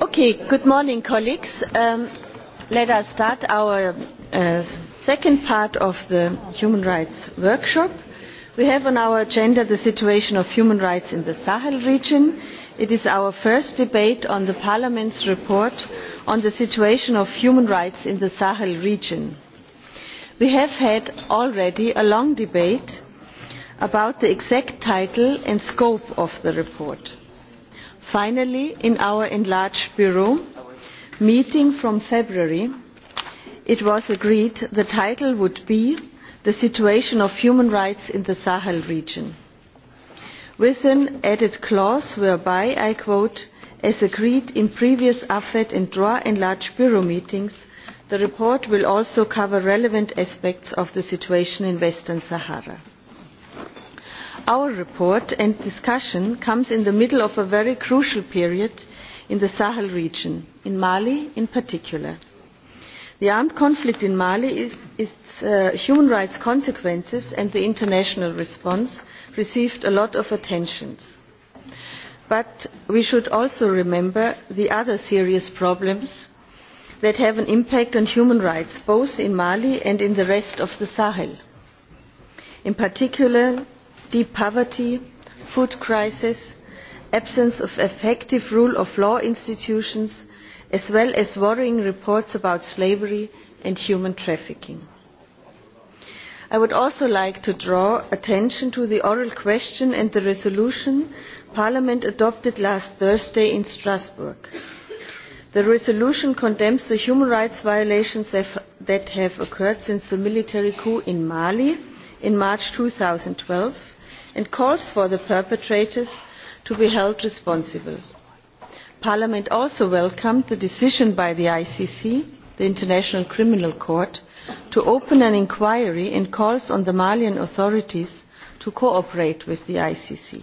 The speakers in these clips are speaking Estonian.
Okay, good morning, colleagues. Um, let us start our uh, second part of the human rights workshop. We have on our agenda the situation of human rights in the Sahel region it is our first debate on parliament's report on the situation of human rights in the sahel region. we have had already a long debate about the exact title and scope of the report. finally in our enlarged bureau meeting from february it was agreed the title would be the situation of human rights in the sahel region' with an added clause whereby, I quote, as agreed in previous AFET and DROA enlarged bureau meetings, the report will also cover relevant aspects of the situation in Western Sahara. Our report and discussion comes in the middle of a very crucial period in the Sahel region, in Mali in particular. The armed conflict in Mali, its uh, human rights consequences and the international response received a lot of attention but we should also remember the other serious problems that have an impact on human rights both in mali and in the rest of the sahel in particular deep poverty food crisis absence of effective rule of law institutions as well as worrying reports about slavery and human trafficking i would also like to draw attention to the oral question and the resolution parliament adopted last thursday in strasbourg. the resolution condemns the human rights violations that have occurred since the military coup in mali in march two thousand and twelve and calls for the perpetrators to be held responsible. parliament also welcomed the decision by the icc the international criminal court to open an inquiry and calls on the malian authorities to cooperate with the icc.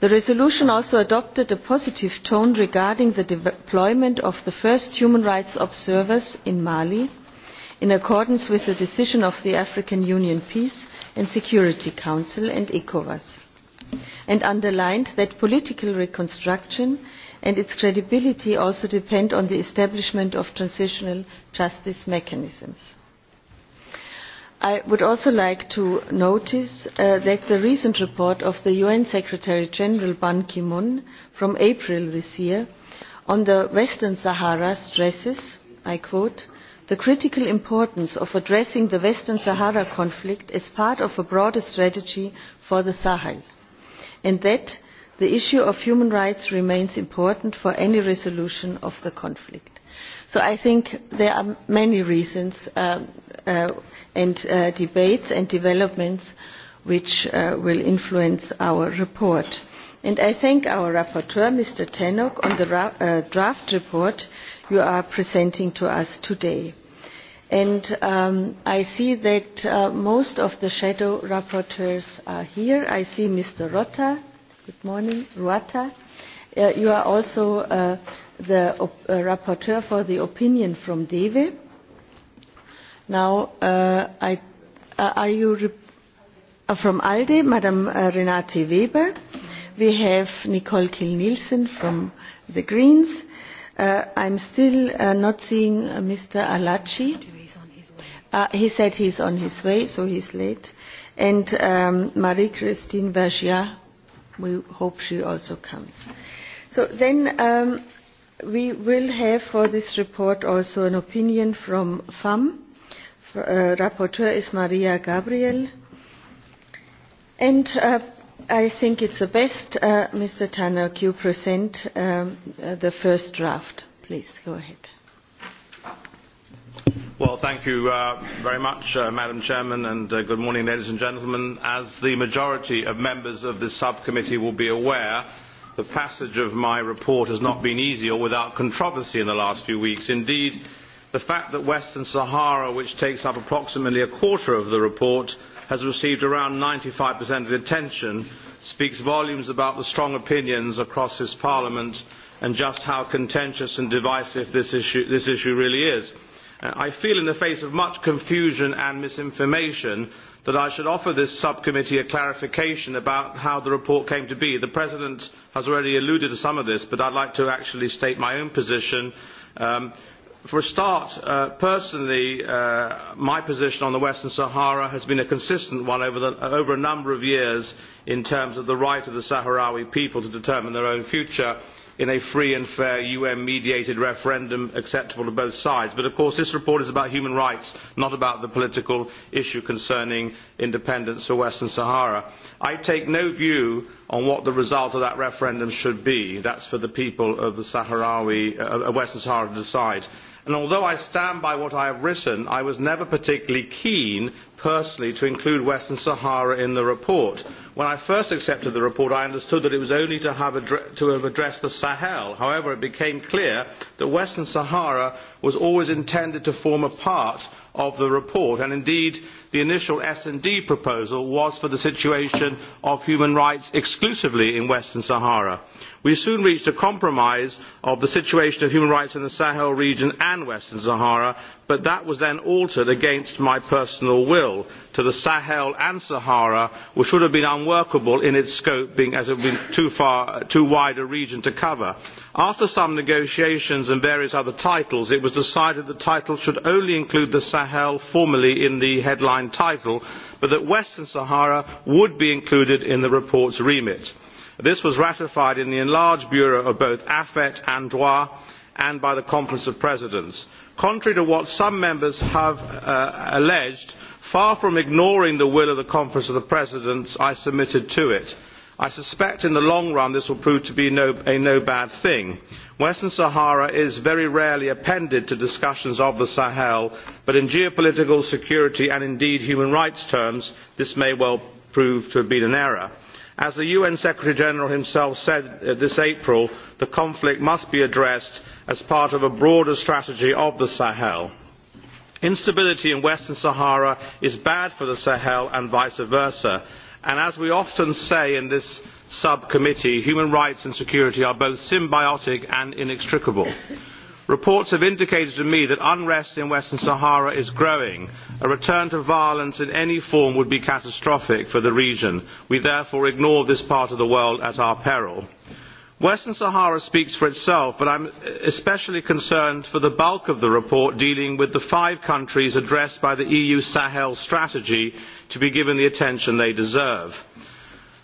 the resolution also adopted a positive tone regarding the deployment of the first human rights observers in mali in accordance with the decision of the african union peace and security council and ecowas and underlined that political reconstruction and its credibility also depend on the establishment of transitional justice mechanisms. I would also like to notice uh, that the recent report of the UN Secretary General Ban Ki-moon from April this year on the Western Sahara stresses, I quote, the critical importance of addressing the Western Sahara conflict as part of a broader strategy for the Sahel, and that the issue of human rights remains important for any resolution of the conflict. so i think there are many reasons uh, uh, and uh, debates and developments which uh, will influence our report. And i thank our rapporteur mr tannock on the uh, draft report you are presenting to us today. And, um, i see that uh, most of the shadow rapporteurs are here. i see mr rohde Good morning, Ruata. Uh, you are also uh, the op- uh, rapporteur for the opinion from DEWE. Now, uh, I, uh, are you re- uh, from ALDE, Madam uh, Renate Weber? We have Nicole Kiel-Nielsen from the Greens. Uh, I'm still uh, not seeing uh, Mr. Alachi. Uh, he said he's on his way, so he's late. And um, Marie-Christine Vergiat we hope she also comes. So then um, we will have for this report also an opinion from FAM. Uh, rapporteur is Maria Gabriel. And uh, I think it's the best, uh, Mr. Tannock, you present um, uh, the first draft. Please, go ahead. Well, thank you uh, very much, uh, Madam Chairman, and uh, good morning, ladies and gentlemen. As the majority of members of this subcommittee will be aware, the passage of my report has not been easy or without controversy in the last few weeks. Indeed, the fact that Western Sahara, which takes up approximately a quarter of the report, has received around 95% of the attention speaks volumes about the strong opinions across this Parliament and just how contentious and divisive this issue, this issue really is Uh, i feel in the face of much confusion and misinformation that i should offer this subcommittee a clarification about how the report came to be. the president has already alluded to some of this but i would like to actually state my own position. Um, for a start uh, personally uh, my position on the western sahara has been a consistent one over, the, uh, over a number of years in terms of the right of the sahrawi people to determine their own future in a free and fair un mediated referendum acceptable to both sides. but of course this report is about human rights not about the political issue concerning independence for western sahara. i take no view on what the result of that referendum should be that is for the people of the Sahrawi, uh, western sahara to decide and although i stand by what i have written i was never particularly keen personally to include western sahara in the report. when i first accepted the report i understood that it was only to have, to have addressed the sahel. however it became clear that western sahara was always intended to form a part of the report and indeed the initial sd proposal was for the situation of human rights exclusively in western sahara we soon reached a compromise of the situation of human rights in the sahel region and western sahara but that was then altered against my personal will to the sahel and sahara which would have been unworkable in its scope as it would have been too, far, too wide a region to cover. after some negotiations and various other titles it was decided that the title should only include the sahel formally in the headline title but that western sahara would be included in the report's remit this was ratified in the enlarged bureau of both afet and droi and by the conference of presidents. contrary to what some members have uh, alleged far from ignoring the will of the conference of presidents i submitted to it. i suspect in the long run this will prove to be no, a no bad thing. western sahara is very rarely appended to discussions of the sahel but in geopolitical security and indeed human rights terms this may well prove to have been an error as the un secretary general himself said uh, this april the conflict must be addressed as part of a broader strategy of the sahel. instability in western sahara is bad for the sahel and vice versa and as we often say in this subcommittee human rights and security are both symbiotic and inextricable reports have indicated to me that unrest in western sahara is growing. a return to violence in any form would be catastrophic for the region. we therefore ignore this part of the world at our peril. western sahara speaks for itself but i am especially concerned for the bulk of the report dealing with the five countries addressed by the eu sahel strategy to be given the attention they deserve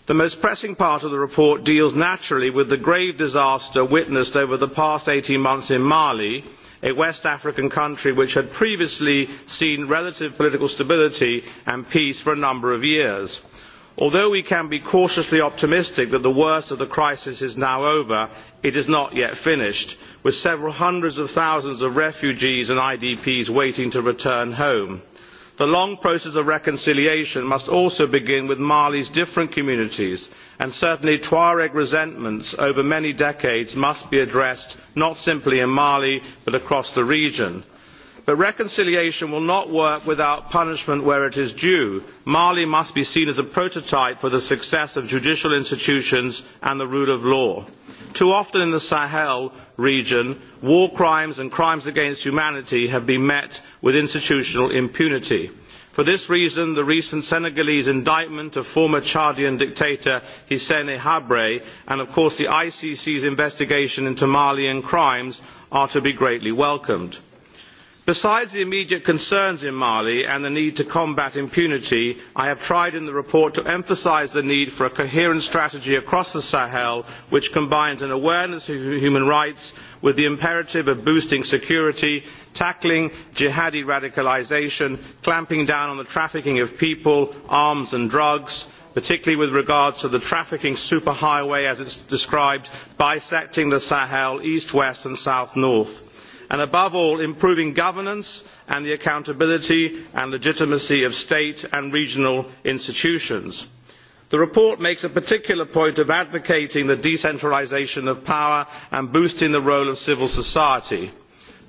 the most pressing part of the report deals naturally with the grave disaster witnessed over the past eighteen months in mali a west african country which had previously seen relative political stability and peace for a number of years. although we can be cautiously optimistic that the worst of the crisis is now over it is not yet finished with several hundreds of thousands of refugees and idps waiting to return home the long process of reconciliation must also begin with mali's different communities and certainly tuareg resentments over many decades must be addressed not simply in mali but across the region but reconciliation will not work without punishment where it is due. mali must be seen as a prototype for the success of judicial institutions and the rule of law. too often in the sahel region war crimes and crimes against humanity have been met with institutional impunity. for this reason the recent senegalese indictment of former chadian dictator hissne habre and of course the icc's investigation into malian crimes are to be greatly welcomed besides the immediate concerns in mali and the need to combat impunity i have tried in the report to emphasise the need for a coherent strategy across the sahel which combines an awareness of human rights with the imperative of boosting security tackling jihadi radicalisation clamping down on the trafficking of people arms and drugs particularly with regard to the trafficking superhighway as it is described bisecting the sahel east west and south north and above all improving governance and the accountability and legitimacy of state and regional institutions. the report makes a particular point of advocating the decentralisation of power and boosting the role of civil society.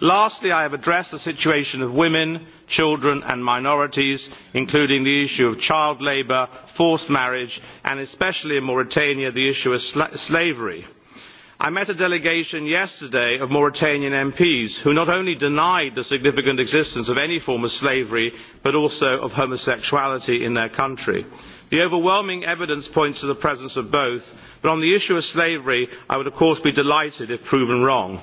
lastly i have addressed the situation of women children and minorities including the issue of child labour forced marriage and especially in mauritania the issue of slavery i met a delegation yesterday of mauritanian mps who not only denied the significant existence of any form of slavery but also of homosexuality in their country. the overwhelming evidence points to the presence of both but on the issue of slavery i would of course be delighted if proven wrong.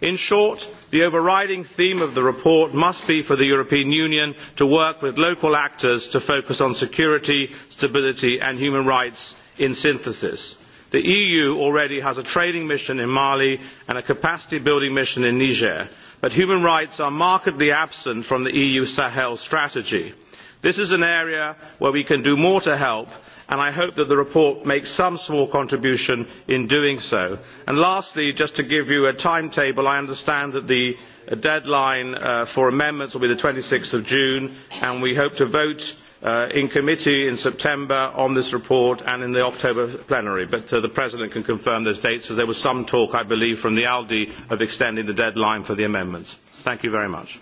in short the overriding theme of the report must be for the european union to work with local actors to focus on security stability and human rights in synthesis the eu already has a training mission in mali and a capacity building mission in niger but human rights are markedly absent from the eu sahel strategy. this is an area where we can do more to help and i hope that the report makes some small contribution in doing so. lastly just to give you a timetable i understand that the deadline uh, for amendments will be twenty six june and we hope to vote uh, in committee in september on this report and in the october plenary but uh, the president can confirm those dates as there was some talk i believe from the alde of extending the deadline for the amendments. thank you very much.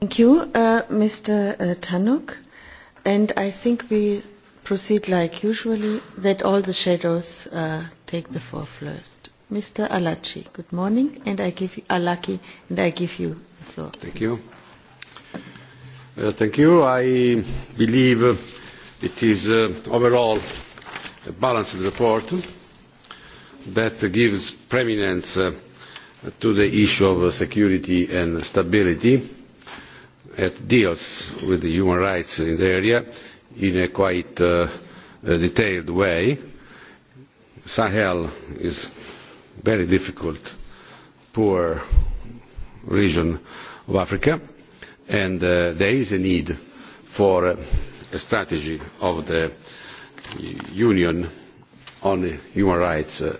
thank you uh, mr uh, tannock and i think we proceed like usually that all the shadows uh, take the floor first. Mr. Alachi, good morning, and I give you, Alaki, and I give you the floor. Thank please. you. Uh, thank you. I believe it is uh, overall a balanced report that gives preeminence uh, to the issue of security and stability. It deals with the human rights in the area in a quite uh, detailed way. Sahel is very difficult, poor region of Africa and uh, there is a need for uh, a strategy of the union on human rights uh,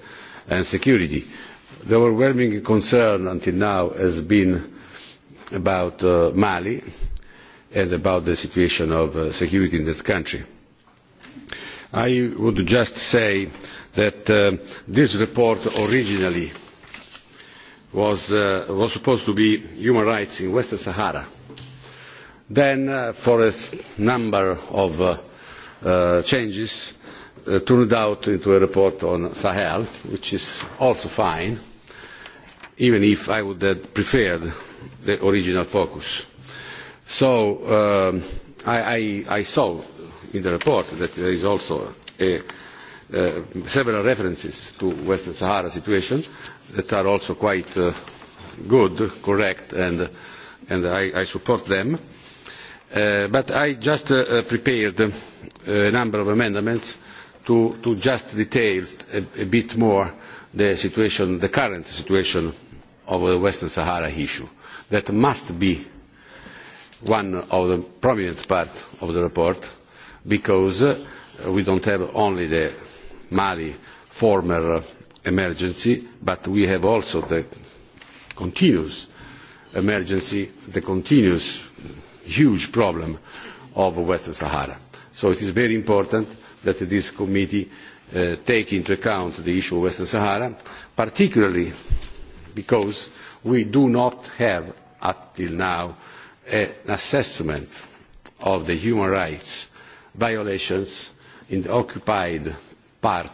and security. the overwhelming concern until now has been about uh, mali and about the situation of uh, security in that country. i would just say that uh, this report originally was, was supposed to be human rights in western sahara then uh, for a number of uh, uh, changes uh, turned out into a report on Sahel, which is also fine, even if I would have uh, preferred the original focus. So um, I, I, I saw in the report that there is also a, uh, several references to Western Sahara situation that are also quite uh, good, correct, and, and I, I support them Uh, but i just uh, uh prepared uh, a number of amendments to, to just detail a, a bit more the, situation, the current situation of the western sahara issue that must be one of the prominent parts of the report because uh, we do not have only the mali former emergency but we have also the continuous emergency the continuous huge problem of Western Sahara. So it is very important that this committee uh, take into account the issue of Western Sahara, particularly because we do not have, up till now, an assessment of the human rights violations in the occupied part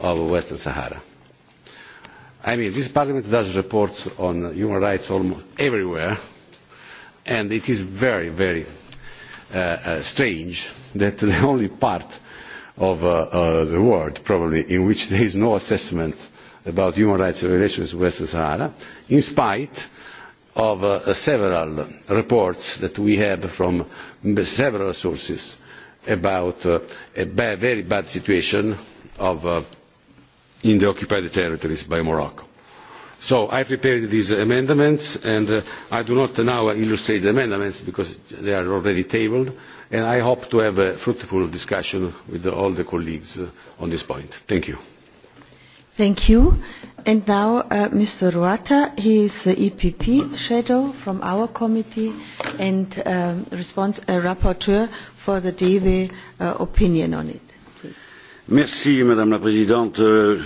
of Western Sahara. I mean, this Parliament does reports on human rights almost everywhere, and it is very, very uh, uh, strange that the only part of uh, uh, the world, probably, in which there is no assessment about human rights violations in Western Sahara, in spite of uh, uh several reports that we have from several sources about uh, a ba very bad situation of, uh, in the occupied territories by Morocco so i prepared these amendments and uh, i do not now illustrate the amendments because they are already tabled and i hope to have a fruitful discussion with all the colleagues uh, on this point. thank you. thank you. and now uh, mr ruata he is the epp shadow from our committee and um, response, uh, rapporteur for the deve uh, opinion on it. Please. Merci Madame la Présidente. Euh,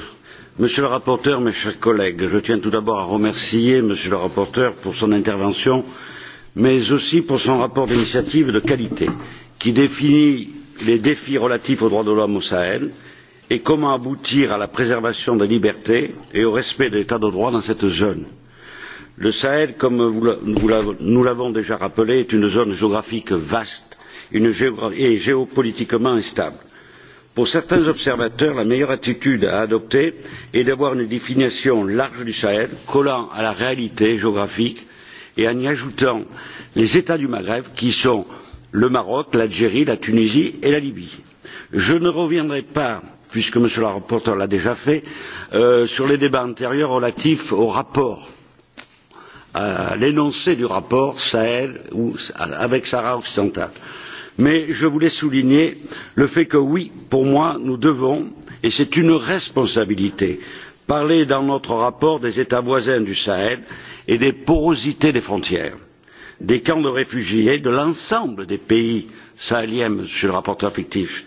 monsieur le rapporteur mes chers collègues je tiens tout d'abord à remercier m. le rapporteur pour son intervention mais aussi pour son rapport d'initiative de qualité qui définit les défis relatifs aux droits de l'homme au sahel et comment aboutir à la préservation des libertés et au respect de l'état de droit dans cette zone. le sahel comme nous l'avons déjà rappelé est une zone géographique vaste et géopolitiquement instable pour certains observateurs la meilleure attitude à adopter est d'avoir une définition large du sahel collant à la réalité géographique et en y ajoutant les états du maghreb qui sont le maroc l'algérie la tunisie et la libye. je ne reviendrai pas puisque m. le rapporteur l'a déjà fait euh, sur les débats antérieurs relatifs au rapport à l'énoncé du rapport sahel ou avec sahara occidental. je mais je voulais souligner le fait que oui pour moi nous devons et c'est une responsabilité parler dans notre rapport des états voisins du sahel et des porosités des frontières des camps de réfugiés de l'ensemble des pays sahéliens monsieur le rapporteur fictif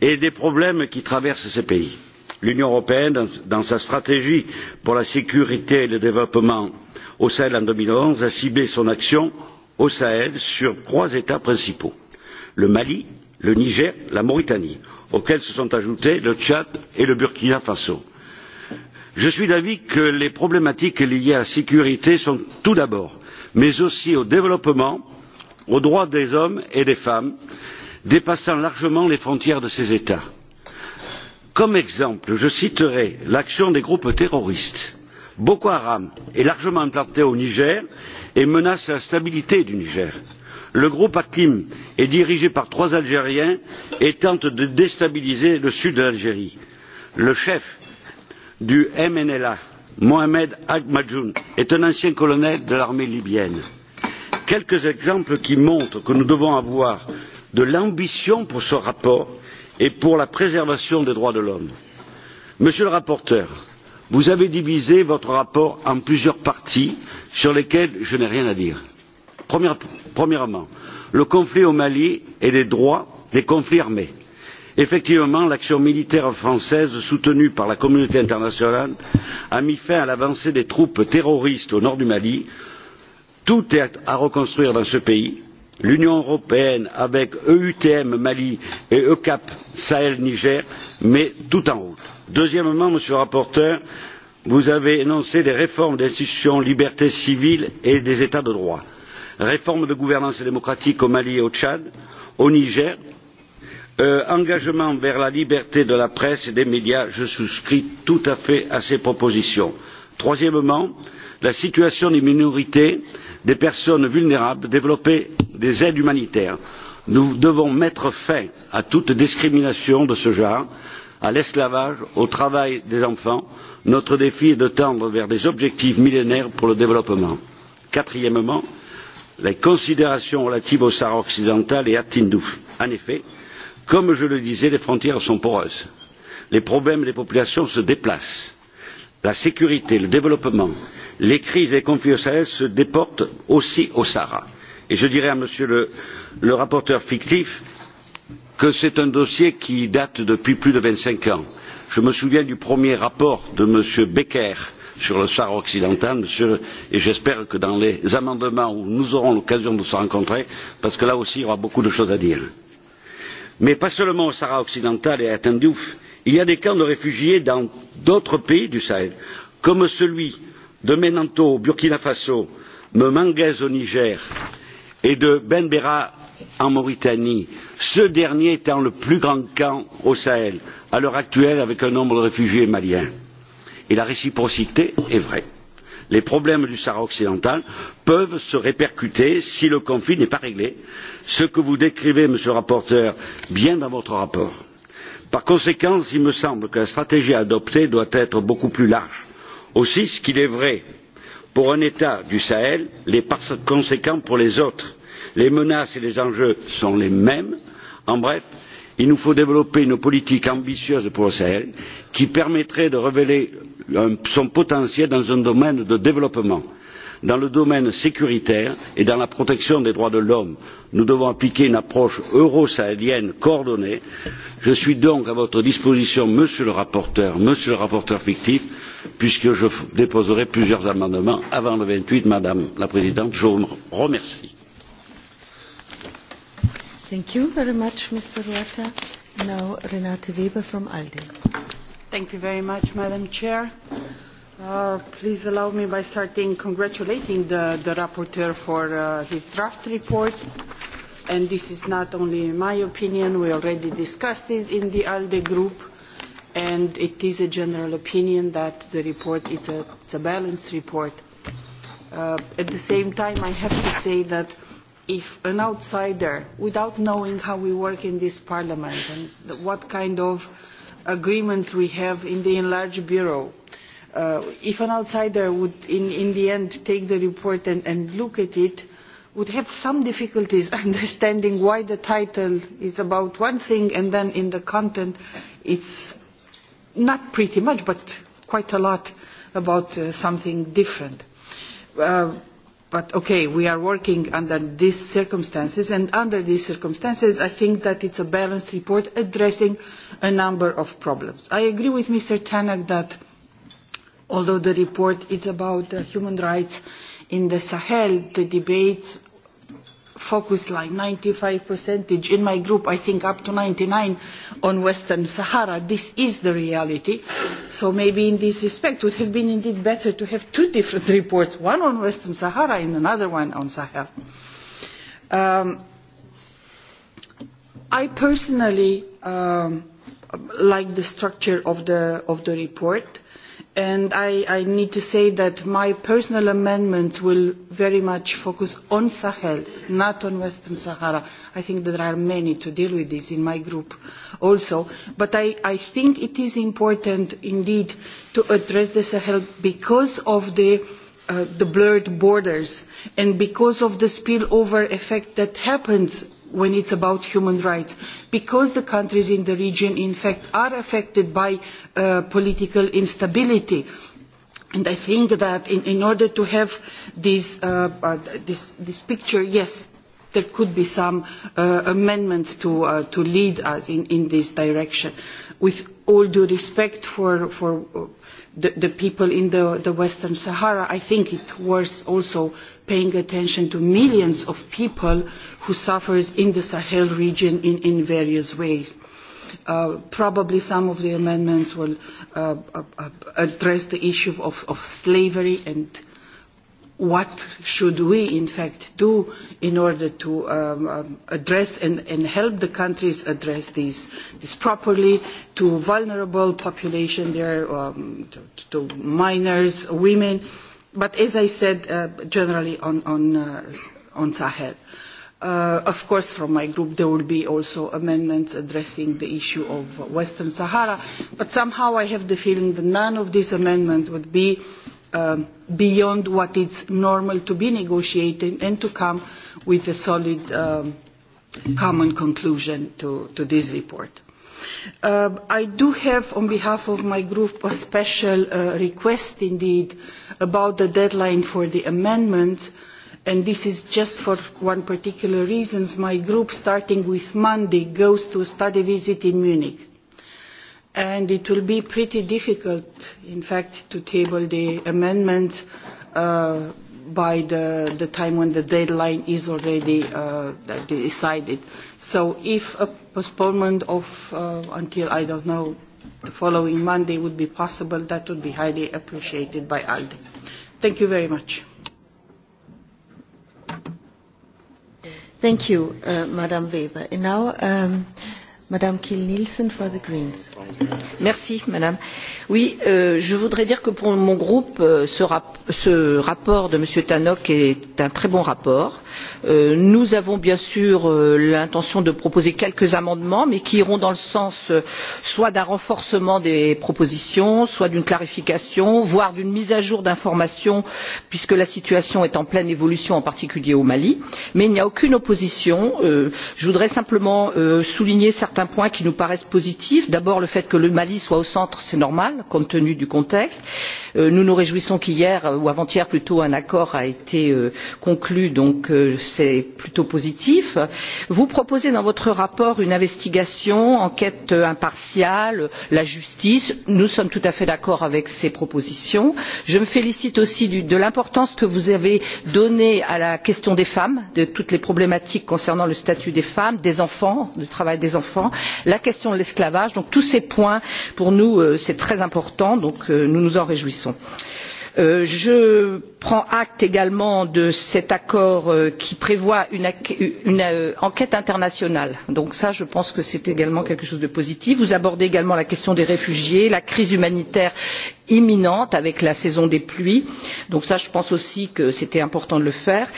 et des problèmes qui traversent ces pays. l'union européenne dans sa stratégie pour la sécurité et le développement au sahel en deux mille onze a ciblé son action au sahel sur trois états principaux le Mali, le Niger, la Mauritanie, auxquels se sont ajoutés le Tchad et le Burkina Faso. Je suis d'avis que les problématiques liées à la sécurité sont tout d'abord, mais aussi au développement, aux droits des hommes et des femmes, dépassant largement les frontières de ces États. Comme exemple, je citerai l'action des groupes terroristes. Boko Haram est largement implanté au Niger et menace la stabilité du Niger le groupe hakim est dirigé par trois algériens et tente de déstabiliser le sud de l'algérie. le chef du mnla mohamed agha majoun est un ancien colonel de l'armée libyenne. quelques exemples qui montrent que nous devons avoir de l'ambition pour ce rapport et pour la préservation des droits de l'homme. monsieur le rapporteur vous avez divisé votre rapport en plusieurs parties sur lesquelles je n'ai rien à dire premièrement le conflit au mali et les droits des conflits armés. effectivement l'action militaire française soutenue par la communauté internationale a mis fin à l'avancée des troupes terroristes au nord du mali. tout est à reconstruire dans ce pays. l'union européenne avec eutm mali et ecap sahel niger met tout en route. deuxièmement monsieur le rapporteur vous avez énoncé des réformes des institutions des libertés civiles et de l'état de droit réforme de gouvernance démocratique au mali et au tchad au niger euh, engagement vers la liberté de la presse et des médias je souscris tout à fait à ces propositions. troisièmement la situation des minorités des personnes vulnérables développer des aides humanitaires. nous devons mettre fin à toute discrimination de ce genre à l'esclavage au travail des enfants notre défi est de tendre vers des objectifs millénaires pour le développement. quatrièmement les considérations relatives au sahara occidental et à tindouf. en effet comme je le disais les frontières sont poreuses les problèmes des populations se déplacent la sécurité le développement les crises et les conflits au sahel se déportent aussi au sahara et je dirais à monsieur le, le rapporteur fictif que c'est un dossier qui date depuis plus de vingt cinq ans. je me souviens du premier rapport de m. becker sur le Sahara occidental, monsieur, et j'espère que dans les amendements où nous aurons l'occasion de se rencontrer, parce que là aussi il y aura beaucoup de choses à dire. Mais pas seulement au Sahara occidental et à Tindouf, il y a des camps de réfugiés dans d'autres pays du Sahel, comme celui de Menanto au Burkina Faso, de Manguez au Niger et de Benbera en Mauritanie, ce dernier étant le plus grand camp au Sahel, à l'heure actuelle avec un nombre de réfugiés maliens et la réciprocité est vraie. Les problèmes du Sahara occidental peuvent se répercuter si le conflit n'est pas réglé, ce que vous décrivez, monsieur le rapporteur, bien dans votre rapport. Par conséquent, il me semble que la stratégie à adopter doit être beaucoup plus large. Aussi, ce qu'il est vrai pour un État du Sahel, les conséquences pour les autres, les menaces et les enjeux sont les mêmes. En bref, il nous faut développer une politique ambitieuse pour le sahel qui permettrait de révéler euh, son potentiel dans un domaine de développement dans le domaine sécuritaire et dans la protection des droits de l'homme. nous devons appliquer une approche eurosahélienne coordonnée. je suis donc à votre disposition monsieur le rapporteur monsieur le rapporteur fictif puisque je déposerai plusieurs amendements avant le vingt huit madame la présidente. je vous remercie. Thank you very much, Mr. Ruata. Now, Renate Weber from ALDE. Thank you very much, Madam Chair. Uh, please allow me by starting congratulating the, the rapporteur for uh, his draft report. And this is not only my opinion, we already discussed it in the ALDE group. And it is a general opinion that the report is a, it's a balanced report. Uh, at the same time, I have to say that if an outsider, without knowing how we work in this parliament and what kind of agreement we have in the enlarged bureau, uh, if an outsider would in, in the end take the report and, and look at it, would have some difficulties understanding why the title is about one thing and then in the content it's not pretty much but quite a lot about uh, something different. Uh, but okay, we are working under these circumstances, and under these circumstances, I think that it's a balanced report addressing a number of problems. I agree with Mr. Tanak that although the report is about uh, human rights in the Sahel, the debates focus line, 95 percentage, in my group I think up to 99 on Western Sahara. This is the reality. So maybe in this respect it would have been indeed better to have two different reports, one on Western Sahara and another one on Sahel. Um, I personally um, like the structure of the, of the report and I, I need to say that my personal amendments will very much focus on Sahel, not on Western Sahara. I think there are many to deal with this in my group also. But I, I think it is important indeed to address the Sahel because of the uh, the blurred borders and because of the spillover effect that happens when it's about human rights because the countries in the region in fact are affected by uh, political instability and i think that in, in order to have this, uh, uh, this, this picture yes there could be some uh, amendments to, uh, to lead us in, in this direction with all due respect for, for uh, the, the people in the, the Western Sahara, I think it worth also paying attention to millions of people who suffer in the Sahel region in, in various ways. Uh, probably some of the amendments will uh, uh, uh, address the issue of, of slavery and what should we in fact do in order to um, um, address and, and help the countries address these, this properly to vulnerable population there, um, to, to minors, women, uh, but as I said, uh, generally on, on, uh, on Sahel. Uh, of course, from my group, there will be also amendments addressing the issue of Western Sahara, but somehow I have the feeling that none of these amendments would be um, beyond what is normal to be negotiated and to come with a solid um, common conclusion to, to this report. Uh, I do have, on behalf of my group, a special uh, request indeed about the deadline for the amendments, and this is just for one particular reason. My group, starting with Monday, goes to a study visit in Munich and it will be pretty difficult, in fact, to table the amendment uh, by the, the time when the deadline is already uh, decided. So if a postponement of uh, until, I don't know, the following Monday would be possible, that would be highly appreciated by ALDE. Thank you very much. Thank you, uh, Madame Weber. And now, um, Madame Kiel-Nielsen for the Greens. Merci, Madame. Uh, Oui, euh, je voudrais dire que pour mon groupe euh, ce, rap ce rapport de m. tannock est un très bon rapport. Euh, nous avons bien sûr euh, l'intention de proposer quelques amendements mais qui iront dans le sens euh, soit d'un renforcement des propositions soit d'une clarification voire d'une mise à jour d'informations puisque la situation est en pleine évolution en particulier au mali. mais il n'y a aucune opposition. Euh, je voudrais simplement souligner certains points qui nous paraissent positifs. d'abord le fait que le mali soit au centre c'est normal compte tenu du contexte mais Euh, nous nous réjouissons qu'hier euh, ou avant hier plutôt un accord ait été euh, conclu donc c'est plutôt positif. vous proposez dans votre rapport une investigation une enquête impartiale la justice nous sommes tout à fait d'accord avec ces propositions. je me félicite aussi de l'importance que vous avez donnée à la question des femmes de toutes les problématiques concernant le statut des femmes des enfants le travail des enfants la question de l'esclavage donc tous ces points pour nous c'est très important donc nous nous en réjouissons nourrissons. Euh, je prends acte également de cet accord euh, qui prévoit une, une euh, enquête internationale donc ça je pense que c'est également quelque chose de positif. vous abordez également la question des réfugiés la crise humanitaire imminente avec la saison des pluies donc ça je pense aussi que c'était important de le faire.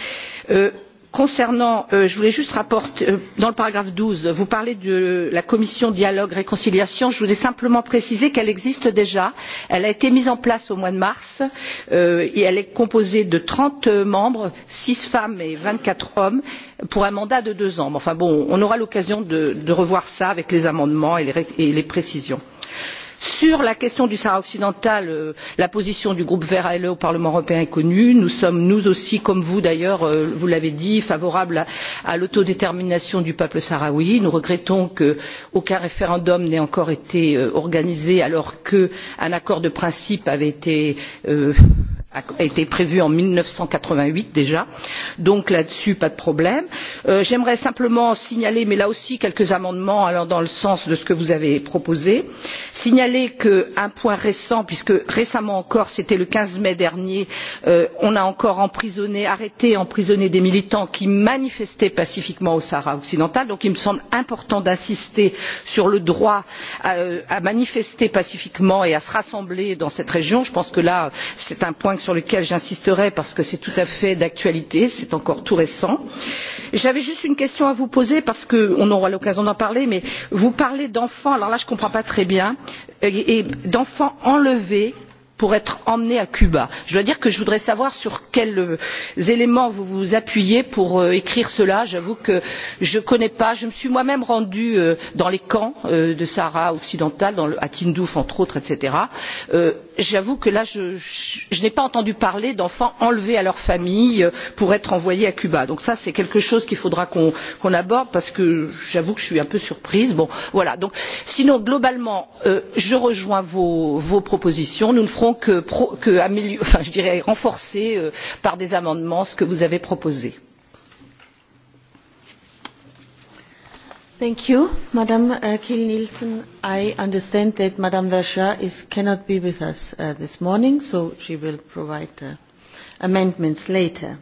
Euh, concernant euh, je voulais juste rapporter euh, dans le paragraphe douze vous parlez de la commission dialogue réconciliation je voulais simplement préciser qu'elle existe déjà elle a été mise en place au mois de mars euh, et elle est composée de trente membres six femmes et vingt quatre hommes pour un mandat de deux ans. enfin bon on aura l'occasion de, de revoir cela avec les amendements et les, et les précisions sur la question du sahara occidental euh, la position du groupe verts ale au parlement européen est connue nous sommes nous aussi comme vous d'ailleurs euh, vous l'avez dit favorables à l'autodétermination du peuple sahraoui. nous regrettons qu'aucun référendum n'ait encore été euh, organisé alors qu'un accord de principe avait été a été prévu en mille neuf cent quatre vingt huit déjà donc là dessus pas de problème. Euh, j'aimerais simplement signaler mais là aussi quelques amendements allant dans le sens de ce que vous avez proposé qu'un point récent puisque récemment encore c'était le quinze mai dernier euh, on a encore emprisonné arrêté et emprisonné des militants qui manifestaient pacifiquement au sahara occidental donc il me semble important d'insister sur le droit à, euh, à manifester pacifiquement et à se rassembler dans cette région. je pense que là c'est un point sur lequel j'insisterai parce que c'est tout à fait d'actualité c'est encore tout récent. j'avais juste une question à vous poser parce qu'on aura l'occasion d'en parler mais vous parlez d'enfants alors là je ne comprends pas très bien d'enfants enlevés pour être emmenés à cuba. je dois dire que je voudrais savoir sur quels euh, éléments vous vous appuyez pour euh, écrire cela. j'avoue que je ne connais pas. je me suis moi même rendue euh, dans les camps du sahara occidental à tindouf entre autres etc. j'avoue que là je, je, je n'ai pas entendu parler d'enfants enlevés à leur famille pour être envoyés à cuba. donc ça c'est quelque chose qu'il faudra qu'on qu aborde parce que j'avoue que je suis un peu surprise. Bon, voilà. donc, sinon globalement je rejoins vos, vos propositions. nous ne ferons n'avions que, que amélior... enfin, je dirais renforcé euh, par des amendements ce que vous avez proposé. Thank you. Madam uh, Kiel Nielsen, I understand that Madam Verger is cannot be with us uh, this morning, so she will provide uh, amendments later.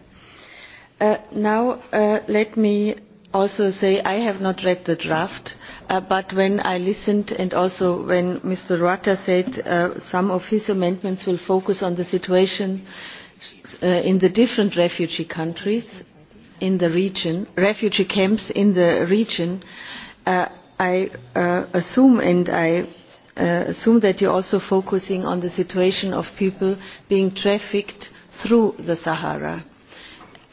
Uh, now, uh, let me also say I have not read the draft. Uh, Uh, but when I listened and also when Mr. Rutter said uh, some of his amendments will focus on the situation uh, in the different refugee countries in the region, refugee camps in the region, uh, I uh, assume and I uh, assume that you're also focusing on the situation of people being trafficked through the Sahara. Uh,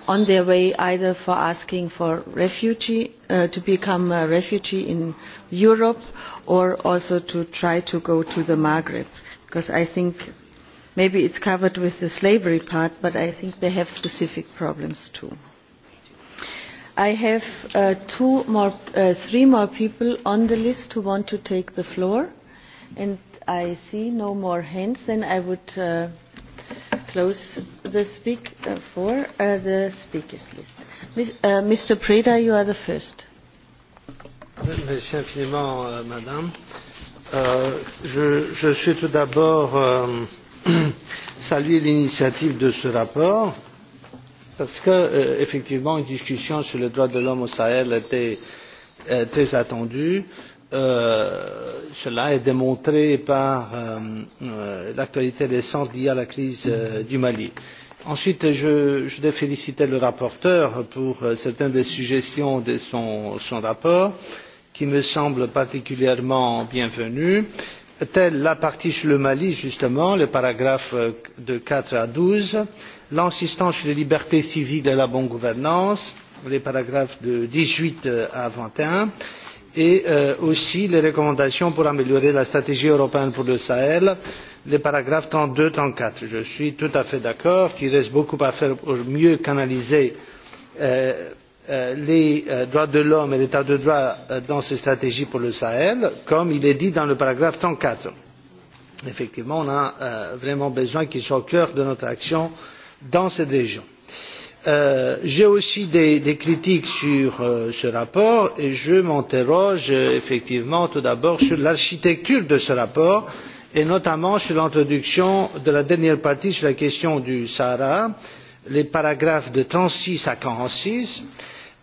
on their way either for asking for refugee, uh, to become a refugee in Europe or also to try to go to the Maghreb. Because I think maybe it's covered with the slavery part, but I think they have specific problems too. I have uh, two more, uh, three more people on the list who want to take the floor, and I see no more hands. Then I would uh, close the, speak, uh, for, uh, the speakers list. Miss, uh, Mr. Preda, you are the first. Merci infiniment, euh, Madame. Euh, je, je suis tout d'abord euh, saluer l'initiative de ce rapport parce que euh, effectivement une discussion sur les droits de l'homme au Sahel était euh, très attendue. Euh, Euh, cela est démontré par euh, euh, l'actualité récente liée à la crise euh, du Mali. Ensuite, je, je voudrais féliciter le rapporteur pour euh, certaines des suggestions de son, son rapport, qui me semblent particulièrement bienvenues, telles la partie sur le Mali, justement, les paragraphes euh, de 4 à 12, l'insistance sur les libertés civiles et la bonne gouvernance, les paragraphes de 18 euh, à 21, et euh, aussi les recommandations pour améliorer la stratégie européenne pour le sahel les paragraphes trente deux et trente quatre je suis tout à fait d'accord qu'il reste beaucoup à faire pour mieux canaliser euh, euh, les euh, droits de l'homme et l'état de droit euh, dans ces stratégies pour le sahel comme il est dit dans le paragraphe. trente quatre effectivement on a euh, vraiment besoin qu'ils soient au cœur de notre action dans cette région Euh, j'ai aussi des, des critiques sur euh, ce rapport et je m'interroge euh, effectivement tout d'abord sur l'architecture de ce rapport et notamment sur l'introduction de la dernière partie sur la question du sahara les paragraphes de trente six à quarante six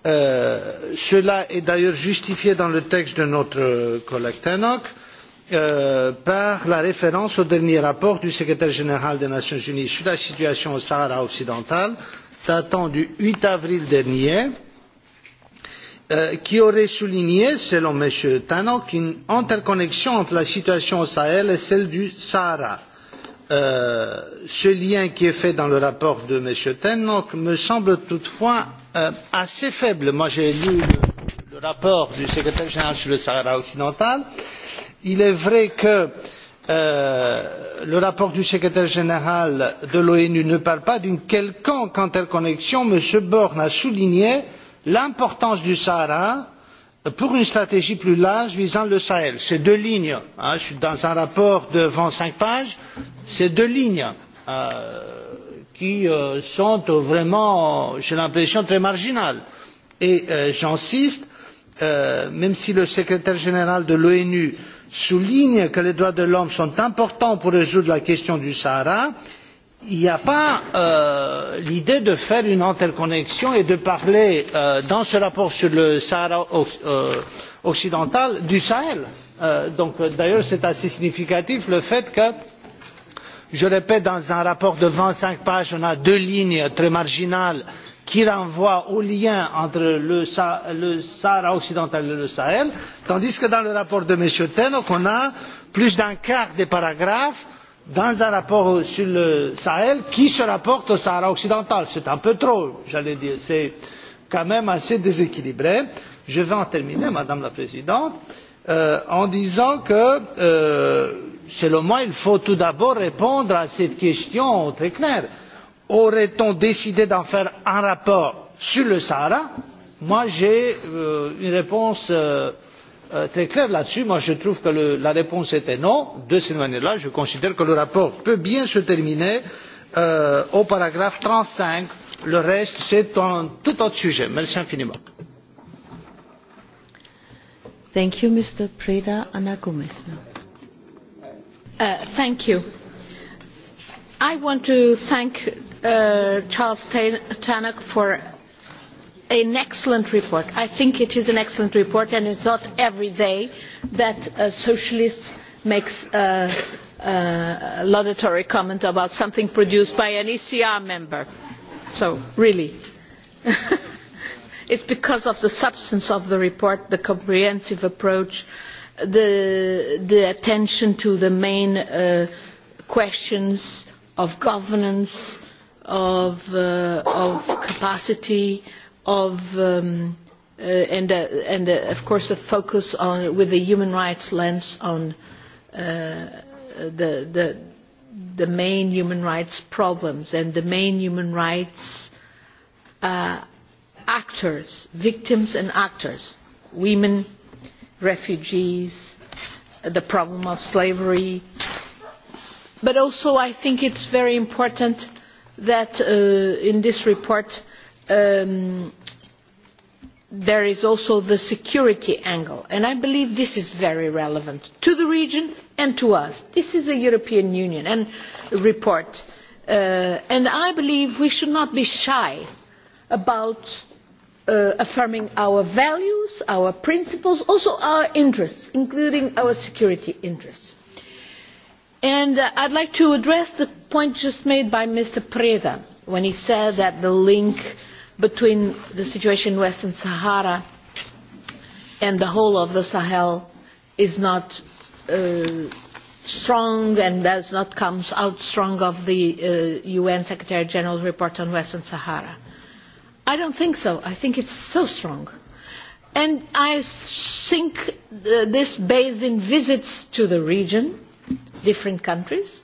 euh, cela est d'ailleurs justifié dans le texte de notre collègue tannock euh, par la référence au dernier rapport du secrétaire général des nations unies sur la situation au sahara occidental qui datant du huit avril dernier euh, qui aurait souligné selon m. tannock une interconnexion entre la situation au sahel et celle du sahara. Euh, ce lien qui est fait dans le rapport de m. tannock me semble toutefois euh, assez faible. j'ai lu le, le rapport du secrétaire général sur le sahara occidental. il est vrai que Euh, le rapport du secrétaire général de l'onu ne parle pas d'une quelconque interconnexion m. borne a souligné l'importance du sahara pour une stratégie plus large visant le sahel. c'est deux lignes hein, dans un rapport de vingt cinq pages c'est deux lignes euh, qui euh, sont vraiment j'ai l'impression très marginales. et euh, j'insiste euh, même si le secrétaire général de l'onu souligne que les droits de l'homme sont importants pour résoudre la question du sahara il n'y a pas euh, l'idée de faire une interconnexion et de parler euh, dans ce rapport sur le sahara euh, occidental du sahel. Euh, euh, d'ailleurs c'est assez significatif le fait que je répète dans un rapport de vingt cinq pages on a deux lignes très marginales qui renvoie au lien entre le, Sah le sahara occidental et le sahel tandis que dans le rapport de m. tannock on a plus d'un quart des paragraphes dans un rapport sur le sahel qui se rapportent au sahara occidental. c'est un peu trop j'allais dire c'est quand même assez déséquilibré. je vais en terminer madame la présidente euh, en disant que euh, selon moi il faut tout d'abord répondre à cette question très claire aurait on décidé d'en faire un rapport sur le sahara? moi j'ai euh, une réponse euh, euh très claire là dessus. Moi, je trouve que le, la réponse était non. de cette manière là je considère que le rapport peut bien se terminer euh, au paragraphe trente cinq le reste c'est un tout autre sujet. merci infiniment. Thank you, Mr. Preda. Anna Gomez. Now. Uh, thank you. I want to thank uh, Charles Tannock for an excellent report. I think it is an excellent report, and it's not every day that a uh, socialist makes a, uh, uh, a laudatory comment about something produced by an ECR member. So, really. it's because of the substance of the report, the comprehensive approach, the, the attention to the main uh, questions of governance, of, uh, of capacity, of, um, uh, and, uh, and uh, of course a focus on, with the human rights lens on uh, the, the, the main human rights problems and the main human rights uh, actors, victims and actors, women, refugees, the problem of slavery. But also I think it's very important uh, that uh, in this report um, there is also the security angle and i believe this is very relevant to the region and to us. this is a european union and report uh, and i believe we should not be shy about uh, affirming our values our principles also our interests including our security interests. and uh, i'd like to address the point just made by mr preda when he said that the link between the situation in western sahara and the whole of the sahel is not uh, strong and does not come out strong of the uh, UN Secretary General's report on Western Sahara. I don't think so. I think it's so strong. And I think th uh, this based in visits to the region, different countries,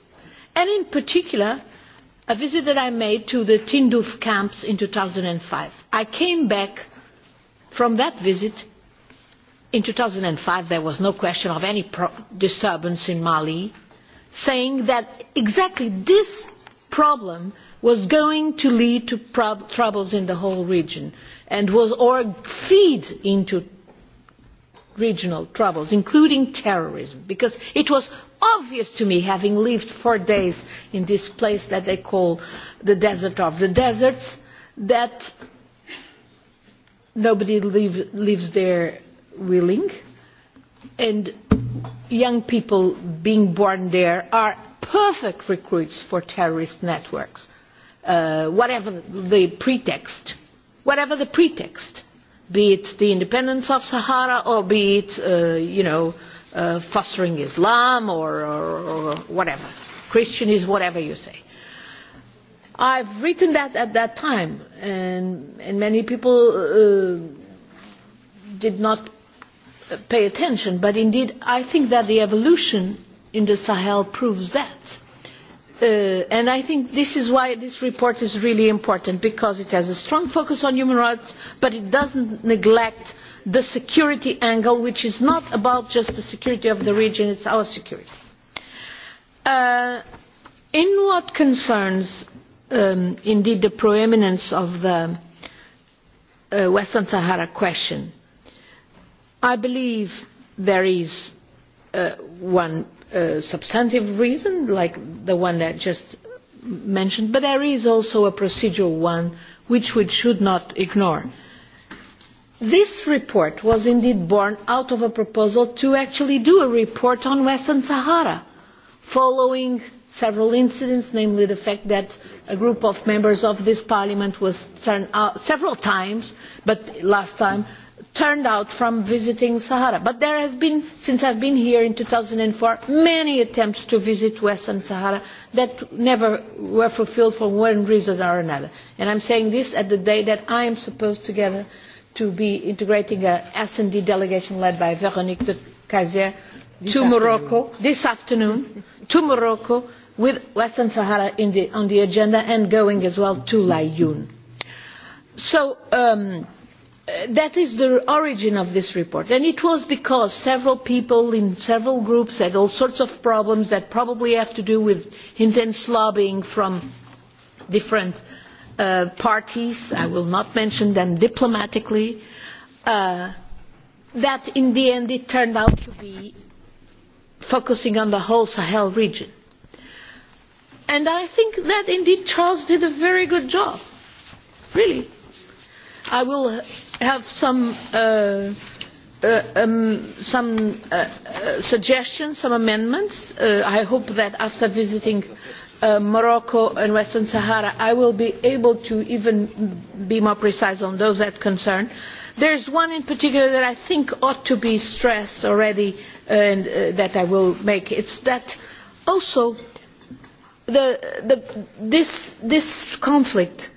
and in particular a visit that I made to the Tinduf camps in 2005. I came back from that visit in 2005, there was no question of any pro- disturbance in Mali, saying that exactly this problem was going to lead to prob- troubles in the whole region and was or feed into regional troubles including terrorism because it was obvious to me having lived for days in this place that they call the desert of the deserts that nobody live, lives there willing and young people being born there are perfect recruits for terrorist networks uh, whatever the pretext whatever the pretext be it the independence of Sahara or be it, uh, you know, uh, fostering Islam or, or, or whatever. Christian is whatever you say. I've written that at that time, and, and many people uh, did not pay attention, but indeed I think that the evolution in the Sahel proves that Uh, and i think this is why this report is really important because it has a strong focus on human rights but it does not neglect the security angle which is not about just the security of the region it is our security. Uh, in what concerns um, indeed the preeminence of the uh, western sahara question i believe there is uh, one uh, substantive reason, like the one that just mentioned, but there is also a procedural one which we should not ignore. This report was indeed born out of a proposal to actually do a report on Western Sahara, following several incidents, namely the fact that a group of members of this parliament was turned out several times, but last time turned out from visiting Sahara. But there have been, since I've been here in 2004, many attempts to visit Western Sahara that never were fulfilled for one reason or another. And I'm saying this at the day that I am supposed together to be integrating a S&D delegation led by Veronique de Kaiser to afternoon. Morocco this afternoon, to Morocco with Western Sahara in the, on the agenda and going as well to Layoun. So, um, Uh, that is the origin of this report and it was because several people in several groups had all sorts of problems that probably have to do with intense lobbying from different uh, parties i will not mention them diplomatically uh, that in the end it turned out to be focusing on the whole sahel region and i think that indeed charles did a very good job really i will uh, have some, uh, uh, um, some uh, uh, suggestions, some amendments. Uh, I hope that after visiting uh, Morocco and Western Sahara, I will be able to even be more precise on those that concern. There is one in particular that I think ought to be stressed already and uh, that I will make. It's that also the, the, this, this conflict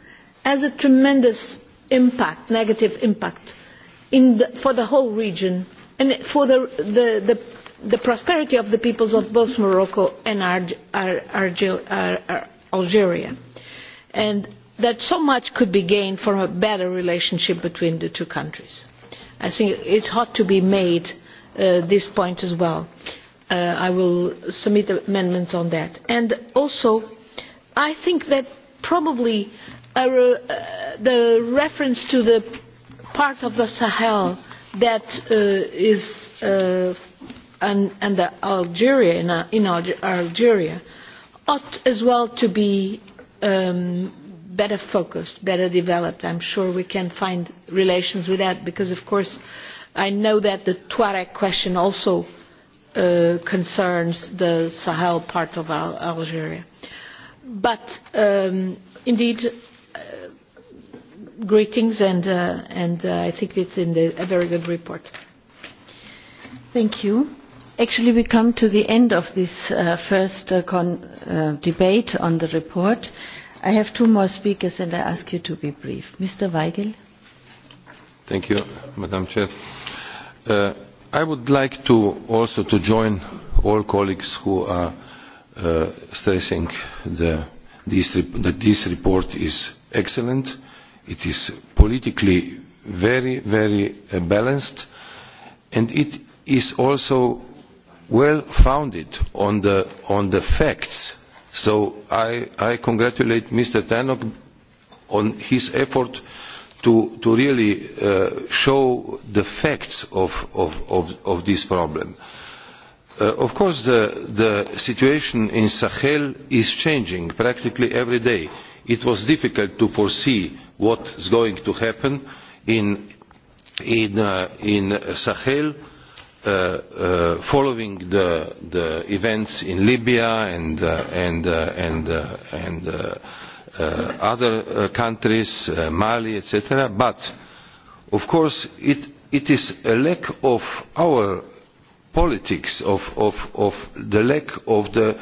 has a tremendous impact, negative impact in the, for the whole region and for the, the, the, the prosperity of the peoples of both Morocco and Ar Ar Ar Ar Ar Algeria. And that so much could be gained from a better relationship between the two countries. I think it ought to be made uh, this point as well. Uh, I will submit amendments on that. And also, I think that probably uh, the reference to the part of the Sahel that uh, is uh, and, and the Algeria in, uh, in Algeria ought as well to be um, better focused, better developed. I'm sure we can find relations with that because, of course, I know that the Tuareg question also uh, concerns the Sahel part of Al Algeria. But um, indeed, greetings, and, uh, and uh, I think it's in the, a very good report. Thank you. Actually, we come to the end of this uh, first uh, con- uh, debate on the report. I have two more speakers, and I ask you to be brief. Mr. Weigel. Thank you, Madam Chair. Uh, I would like to also to join all colleagues who are uh, stressing the, this, that this report is excellent. Uh, It is politically very, very uh, balanced and it is also well founded on the, on the facts. So I, I congratulate Mr. Tannock on his effort to, to really uh, show the facts of, of, of, of this problem. Uh, of course, the, the situation in Sahel is changing practically every day. Uh, it was difficult to foresee what is going to happen in, in, uh, in Sahel uh, uh, following the, the events in Libya and, uh, and, uh, and, uh, and uh, uh, other uh, countries, uh, Mali, etc. But, of course, it, it is a lack of our politics, of, of, of the lack of the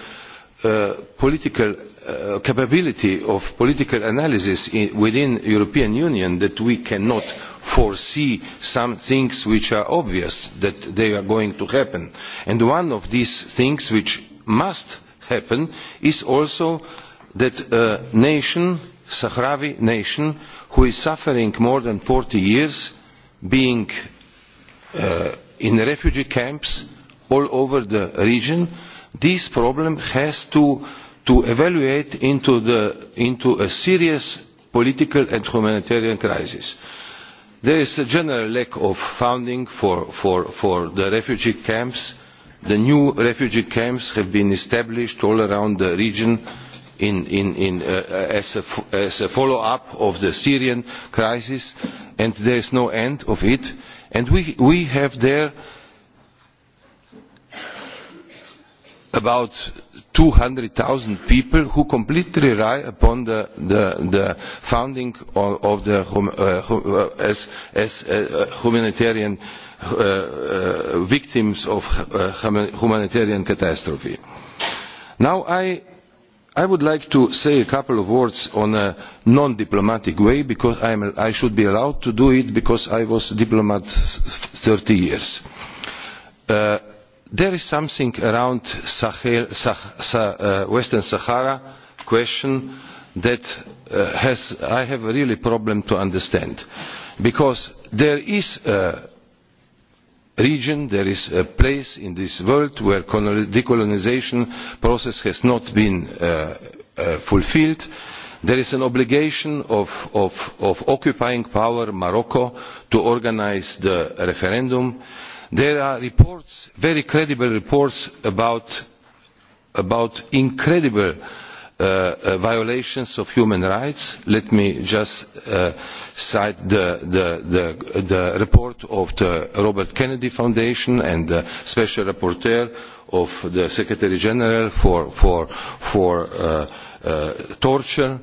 uh, political uh, capability of political analysis in, within the european union that we cannot foresee some things which are obvious that they are going to happen and one of these things which must happen is also that a nation sahrawi nation which is suffering more than forty years being uh, in refugee camps all over the region this problem has to to evaluate into, the, into a serious political and humanitarian crisis. there is a general lack of funding for, for, for the refugee camps. the new refugee camps have been established all around the region in, in, in, uh, as, a, as a follow up of the syrian crisis and there is no end to it and we, we have there about two hundred zero people who completely rely upon the, the, the funding of, of the hum, uh, uh as, as uh, humanitarian uh, uh, victims of uh, humanitarian catastrophe. Now I, I would like to say a couple of words on a non-diplomatic way because I'm, I should be allowed to do it because I was a diplomat 30 years. Uh, there is something around Sahel, Sah, Sah, uh, Western Sahara question that uh, has, I have a really problem to understand. Because there is a region, there is a place in this world where decolonization process has not been uh, uh, fulfilled. There is an obligation of, of, of occupying power Morocco to organize the referendum. Uh, there are reports very credible reports about, about incredible uh, uh, violations of human rights. let me just uh, cite the, the, the, the report of the robert kennedy foundation and the special rapporteur of the secretary general for, for, for uh, uh torture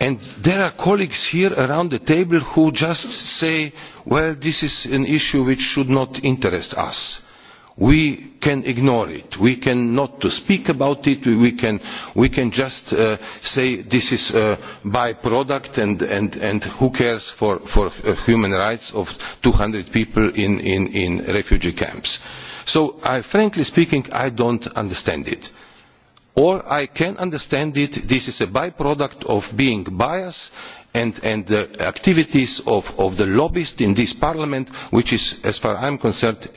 and there are colleagues here around the table who just say well this is an issue which should not interest us we can ignore it we can not to speak about it we can we can just uh, say this is a byproduct and and and who cares for for uh, human rights of 200 people in in in refugee camps so i frankly speaking i don't understand it or i can understand that this is a by product of being biased and, and the activities of, of the lobbyists in this parliament which is as far as i am concerned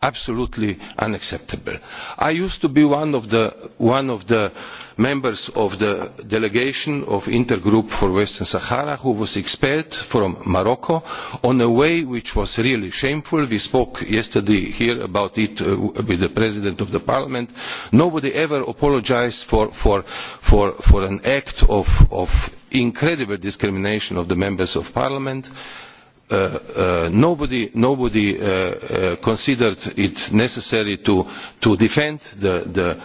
absolutely unacceptable. i used to be one of the, one of the members of the delegation of the intergroup for western sahara who was expelled from morocco in a way which was really shameful. we spoke yesterday here about it uh, with the president of the parliament. nobody ever apologised for, for, for, for an act of, of incredible discrimination of the members of parliament. Uh, uh, nobody, nobody uh, uh, considered it necessary to, to defend the, the,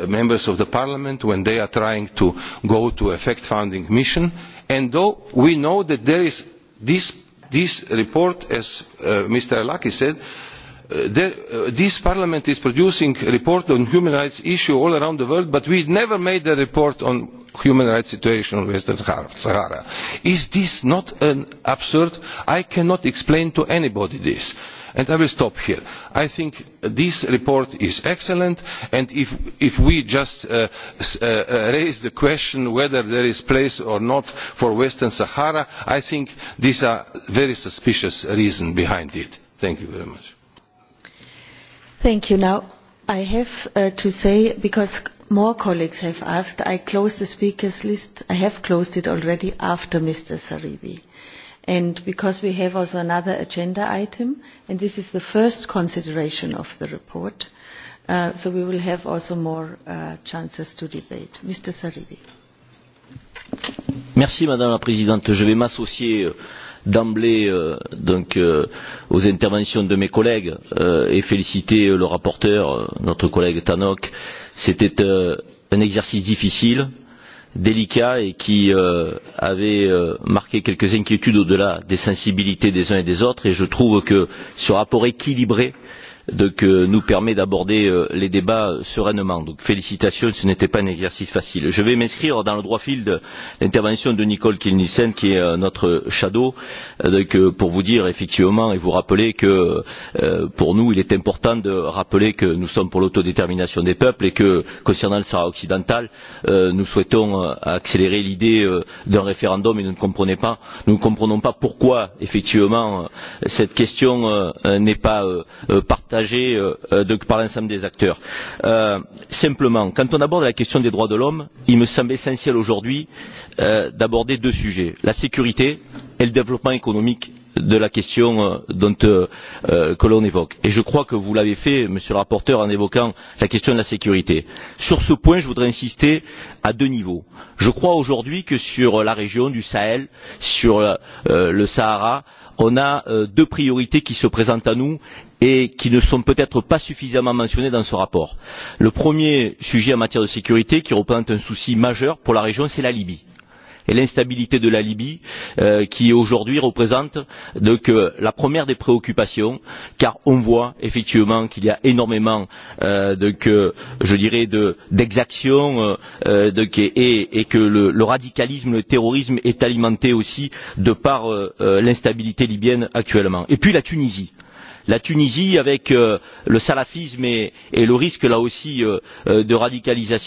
the members of the parliament when they are trying to go to a fact finding mission and though we know that there is this, this report as uh, mr arlacchi said There, uh, this parliament is producing a report on human rights issues all around the world but we never made a report on the human rights situation in western sahara. is this not absurd? i cannot explain to anybody this and i will stop here. i think this report is excellent and if, if we just uh, uh, uh, raise the question whether there is place or not for western sahara i think there is a very suspicious reason behind it. thank you very much. Thank you. Now, I have uh, to say, because more colleagues have asked, I closed the speakers list. I have closed it already after Mr. Saribi. And because we have also another agenda item, and this is the first consideration of the report, uh, so we will have also more uh, chances to debate. Mr. Saribi. Merci, Madame la Présidente. Je vais m'associer. Euh, d'emblée euh, donc euh, aux interventions de mes collègues euh, et féliciter euh, le rapporteur, euh, notre collègue Tannock. C'était euh, un exercice difficile, délicat et qui euh, avait euh, marqué quelques inquiétudes au-delà des sensibilités des uns et des autres. Et je trouve que ce rapport équilibré euh, donc, euh, nous permet d'aborder euh, les débats sereinement. Donc félicitations, ce n'était pas un exercice facile. Je vais m'inscrire dans le droit fil de l'intervention de Nicole Kilnissen, qui est euh, notre shadow, euh, donc, euh, pour vous dire effectivement et vous rappeler que euh, pour nous, il est important de rappeler que nous sommes pour l'autodétermination des peuples et que concernant le Sahara occidental, euh, nous souhaitons euh, accélérer l'idée euh, d'un référendum et nous ne comprenons pas, nous ne comprenons pas pourquoi effectivement euh, cette question euh, n'est pas euh, euh partagée partagée euh, euh, de, par l'ensemble des acteurs. Euh, simplement, quand on aborde la question des droits de l'homme, il me semble essentiel aujourd'hui euh, d'aborder deux sujets la sécurité et le développement économique de la question euh, dont, euh, que l'on évoque. Et je crois que vous l'avez fait, monsieur le rapporteur, en évoquant la question de la sécurité. Sur ce point, je voudrais insister à deux niveaux. Je crois aujourd'hui que sur la région du Sahel, sur euh, le Sahara, on a euh, deux priorités qui se présentent à nous et qui ne sont peut être pas suffisamment mentionnées dans ce rapport. le premier sujet en matière de sécurité qui représente un souci majeur pour la région c'est la libye et l'instabilité de la libye euh, qui aujourd'hui représente donc la première des préoccupations car on voit effectivement qu'il y a énormément euh, donc, je dirais d'exactions euh, euh, de, donc, et, et que le, le radicalisme le terrorisme est alimenté aussi de par euh, l'instabilité libyenne actuellement. et puis la tunisie la tunisie avec euh, le salafisme et, et le risque là aussi euh, euh, de radicalisation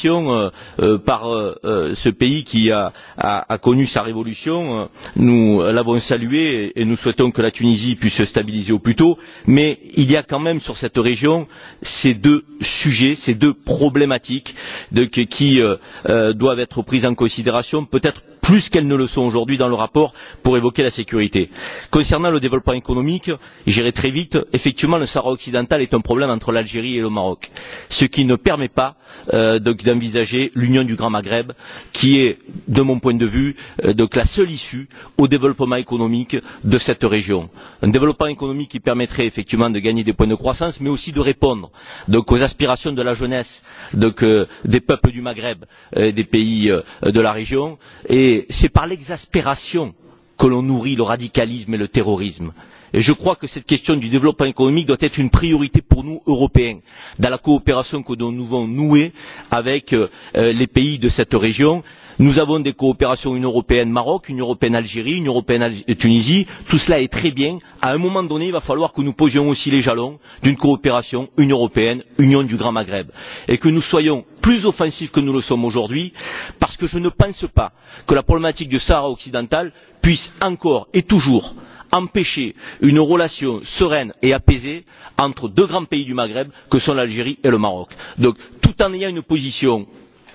par ce pays qui a, a, a connu sa révolution nous l'avons salué et nous souhaitons que la tunisie puisse se stabiliser au plus tôt mais il y a quand même sur cette région ces deux sujets ces deux problématiques de, qui euh, doivent être prises en considération peut être plus qu'elles ne le sont aujourd'hui dans le rapport pour évoquer la sécurité. concernant le développement économique j'irai très vite effectivement le sahara occidental est un problème entre l'algérie et le maroc ce qui ne permet pas euh, d'envisager l'union du grand maghreb qui est de mon point de vue euh, donc la seule issue au développement économique de cette région. un développement économique qui permettrait effectivement de gagner des points de croissance mais aussi de répondre donc, aux aspirations de la jeunesse donc, euh, des peuples du maghreb euh, et des pays euh, de la région et c'est par l'exaspération que l'on nourrit le radicalisme et le terrorisme et je crois que cette question du développement économique doit être une priorité pour nous européens dans la coopération que nous devons nouer avec euh, les pays de cette région. nous avons des coopérations une européenne maroc une européenne algérie une européenne euh, tunisie tout cela est très bien. à un moment donné il va falloir que nous posions aussi les jalons d'une coopération une européenne union du grand maghreb et que nous soyons plus offensifs que nous le sommes aujourd'hui parce que je ne pense pas que la problématique du sahara occidental puisse encore et toujours empêcher une relation sereine et apaisée entre deux grands pays du maghreb que sont l'algérie et le maroc. donc tout en ayant une position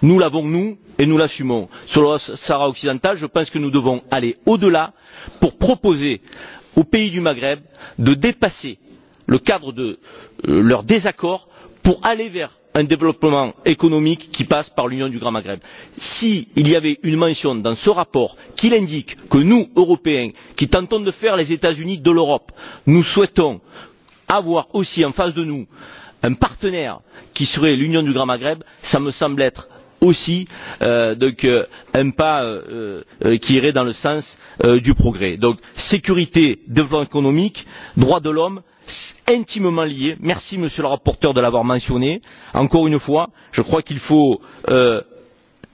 nous l'avons nous et nous l'assumons sur le sahara occidental je pense que nous devons aller au delà pour proposer aux pays du maghreb de dépasser le cadre de euh, leur désaccord pour aller vers un développement économique qui passe par l'union du grand maghreb. s'il y avait une mention dans ce rapport qui l'indique que nous européens qui tentons de faire les états unis de l'europe nous souhaitons avoir aussi en face de nous un partenaire qui serait l'union du grand maghreb cela me semble être aussi euh, donc, euh, un pas euh, euh, euh, qui irait dans le sens euh, du progrès. donc sécurité développement économique droits de l'homme intimement liés. merci monsieur le rapporteur de l'avoir mentionné. encore une fois je crois qu'il faut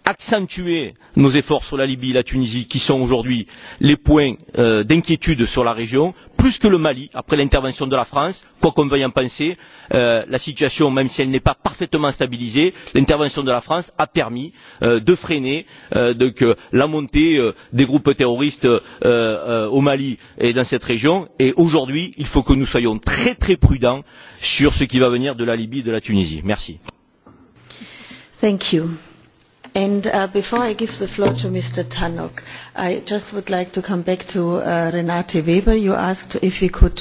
accentuer nos efforts sur la libye et la tunisie qui sont aujourd'hui les points euh, d'inquiétude sur la région plus que le mali après l'intervention de la france quoi qu'on veuille en penser euh, la situation même si elle n'est pas parfaitement stabilisée l'intervention de la france a permis euh, de freiner euh, donc, la montée euh, des groupes terroristes euh, au mali et dans cette région et aujourd'hui il faut que nous soyons très très prudents sur ce qui va venir de la libye et de la tunisie. merci. Thank you. And uh, before I give the floor to Mr. Tannock, I just would like to come back to uh, Renate Weber. You asked if we could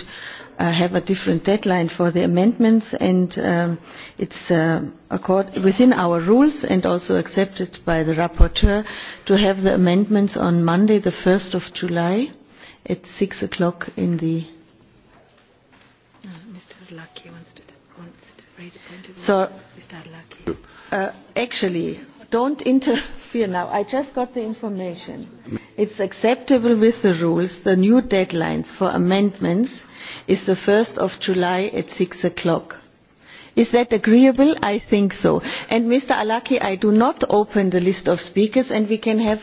uh, have a different deadline for the amendments, and um, it's uh, accord within our rules and also accepted by the rapporteur to have the amendments on Monday, the 1st of July, at 6 o'clock in the. Uh, Mr. Lucky wants to, wants to raise a point of view. So, Mr. Lucky. Uh, actually, don't interfere now. I just got the information. It's acceptable with the rules. The new deadlines for amendments is the 1st of July at 6 o'clock. Is that agreeable? I think so. And Mr. Alaki, I do not open the list of speakers and we can have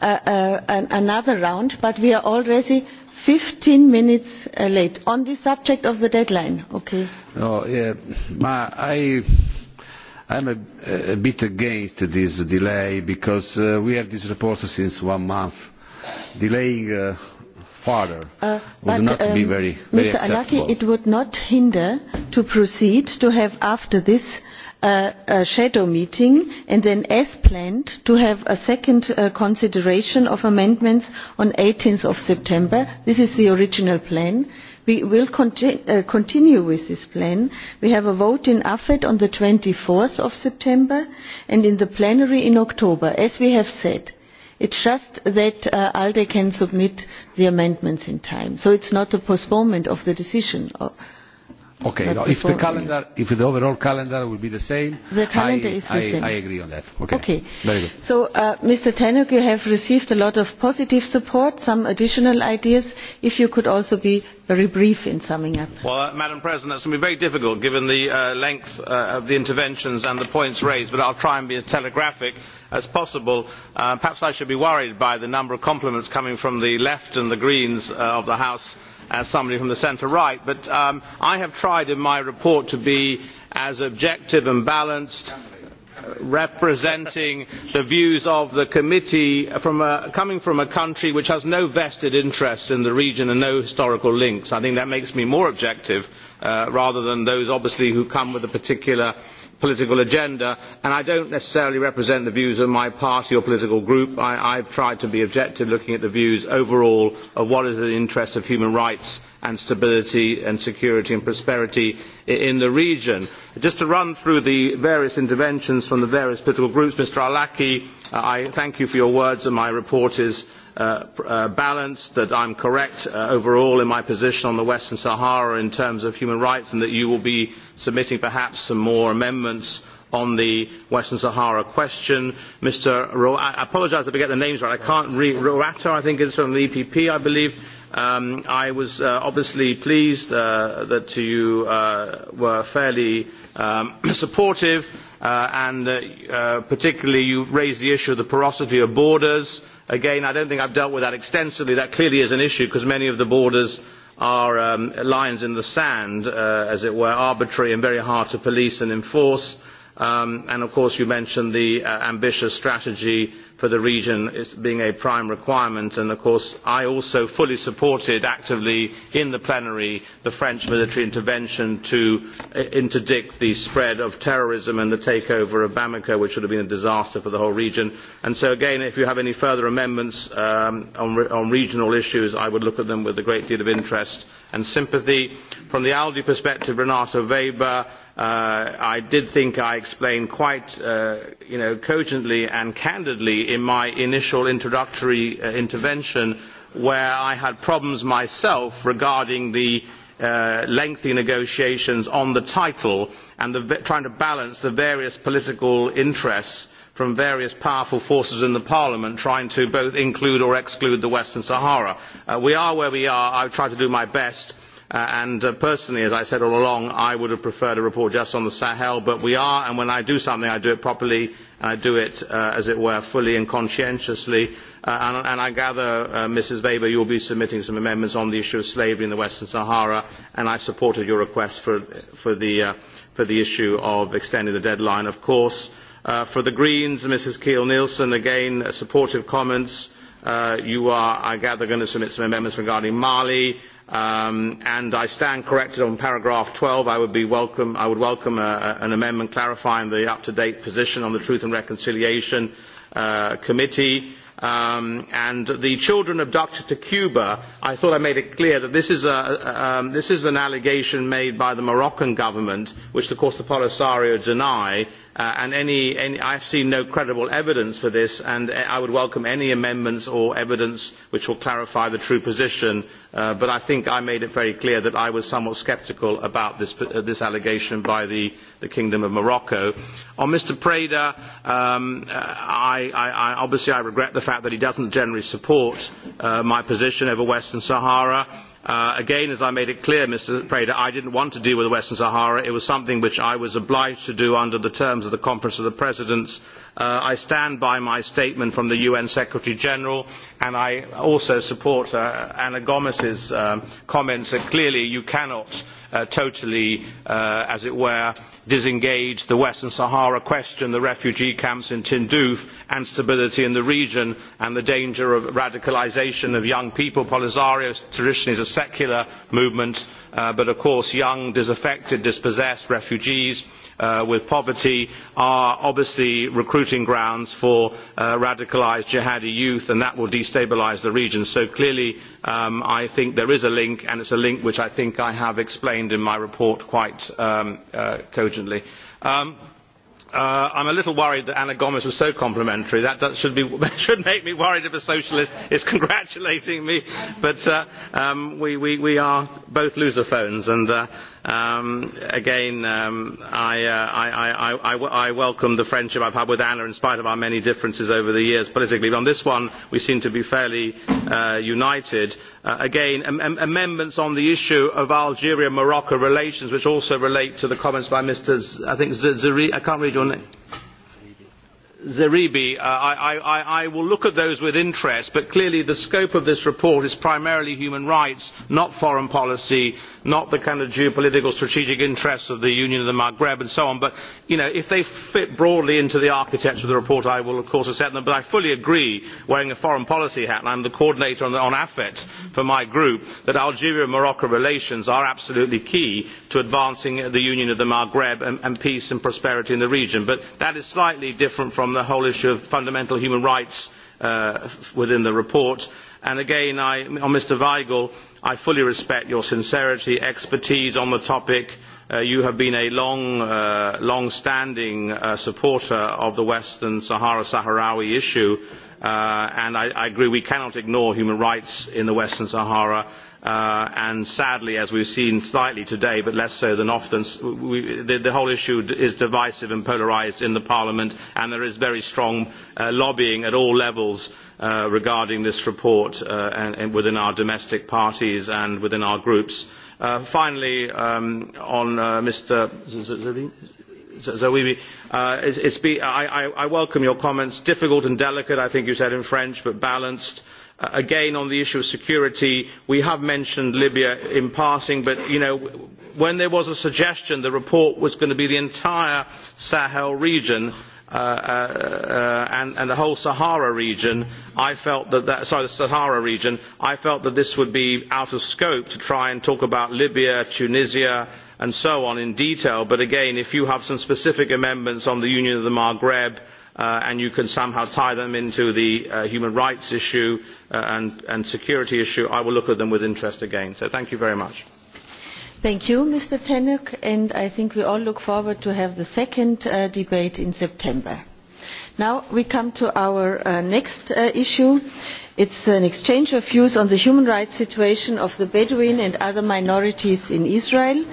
uh, uh, an, another round, but we are already 15 minutes uh, late on the subject of the deadline. Okay. No, oh, yeah, my, I I am a, a bit against this delay because uh, we have this report since one month. Delaying uh, further uh, would not um, be very, very Mr. acceptable. Mr. Arlacchi, it would not hinder to proceed to have after this uh, a shadow meeting and then as planned to have a second uh, consideration of amendments on 18th of September. This is the original plan. Uh, we will conti uh, continue with this plan. we have a vote in afet on twenty four september and in the plenary in october as we have said. it is just that uh, alde can submit the amendments in time so it is not a postponement of the decision. Uh, Okay, no, if the calendar, if the overall calendar will be the same, the calendar I, is the I, same. I agree on that. Okay. okay. Very good. So, uh, Mr. Tanuk, you have received a lot of positive support, some additional ideas. If you could also be very brief in summing up. Well, uh, Madam President, that's going to be very difficult given the uh, length uh, of the interventions and the points raised, but I'll try and be as telegraphic as possible. Uh, perhaps I should be worried by the number of compliments coming from the left and the Greens uh, of the House as somebody from the centre right but um, i have tried in my report to be as objective and balanced uh, representing the views of the committee from a, coming from a country which has no vested interest in the region and no historical links. i think that makes me more objective uh, rather than those obviously who come with a particular political agenda and i do not necessarily represent the views of my party or political group. i have tried to be objective looking at the views overall of what is in the interest of human rights and stability and security and prosperity in the region. just to run through the various interventions from the various political groups mr arlacchi uh, i thank you for your words and my report is uh, uh, balanced, that I'm correct uh, overall in my position on the Western Sahara in terms of human rights, and that you will be submitting perhaps some more amendments on the Western Sahara question. Mr. Ro- I apologise if I get the names right. I can't read. Roata, I think, is from the EPP, I believe. Um, I was uh, obviously pleased uh, that you uh, were fairly um, supportive, uh, and uh, uh, particularly you raised the issue of the porosity of borders. Uh, again i do not think i have dealt with that extensively that clearly is an issue because many of the borders are um, lines in the sand uh, as it were arbitrary and very hard to police and enforce um, and of course you mentioned the uh, ambitious strategy for the region as being a prime requirement and of course i also fully supported actively in the plenary the french military intervention to uh, interdict the spread of terrorism and the takeover of bamako which would have been a disaster for the whole region and so again if you have any further amendments um, on, re on regional issues i would look at them with a great deal of interest and sympathy. from the alde perspective renate weber uh, i did think i explained quite uh, you know, cogently and candidly briefly in my initial introductory uh, intervention where I had problems myself regarding the uh, lengthy negotiations on the title and the, trying to balance the various political interests from various powerful forces in parliament trying to both include or exclude the western sahara. Uh, we are where we are. i have tried to do my best Uh, and uh, personally, as I said all along, I would have preferred a report just on the Sahel, but we are, and when I do something, I do it properly, and I do it, uh, as it were, fully and conscientiously. Uh, and, and I gather, uh, Mrs Weber, you'll be submitting some amendments on the issue of slavery in the Western Sahara, and I supported your request for, for, the, uh, for the issue of extending the deadline, of course. Uh, for the Greens, Mrs Keel Nielsen, again, uh, supportive comments. Uh, you are, I gather, going to submit some amendments regarding Mali Um, and I stand corrected on paragraph 12. I would, be welcome, I would welcome a, uh, a, uh, an amendment clarifying the up-to-date position on the Truth and Reconciliation uh, Committee. Um, and the children abducted to Cuba, I thought I made it clear that this is, a, um, this is an allegation made by the Moroccan government, which of course the Polisario deny, Uh, and any, any, I have seen no credible evidence for this, and uh, I would welcome any amendments or evidence which will clarify the true position. Uh, but I think I made it very clear that I was somewhat sceptical about this, uh, this allegation by the, the Kingdom of Morocco. On Mr. Preda, um, uh, I, I, I, obviously I regret the fact that he doesn't generally support uh, my position over Western Sahara Uh, again as i made it clear mr preda i did not want to deal with the western sahara it was something which i was obliged to do under the terms of the conference of the presidents. Uh, i stand by my statement from the un secretary general and i also support uh, ana gomez's um, comments that clearly you cannot uh, totally uh, as it were disengage the western sahara question the refugee camps in tindouf and stability in the region and the danger of radicalisation of young people polisario traditionally is a secular movement uh, but of course young disaffected dispossessed refugees uh, with poverty are obviously recruiting grounds for uh, radicalised jihadi youth and that will destabilise the region. so clearly um, i think there is a link and it is a link which i think i have explained in my report quite um, uh, cogently. Um, uh, i am a little worried that ana gomes was so complimentary. that, that should, be, should make me worried if a socialist is congratulating me but uh, um, we, we, we are both lusophones and uh, Um, again, um, I, uh, I, I, I, I welcome the friendship I've had with Anna in spite of our many differences over the years politically. But on this one, we seem to be fairly uh, united. Uh, again, am am amendments on the issue of Algeria-Morocco relations, which also relate to the comments by Mr. Z I think Zari. I can't read your name. Zeribi, uh, I, I, I will look at those with interest, but clearly the scope of this report is primarily human rights, not foreign policy, not the kind of geopolitical strategic interests of the Union of the Maghreb and so on. But you know, if they fit broadly into the architecture of the report, I will of course accept them. But I fully agree, wearing a foreign policy hat, and I'm the coordinator on, on AFET for my group, that Algeria-Morocco relations are absolutely key to advancing the Union of the Maghreb and, and peace and prosperity in the region. But that is slightly different from the whole issue of fundamental human rights uh, within the report and again I, on mr vajgl i fully respect your sincerity and expertise on the topic. Uh, you have been a long, uh, long standing uh, supporter of the western sahara sahrawi issue uh, and I, i agree we cannot ignore human rights in the western sahara uh, and sadly as we have seen slightly today but less so than often we, the, the whole issue is divisive and polarised in parliament and there is very strong uh, lobbying at all levels uh, regarding this report uh, and, and within our domestic parties and within our groups. Uh, finally um, on uh, mr Zawibi, uh, it's, it's be, I, I, I welcome your comments. Difficult and delicate, I think you said in French, but balanced. Uh, Uh, again on the issue of security we have mentioned libya in passing but you know when there was a suggestion the report was going to be the entire sahel region uh, uh, and, and the whole Sahara region, I felt that, that sorry, the Sahara region, I felt that this would be out of scope to try and talk about Libya, Tunisia, and so on in detail. But again, if you have some specific amendments on the Union of the Maghreb, uh, and you can somehow tie them into the uh, human rights issue, uh, uh, and, and security issue, I will look at them with interest again. So thank you very much. Thank you, Mr. Tannock, and I think we all look forward to have the second uh, debate in September. Now we come to our uh, next uh, issue. It's an exchange of views on the human rights situation of the Bedouin and other minorities in Israel.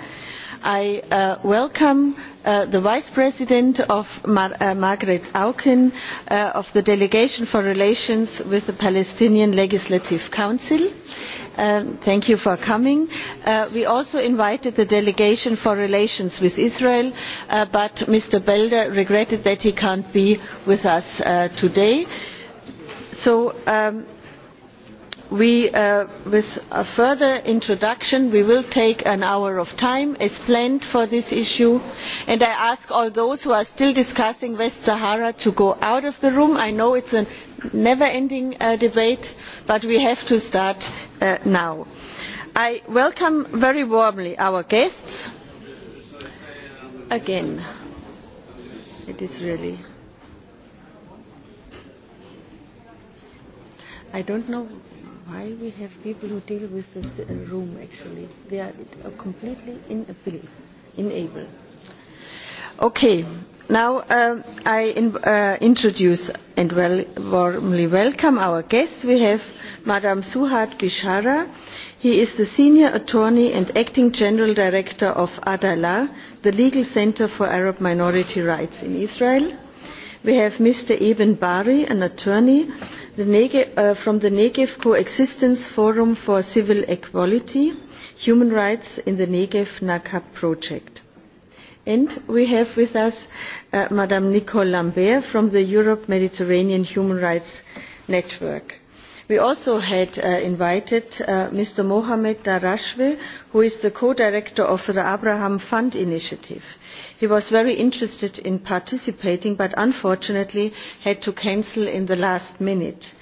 I uh, welcome Uh, the vice president of Mar uh, margaret auken uh, of the delegation for relations with the palestinian legislative council um, thank you for coming. Uh, we also invited the delegation for relations with israel uh, but mr belder regretted that he cannot be with us uh, today so um, We, uh, with a further introduction we will take an hour of time as planned for this issue and i ask all those who are still discussing west sahara to go out of the room. i know it is a never ending uh, debate but we have to start uh, now. i welcome very warmly our guests again. it is really i do not know why we have people who deal with this uh, room, actually. They are completely inable. inable. Okay, now um, I in, uh, introduce and well, warmly welcome our guests. We have Madam Suhad Bishara. He is the Senior Attorney and Acting General Director of Adalah, the Legal Center for Arab Minority Rights in Israel we have mr eben bari an attorney the negev, uh, from the negev coexistence forum for civil equality human rights in the negev nakab project and we have with us uh, madame nicole lambert from the europe mediterranean human rights network. we also had uh, invited uh, mr mohamed darashve who is the co director of the abraham fund initiative he was very interested in participating but unfortunately had to cancel at the last minute.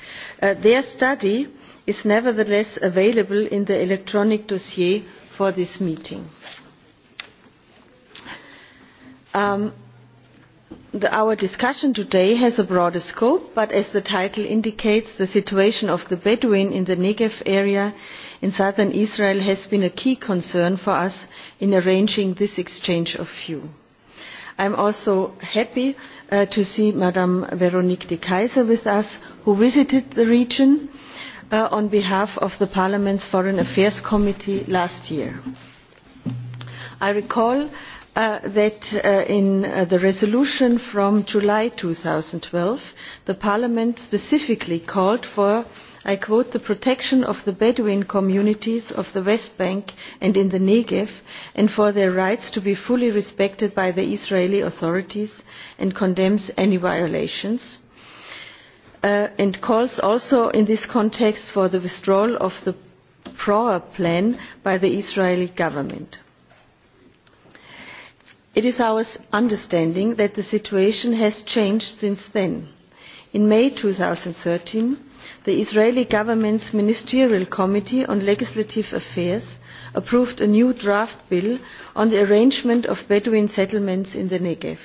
Uh, their study is nevertheless available in the electronic dossier for this meeting. Um, the, our discussion today has a broader scope, but as the title indicates, the situation of the Bedouin in the Negev area in southern Israel has been a key concern for us in arranging this exchange of views I am also happy uh, to see Madame Veronique de Keyser with us, who visited the region uh, on behalf of the Parliament's Foreign Affairs Committee last year. I recall Uh, that uh, in uh, the resolution from july two thousand and twelve parliament specifically called for I quote, the protection of the Bedouin communities of the West Bank and in the Negev and for their rights to be fully respected by the Israeli authorities and condemns any violations. Uh, and calls also in this context for the withdrawal of the PROA plan by the Israeli government. It is our understanding that the situation has changed since then. In May 2013, the Israeli government's Ministerial Committee on Legislative Affairs approved a new draft bill on the arrangement of Bedouin settlements in the Negev.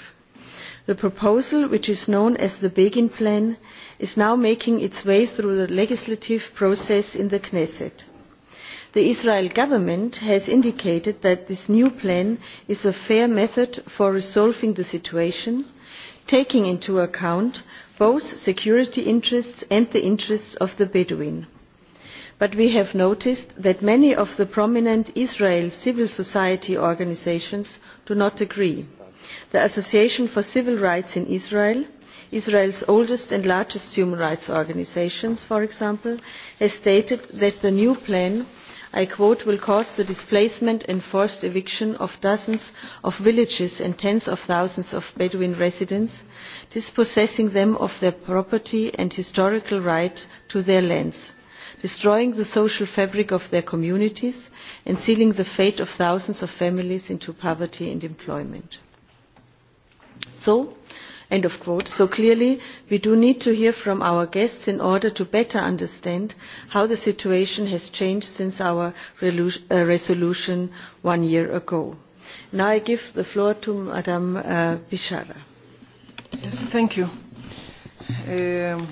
The proposal, which is known as the Begin Plan, is now making its way through the legislative process in the Knesset. The Israel government has indicated that this new plan is a fair method for resolving the situation, taking into account both security interests and the interests of the Bedouin. But we have noticed that many of the prominent Israel civil society organizations do not agree. The Association for Civil Rights in Israel, Israel's oldest and largest human rights organization, for example, has stated that the new plan i quote will cause the displacement and forced eviction of dozens of villages and tens of thousands of bedouin residents dispossessing them of their property and historical right to their lands, destroying the social fabric of their communities and sealing the fate of thousands of families into poverty and employment. So, End of quote. So clearly, we do need to hear from our guests in order to better understand how the situation has changed since our uh, resolution one year ago. Now I give the floor to Madame uh, Bishara. Yes, thank you. Um,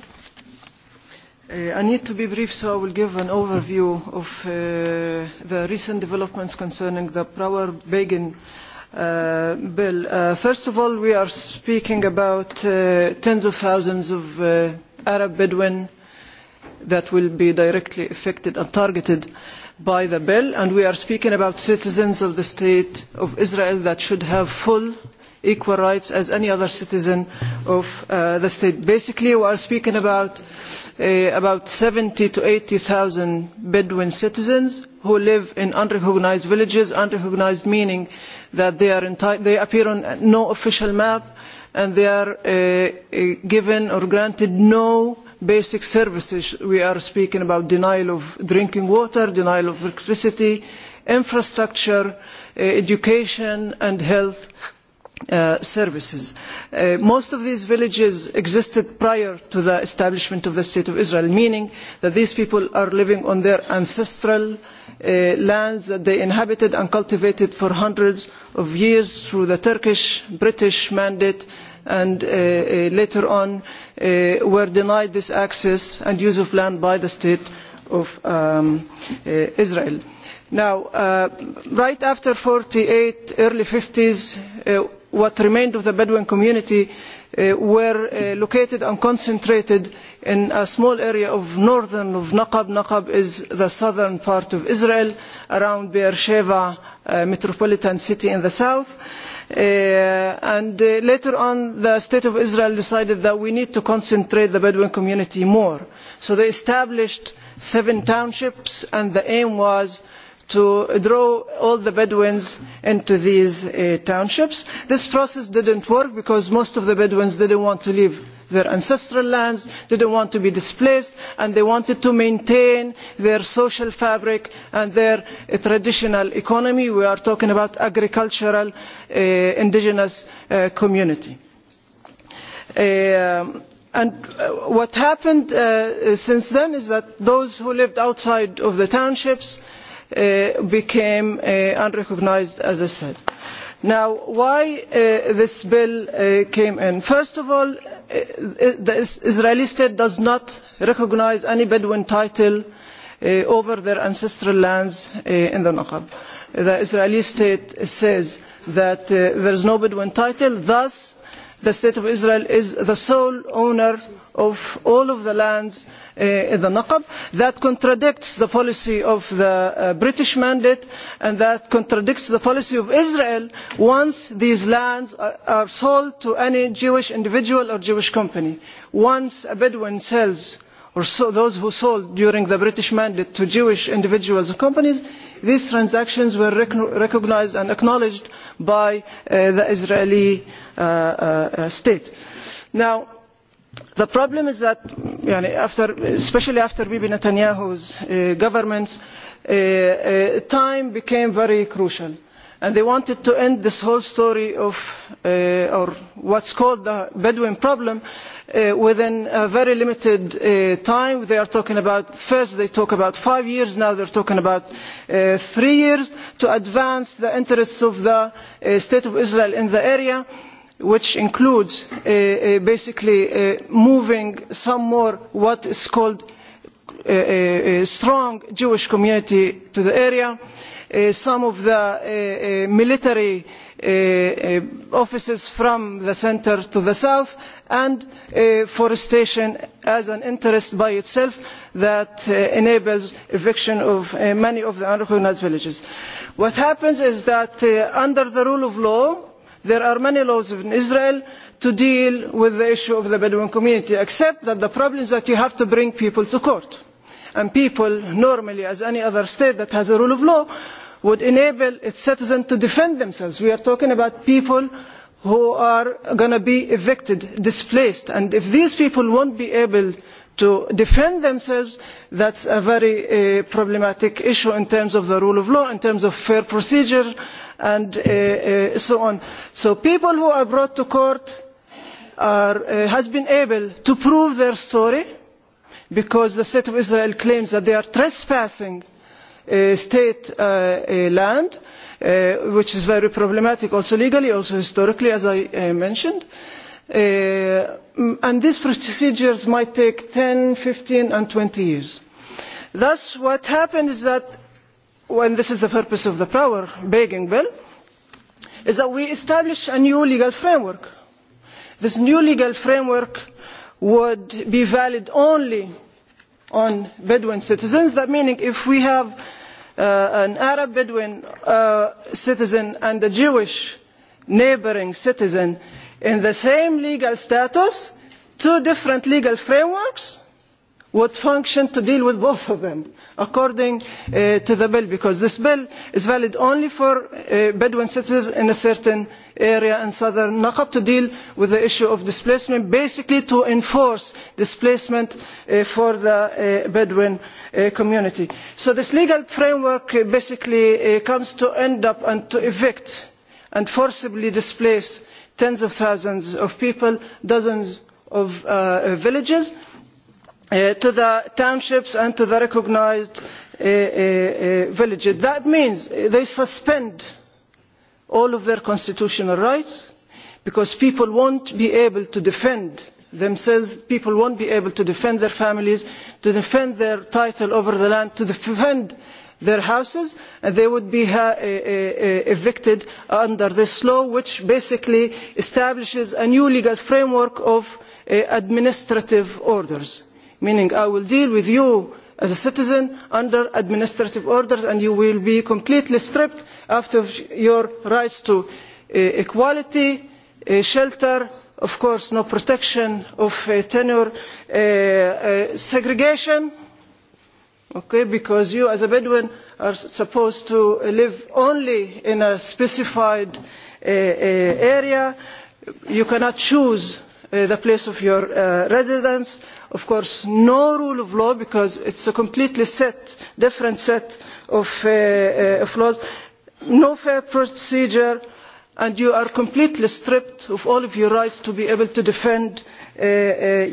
uh, I need to be brief, so I will give an overview of uh, the recent developments concerning the Power-Begin uh, bill. Uh, first of all, we are speaking about uh, tens of thousands of uh, Arab Bedouin that will be directly affected and targeted by the bill, and we are speaking about citizens of the State of Israel that should have full uh, equal rights as any other citizen of uh, the state. basically we are speaking about uh, about seventy to eighty thousand bedouin citizens who live in unrecognised villages unrecognised meaning that they, are they appear on no official map and they are uh, uh, given or granted no basic services. we are speaking about denial of drinking water denial of electricity infrastructure uh, education and health Uh, services. Uh, most of these villages existed prior to the establishment of the state of israel meaning that these people are living on their ancestral uh, lands that they inhabited and cultivated for hundreds of years through the turkish british mandate and uh, uh, later on uh, were denied this access and use of land by the state of um, israel. now right after one thousand nine hundred and forty eight early fifties what remained of the bedouin community uh, were uh, located and concentrated in a small area of northern of Naqab. Naqab is the southern part of Israel, around Beersheba uh, metropolitan city in the south. Uh, and uh, later on, the state of Israel decided that we need to concentrate the Bedouin community more. So they established seven townships, and the aim was uh, to draw all the bedouins into these uh, townships. this process did not work because most of the bedouins did not want to leave their ancestral lands did not want to be displaced and they wanted to maintain their social fabric and their uh, traditional economy. we are talking about an agricultural uh, indigenous uh, community. Um, and uh, what happened uh, since then is that those who lived outside of the townships Uh, became uh, unrecognised as i said. now why uh, this bill came in first of all the israeli state does not recognise any bedouin title over their ancestral lands in the nakba. the israeli state says that there is no bedouin title thus the state of israel is the sole owner of all of the lands eh, in the Naqab. That contradicts the policy of the eh, British mandate and that contradicts the policy of Israel once these lands eh, are sold to any Jewish individual or Jewish company. Once a Bedouin sells or so those who sold during the British mandate to Jewish individuals and companies, these transactions were rec recognized and acknowledged by uh, the Israeli uh, uh, state. Now, the problem is that after, especially after bibi netanyahu's uh, government uh, uh, time became very crucial and they wanted to end this whole story of uh, or what is called the bedouin problem uh, within a very limited uh, time. they are talking about first they talk about five years now they are talking about three years to advance the interests of the state of israel in the area which includes uh, uh, basically uh, moving some more what is called a strong jewish community to the area some of the military offices from the centre to the south and forestation as an interest by itself that enables eviction of many of the unrecognised villages. what happens is that under the rule of law there are many laws in israel to deal with the issue of the bedouin community except that the problem is that you have to bring people to court and people normally as any other state that has a rule of law would enable its citizens to defend themselves. we are talking about people who are going to be evicted displaced and if these people will not be able to defend themselves that is a very uh, problematic issue in terms of the rule of law in terms of fair procedure and and uh, uh, so on. so people who are brought to court uh, have been able to prove their story because the state of israel claims that they are trespassing uh, state uh, uh, land which is very problematic also legally also historically as i mentioned. Mm, and these procedures might take ten fifteen and twenty years. thus what happened is that and this is the purpose of the power begging bill is that we establish a new legal framework. this new legal framework would be valid only on bedouin citizens that meaning if we have uh, an arab bedouin uh, citizen and a jewish neighbouring citizen in the same legal status two different legal frameworks would function to deal with both of them according uh, to the bill because this bill is valid only for uh, bedouin citizens in a certain area in southern Naqab to deal with the issue of displacement, basically to enforce displacement uh, for the uh, Bedouin uh, community. So this legal framework uh, basically uh, comes to end up and to evict and forcibly displace tens of thousands of people, dozens of uh, villages, uh, Uh, to the townships and to the recognised uh, uh, villages. that means they suspend all of their constitutional rights because people will not be able to defend themselves people will not be able to defend their families to defend their title over the land to defend their houses and they would be evicted under this law which basically establishes a new legal framework of administrative orders meaning i will deal with you as a citizen under administrative orders and you will be completely stripped of your rights to eh, equality eh, shelter of course no protection of eh, tenure segregation because you as a bedouin are supposed to live only in a specified area you cannot choose the place of your residence of course no rule of law because it is a completely set, different set of, uh, uh, of laws no fair procedure and you are completely stripped of all of your rights to be able to defend uh, uh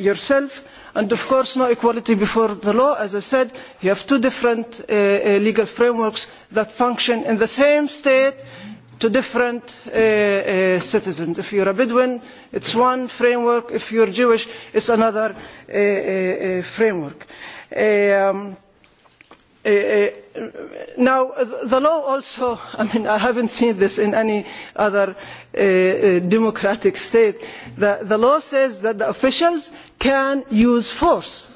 yourself and of course no equality before the law. as i said you have two different uh, legal frameworks that function in the same state to different uh, uh, citizens. if you are a bedouin it is one framework if you are jewish it is another uh, uh, uh, framework. Um, uh, now the law also i mean i have not seen this in any other democratic state the, the law says that the officials can use force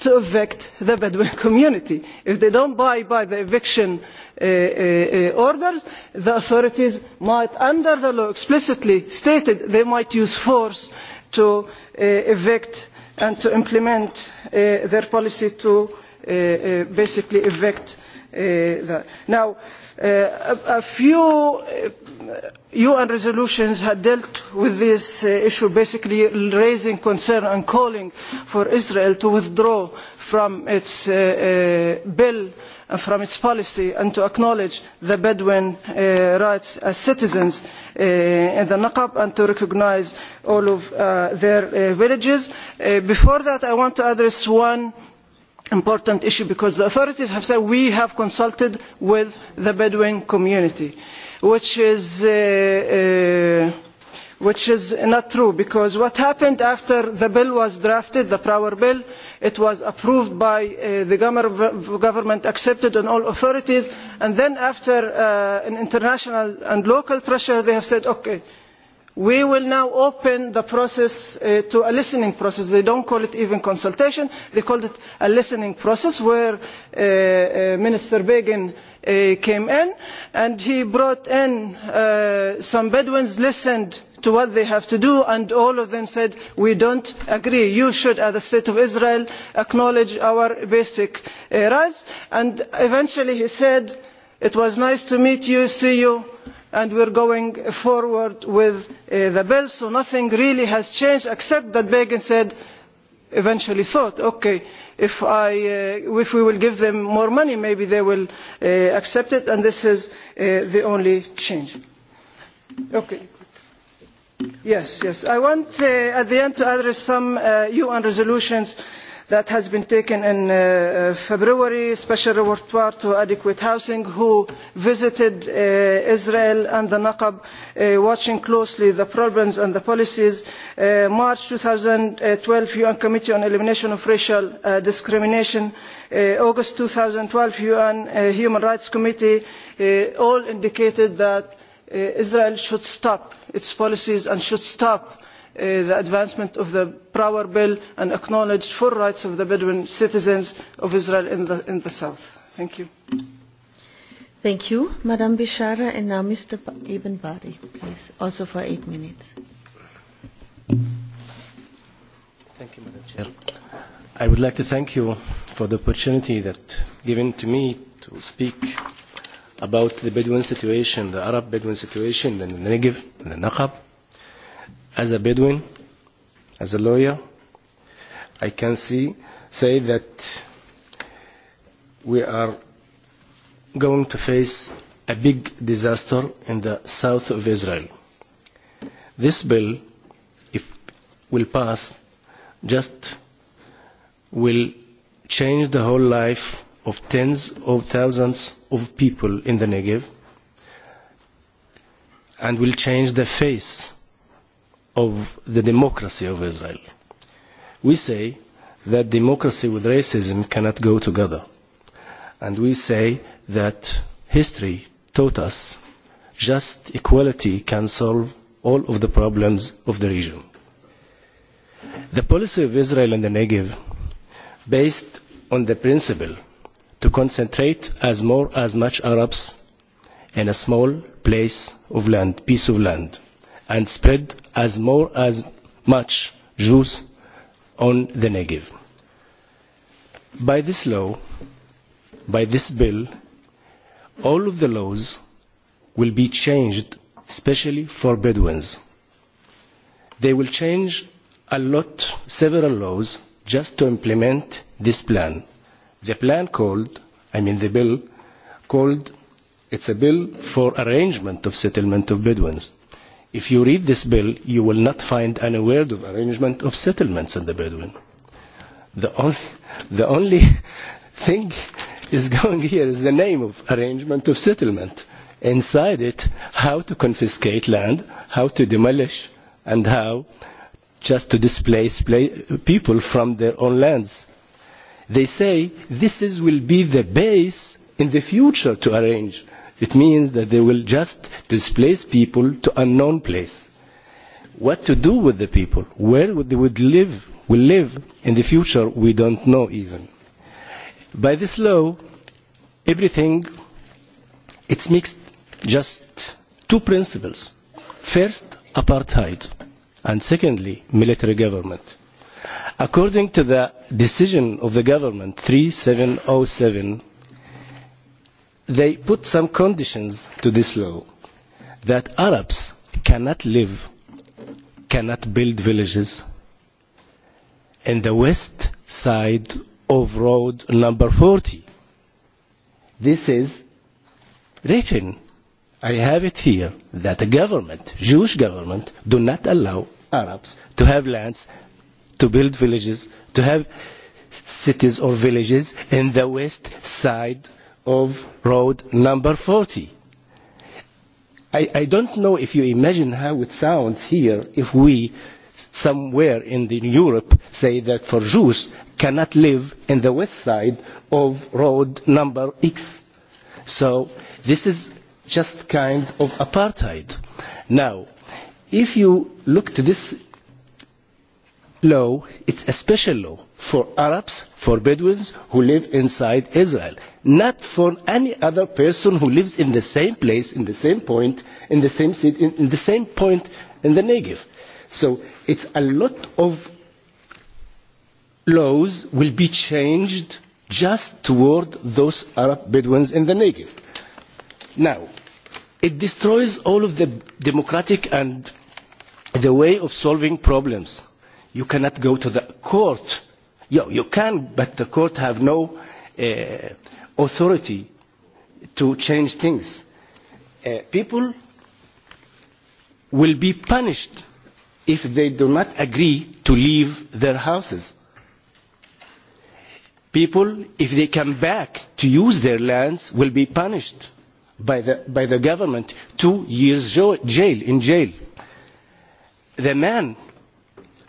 to evict the bedouin community. if they do not abide by the eviction Uh, uh, uh, orders the authorities might under the law explicitly stated they might use force to evict and to implement their policy to basically evict that. now a few un resolutions have dealt with this issue basically raising concern and calling for israel to withdraw from its bill Uh, from its policy and to acknowledge the bedouin uh, rights as citizens uh, in the nakab and to recognise all of uh, their uh, villages. Uh, before that i want to address one important issue because the authorities have said we have consulted with the bedouin community which is which is not true because what happened after the bill was drafted the power bill it was approved by uh, the government accepted by all authorities and then after uh, international and local pressure they have said ok we will now open the process uh, to a listening process they do not call it even consultation they call it a listening process where minister begin came in and he brought in some bedouins listened to what they have to do and all of them said we do not agree you should as the state of israel acknowledge our basic uh, rights and eventually he said it was nice to meet you see you and we are going forward with uh, the bill so nothing really has changed except that begin said eventually thought ok if, I, uh, if we will give them more money maybe they will uh, accept it and this is uh, the only change. Okay. Yes, yes. I want uh, at the end to address some uh, UN resolutions that has been taken in uh, uh February, Special Rapporteur to Adequate Housing, who visited uh, Israel and the Naqab, uh, watching closely the problems and the policies. Uh, March 2012, UN Committee on Elimination of Racial uh, Discrimination, uh, August 2012, UN uh, Human Rights Committee, uh, all indicated that Uh, israel should stop its policies and should stop uh, the advancement of the power bill and acknowledge the full rights of the bedouin citizens of israel in the, in the south. thank you. thank you, madam bishara. and now mr. ibn badi, please, also for eight minutes. thank you, madam chair. i would like to thank you for the opportunity that given to me to speak about the Bedouin situation, the Arab Bedouin situation in the Negev, in the Naqab. As a Bedouin, as a lawyer, I can see, say that we are going to face a big disaster in the south of Israel. This bill, if will pass, just will change the whole life of tens of thousands of people in the Negev and will change the face of the democracy of Israel. We say that democracy with racism cannot go together. And we say that history taught us just equality can solve all of the problems of the region. The policy of Israel and the Negev, based on the principle to concentrate as more as much Arabs in a small place of land, piece of land, and spread as more as much Jews on the Negev. By this law, by this bill, all of the laws will be changed, especially for Bedouins. They will change a lot, several laws, just to implement this plan The plan called, I mean the bill, called, it's a bill for arrangement of settlement of Bedouins. If you read this bill, you will not find any word of arrangement of settlements in the Bedouin. The only, the only thing is going here is the name of arrangement of settlement. Inside it, how to confiscate land, how to demolish, and how just to displace play, people from their own lands They say this is, will be the base in the future to arrange. It means that they will just displace people to unknown place. What to do with the people? Where would they would live? Will live in the future? We don't know even. By this law, everything it's mixed just two principles. First, apartheid, and secondly, military government According to the decision of the government 3707, they put some conditions to this law that Arabs cannot live, cannot build villages in the west side of road number 40. This is written. I have it here that the government, Jewish government, do not allow Arabs to have lands to build villages, to have cities or villages in the west side of road number 40. I, I don't know if you imagine how it sounds here if we somewhere in the Europe say that for Jews cannot live in the west side of road number X. So this is just kind of apartheid. Now, if you look to this law, it's a special law for Arabs, for Bedouins who live inside Israel, not for any other person who lives in the same place, in the same point, in the same city, in, in the same point in the Negev. So it's a lot of laws will be changed just toward those Arab Bedouins in the Negev. Now, it destroys all of the democratic and the way of solving problems you cannot go to the court. You, you can, but the court have no uh, authority to change things. Uh, people will be punished if they do not agree to leave their houses. People, if they come back to use their lands, will be punished by the, by the government, two years jail, in jail. The man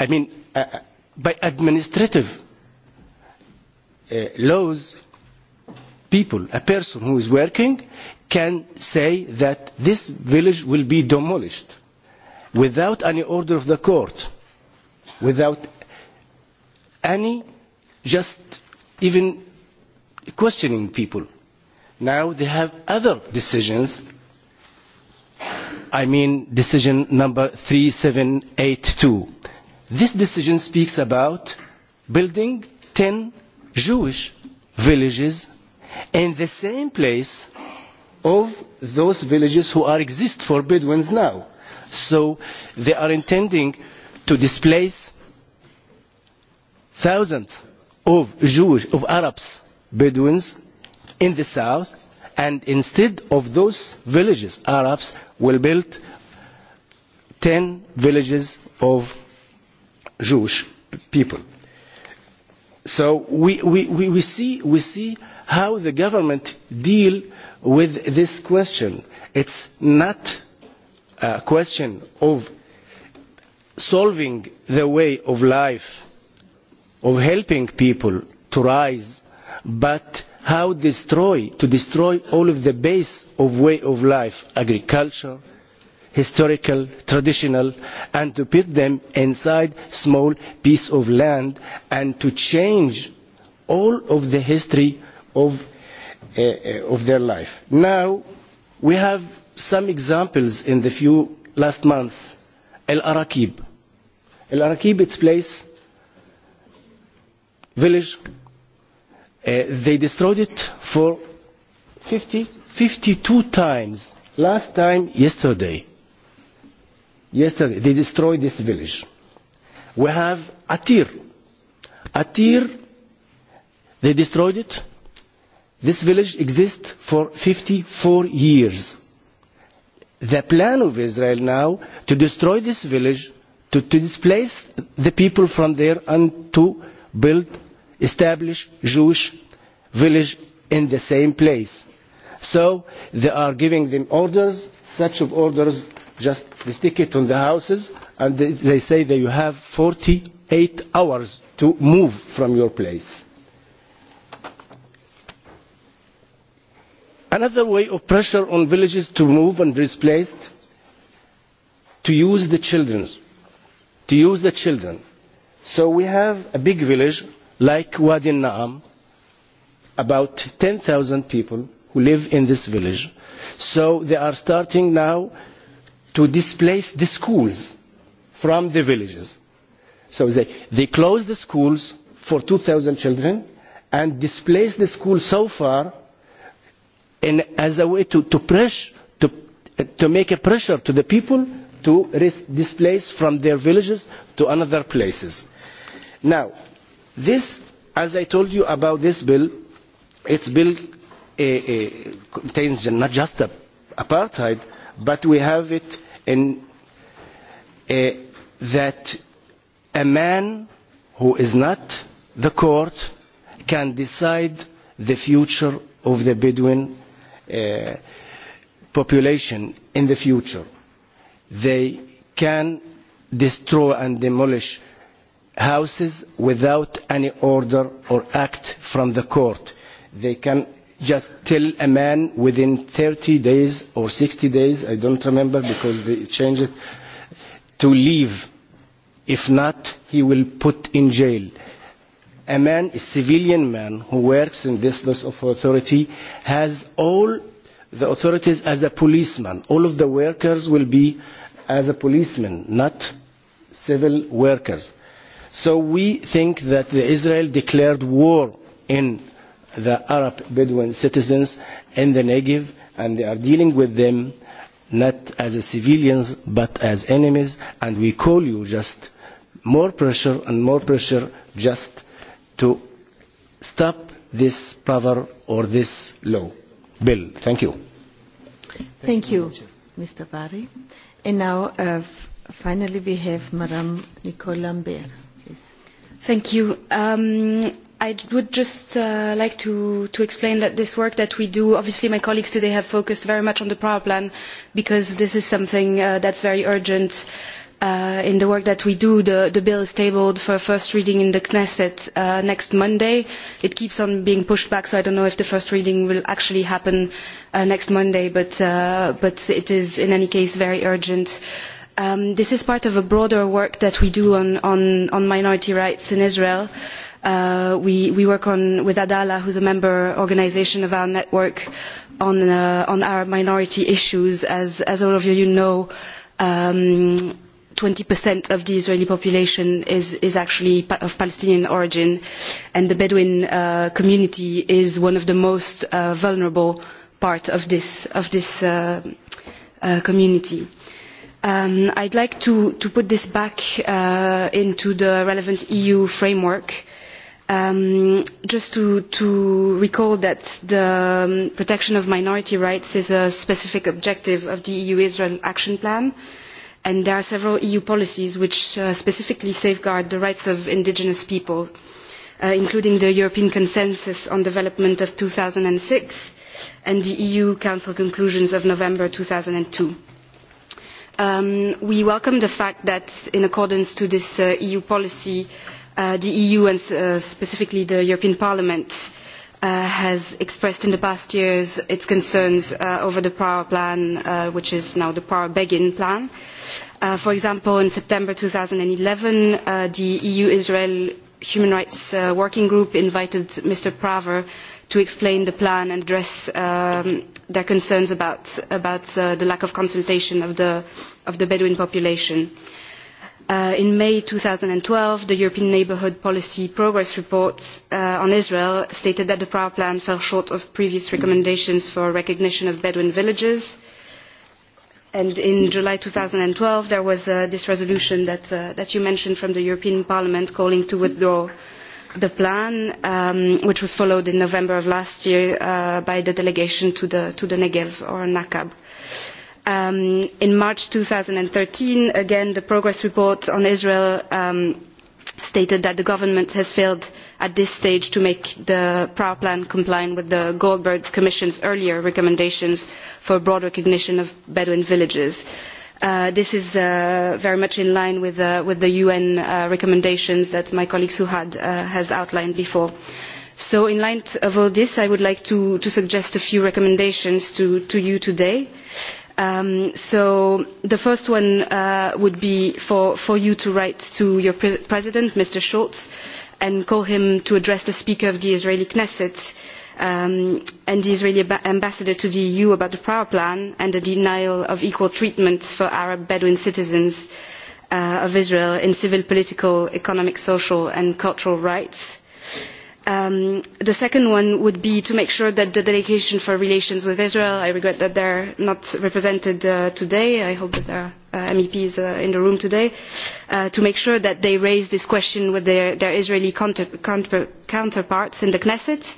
I mean, uh, uh, by administrative uh, laws, people, a person who is working, can say that this village will be demolished without any order of the court, without any just even questioning people. Now they have other decisions. I mean decision number 3782 This decision speaks about building 10 Jewish villages in the same place of those villages who are exist for Bedouins now. So they are intending to displace thousands of Jewish, of Arabs, Bedouins in the south and instead of those villages, Arabs will build 10 villages of Jewish people. So we, we, we, we, see, we see how the government deal with this question. It's not a question of solving the way of life, of helping people to rise, but how destroy, to destroy all of the base of way of life, agriculture, historical, traditional, and to put them inside small piece of land and to change all of the history of, uh, of their life. Now, we have some examples in the few last months. El Araqib. El Araqib, its place, village, uh, they destroyed it for 50, 52 times last time yesterday yesterday they destroyed this village. We have Atir. Atir, they destroyed it. This village exists for 54 years. The plan of Israel now to destroy this village, to, to displace the people from there and to build, establish Jewish village in the same place. So they are giving them orders, such of orders just they stick it on the houses and they, they say that you have 48 hours to move from your place. Another way of pressure on villages to move and displaced to use the children, to use the children. So we have a big village like Wadi Naam, about 10,000 people who live in this village. So they are starting now to displace the schools from the villages. So they, they closed the schools for 2,000 children and displaced the school so far in, as a way to, to, press, to, to make a pressure to the people to res- displace from their villages to another places. Now, this, as I told you about this bill, its bill uh, uh, contains not just a, apartheid, but we have it in, uh, that a man who is not the court can decide the future of the Bedouin uh, population in the future. They can destroy and demolish houses without any order or act from the court. They can just tell a man within 30 days or 60 days, I don't remember because they changed it, to leave. If not, he will put in jail. A man, a civilian man who works in this loss of authority has all the authorities as a policeman. All of the workers will be as a policeman, not civil workers. So we think that the Israel declared war in the Arab Bedouin citizens in the Negev, and they are dealing with them not as civilians but as enemies, and we call you just more pressure and more pressure just to stop this proverb or this law. Bill, thank you. Thank you, Mr. Bari. And now, uh, finally, we have Madame Nicole Lambert. Please. Thank you. Um, I would just uh, like to, to explain that this work that we do, obviously my colleagues today have focused very much on the power plan because this is something uh, that's very urgent. Uh, in the work that we do, the, the bill is tabled for first reading in the Knesset uh, next Monday. It keeps on being pushed back, so I don't know if the first reading will actually happen uh, next Monday, but, uh, but it is in any case very urgent. Um, this is part of a broader work that we do on, on, on minority rights in Israel. Uh, Uh, we, we work on, with Adala, who's a member organization of our network, on, uh, on our minority issues. As, as all of you, you know, um, 20% of the Israeli population is, is actually pa of Palestinian origin, and the Bedouin uh, community is one of the most uh, vulnerable parts of this, of this uh, uh, community. Um, I'd like to, to put this back uh, into the relevant EU framework uh, Um, just to, to recall that the um, protection of minority rights is a specific objective of the EU-Israel Action Plan, and there are several EU policies which uh, specifically safeguard the rights of indigenous people, uh, including the European Consensus on Development of 2006 and the EU Council conclusions of November 2002. Um, we welcome the fact that, in accordance to this uh, EU policy, uh, uh, the EU and uh, specifically the European Parliament uh, has expressed in the past years its concerns uh, over the power plan, uh, which is now the power begin plan. Uh, for example, in September 2011, uh, the EU-Israel Human Rights uh, Working Group invited Mr. Praver to explain the plan and address um, their concerns about, about uh, the lack of consultation of the, of the Bedouin population. Uh, Uh, in may two thousand and twelve the european neighbourhood policy progress report uh, on israel stated that the power plan fell short of previous recommendations for recognition of bedouin villages and in july two thousand and twelve there was uh, this resolution that, uh, that you mentioned from the european parliament calling to withdraw the plan um, which was followed in november of last year uh, by the delegation to the, to the negev or nakab. Um, in March 2013, again, the progress report on Israel um, stated that the government has failed at this stage to make the power plan comply with the Goldberg Commission's earlier recommendations for broad recognition of Bedouin villages. Uh, this is uh, very much in line with, uh, with the UN uh, recommendations that my colleague Suhad uh, has outlined before. So in light of all this, I would like to, to suggest a few recommendations to, to you today. Uh, Um, so the first one uh, would be for, for you to write to your pre president, Mr. Schultz, and call him to address the Speaker of the Israeli Knesset um, and the Israeli ambassador to the EU about the power plan and the denial of equal treatment for Arab Bedouin citizens uh, of Israel in civil, political, economic, social and cultural rights. Uh, Um, the second one would be to make sure that the delegation for relations with Israel, I regret that they're not represented uh, today, I hope that there are uh, MEPs uh, in the room today, uh, to make sure that they raise this question with their, their Israeli counter, counter, counterparts in the Knesset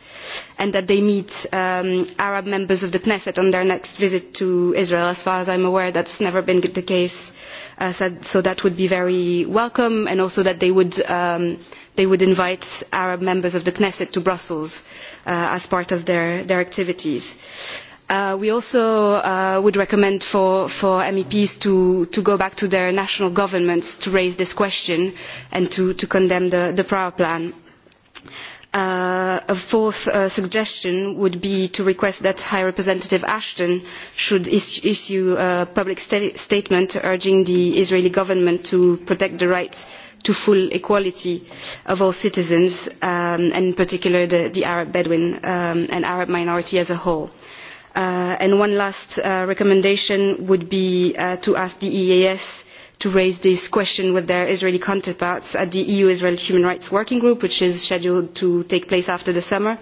and that they meet um, Arab members of the Knesset on their next visit to Israel. As far as I'm aware, that's never been the case, uh, so, so that would be very welcome and also that they would um, – they would invite Arab members of the Knesset to Brussels uh, as part of their, their activities. Uh, we also uh, would recommend for, for MEPs to, to go back to their national governments to raise this question and to, to condemn the, the prior plan. Uh, a fourth uh, suggestion would be to request that High Representative Ashton should is issue a public sta statement urging the Israeli government to protect the rights to full equality of all citizens, um, and in particular the, the Arab Bedouin um, and Arab minority as a whole. Uh, and one last uh, recommendation would be uh, to ask the EAS to raise this question with their Israeli counterparts at the EU-Israel Human Rights Working Group, which is scheduled to take place after the summer,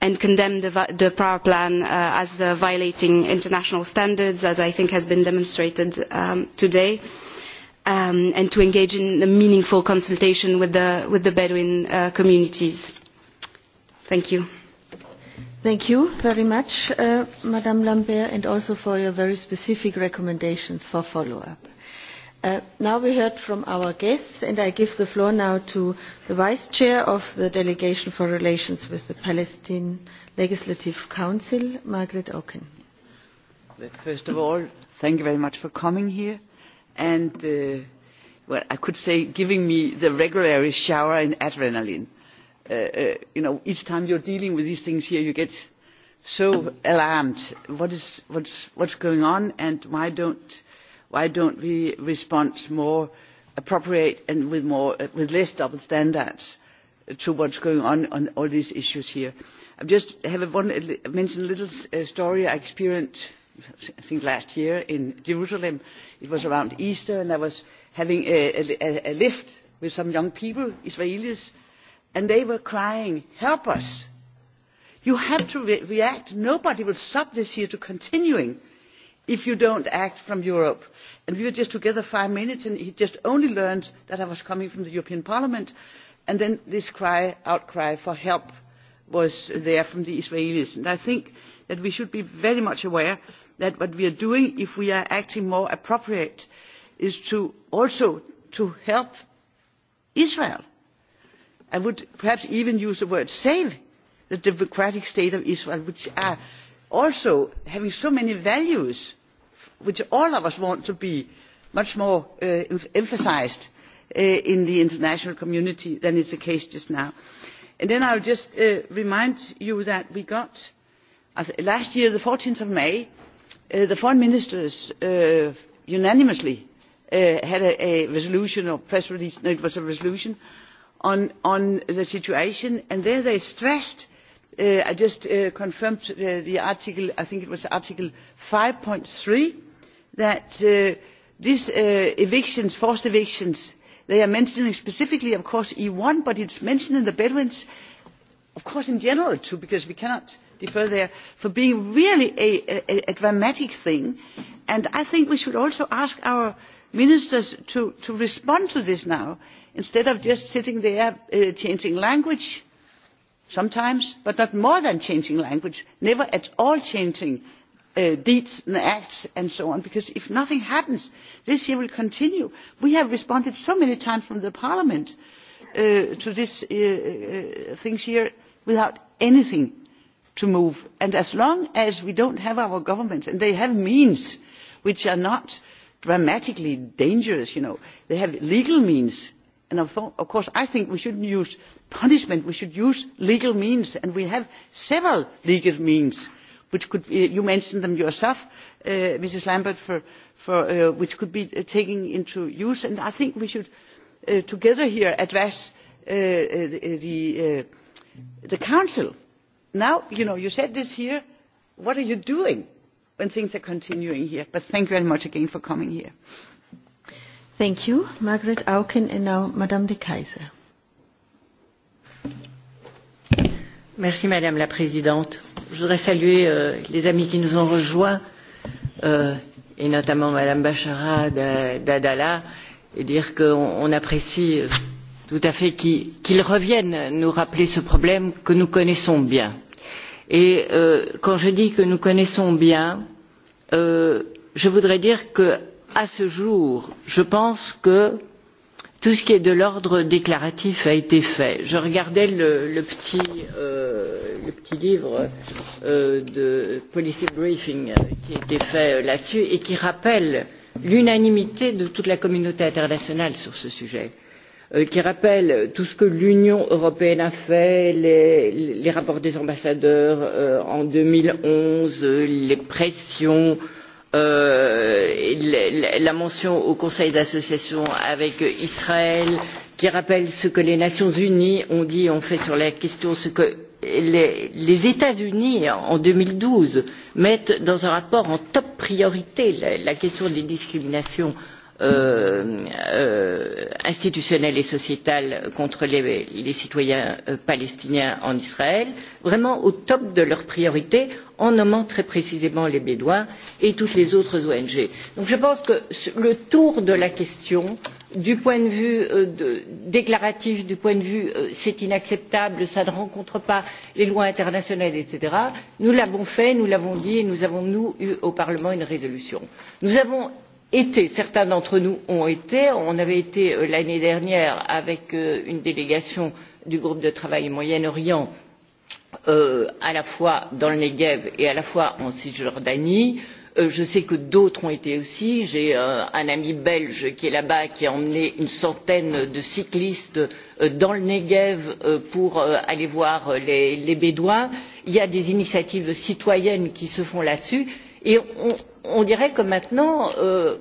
and condemn the, the power plan uh, as uh, violating international standards, as I think has been demonstrated um, today. Uh, um, and to engage in a meaningful consultation with the, with the Bedouin uh, communities. Thank you. Thank you very much, uh, Madame Lambert, and also for your very specific recommendations for follow-up. Uh, now we heard from our guests, and I give the floor now to the Vice Chair of the Delegation for Relations with the Palestine Legislative Council, Margaret Oken. First of all, thank you very much for coming here and uh, well, I could say giving me the regular shower in adrenaline. Uh, uh, you know, each time you're dealing with these things here, you get so alarmed. What is, what's, what's going on and why don't, why don't we respond more appropriate and with, more, uh, with less double standards to what's going on on all these issues here? I just have a one, mention a little uh, story I experienced I think last year in Jerusalem. It was around Easter, and I was having a, a, a lift with some young people, Israelis, and they were crying, "Help us!" You have to re- react. Nobody will stop this here to continuing if you don't act from Europe. And we were just together five minutes, and he just only learned that I was coming from the European Parliament, and then this cry, outcry for help was there from the Israelis. And I think that we should be very much aware that what we are doing if we are acting more appropriate is to also to help israel i would perhaps even use the word save the democratic state of israel which are also having so many values which all of us want to be much more uh, emphasised uh, in the international community than is the case just now. And then i will just uh, remind you that we got uh, last year on fourteen may Uh, the foreign ministers uh, unanimously uh, had a resolution or press release no it was a resolution on, on the situation and there they stressed Uh, i just uh, confirmed uh, the article i think it was article five point three that these evictions forced evictions they are mentioning specifically of course e one but it is mentioned in the bedouins of course in general too because we cannot defer there for being really a, a, a dramatic thing. And I think we should also ask our ministers to, to respond to this now instead of just sitting there uh, changing language sometimes, but not more than changing language, never at all changing uh, deeds and acts and so on, because if nothing happens, this year will continue. We have responded so many times from the Parliament uh, to these uh, uh, things here without anything to move and as long as we do not have our governments and they have means which are not dramatically dangerous you know they have legal means and of, th- of course I think we shouldn't use punishment we should use legal means and we have several legal means which could be, you mentioned them yourself uh, Mrs Lambert for, for uh, which could be uh, taken into use and I think we should uh, together here address uh, uh the, uh, the council now you know you said this here what are you doing when things are continuing here but thank you very much again for coming here thank you margaret auken and now madame de kaiser Merci Madame la Présidente. Je voudrais saluer euh, les amis qui nous ont rejoints, euh, et notamment Madame Bachara d'Adala, et dire qu'on apprécie euh, tout à fait qu'ils qu reviennent nous rappeler ce problème que nous connaissons bien et euh, quand je dis que nous connaissons bien euh, je voudrais dire que à ce jour je pense que tout ce qui est de l'ordre déclaratif a été fait. Je regardais le, le, petit, euh, le petit livre euh, de policy briefing euh, qui a été fait euh, là-dessus et qui rappelle l'unanimité de toute la communauté internationale sur ce sujet. Euh, Euh, qui rappelle tout ce que l'union européenne a fait les, les rapports des ambassadeurs euh, en deux mille onze les pressions euh, la, la mention au conseil d'association avec israël qui rappelle ce que les nations unies ont dit et ont fait sur la question ce que les, les états unis en deux mille douze mettent dans un rapport en top priorité la, la question des discriminations entre Euh, euh, institutionnelle et sociétale contre les, les citoyens euh, palestiniens en israël vraiment au top de leurs priorités en nommant très précisément les bédouins et toutes les autres ong. donc je pense que le tour de la question du point de vue euh, de, déclaratif du point de vue euh, c'est inacceptable ça ne rencontre pas les lois internationales etc. nous l'avons fait nous l'avons dit et nous avons nous eu au parlement une résolution. nous avons été certains d'entre nous ont été on avait été euh, l'année dernière avec euh, une délégation du groupe de travail moyen orient euh, à la fois dans le Negev et à la fois en Cisjordanie. Euh, je sais que d'autres ont été aussi. J'ai euh, un ami belge qui est là-bas, qui a emmené une centaine de cyclistes euh, dans le Negev euh, pour euh, aller voir euh, les, les Bédouins. Il y a des initiatives citoyennes qui se font là-dessus. Et on, on dirait que maintenant euh,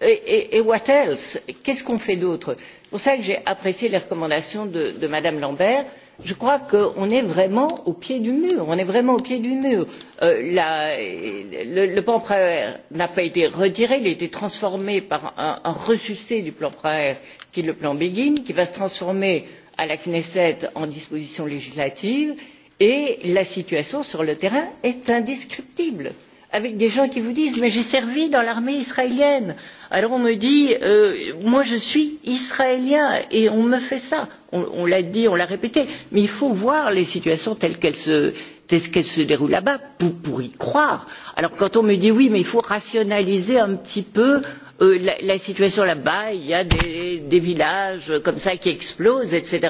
et, et what else? qu'est ce qu'on fait d'autre? c'est pour cela que j'ai apprécié les recommandations de, de mme lambert je crois qu'on est vraiment au pied du mur on est vraiment au pied du mur euh, la, le, le plan praer n'a pas été retiré il a été transformé par un, un ressucé du plan praer qui est le plan begin qui va se transformer à la knesset en disposition législative et la situation sur le terrain est indescriptible avec des gens qui vous disent mais j'ai servi dans l'armée israélienne alors on me dit euh, moi je suis israélien et on me fait ça on, on l'a dit on l'a répété mais il faut voir les situations telles qu'elles se telles qu'elles se déroulent là bas pour, pour y croire alors quand on me dit oui mais il faut rationaliser un petit peu euh, la, la situation là bas il y a des, des villages comme ça qui explosent etc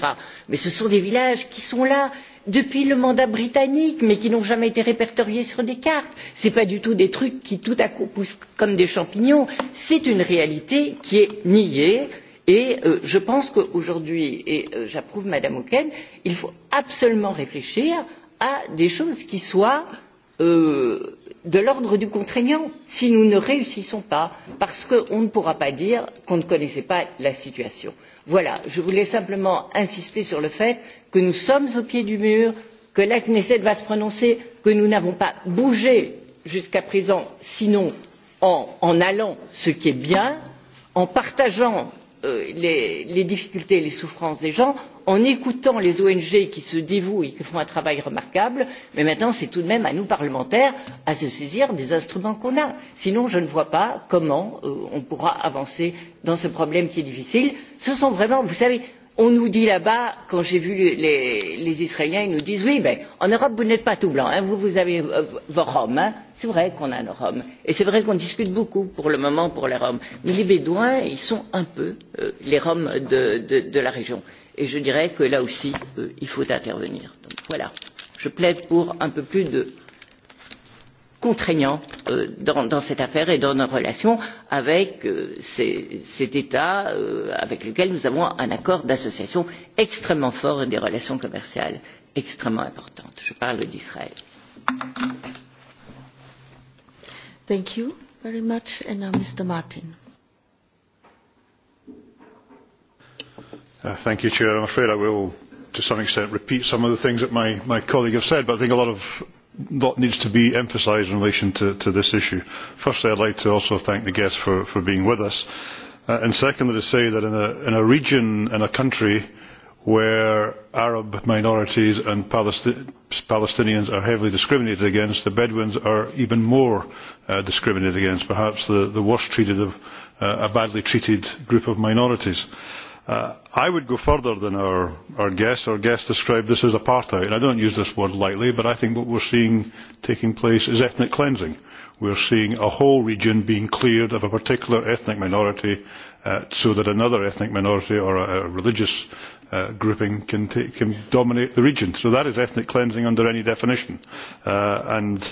mais ce sont des villages qui sont là depuis le mandat britannique mais qui n'ont jamais été répertoriés sur des cartes. ce ne sont pas du tout des trucs qui tout à coup poussent comme des champignons c'est une réalité qui est niée et euh, je pense qu'aujourd'hui et euh, j'approuve mme auken il faut absolument réfléchir à des choses qui soient euh, euh, de l'ordre du contraignant si nous ne réussissons pas parce qu'on ne pourra pas dire qu'on ne connaissait pas la situation. voilà je voulais simplement insister sur le fait que nous sommes au pied du mur que la knesset va se prononcer que nous n'avons pas bougé jusqu'à présent sinon en, en allant ce qui est bien en partageant Euh, les, les difficultés et les souffrances des gens en écoutant les ong qui se dévouent et qui font un travail remarquable mais maintenant c'est tout de même à nous parlementaires de nous saisir des instruments que nous avons sinon je ne vois pas comment euh, on pourra avancer dans ce problème qui est difficile. ce sont vraiment vous savez on nous dit là bas quand j'ai vu les, les israéliens ils nous disent oui mais en europe vous n'êtes pas tout blanc hein, vous vous avez euh, vos roms hein. c'est vrai qu'on a nos roms et c'est vrai qu'on discute beaucoup pour le moment pour les roms mais les bédouins ils sont un peu euh, les roms de, de, de la région et je dirais que là aussi euh, il faut intervenir. donc voilà je plaide pour un peu plus de contraignant euh, dans, dans cette affaire et dans nos relations avec euh, ces, cet état euh, avec lequel nous avons un accord d'association extrêmement fort et des relations commerciales extrêmement importantes. je parle d'israël. Thank you very much. And now Mr. Martin. Uh, thank you, Chair. I'm afraid I will, to some extent, repeat some of the things that my, my colleague have said, but I think a lot of lot needs to be emphasised in relation to, to this issue. Firstly, I'd like to also thank the guests for, for being with us. Uh, and secondly, to say that in a, in a region, in a country where Arab minorities and Palesti Palestinians are heavily discriminated against, the Bedouins are even more uh, discriminated against, perhaps the, the worst treated of uh, a badly treated group of minorities. Uh, Uh, I would go further than our, our guest. Our guest described this as apartheid. I don't use this word lightly, but I think what we're seeing taking place is ethnic cleansing. We're seeing a whole region being cleared of a particular ethnic minority uh, so that another ethnic minority or a, a religious uh, grouping can, take, can dominate the region. So that is ethnic cleansing under any definition. Uh, and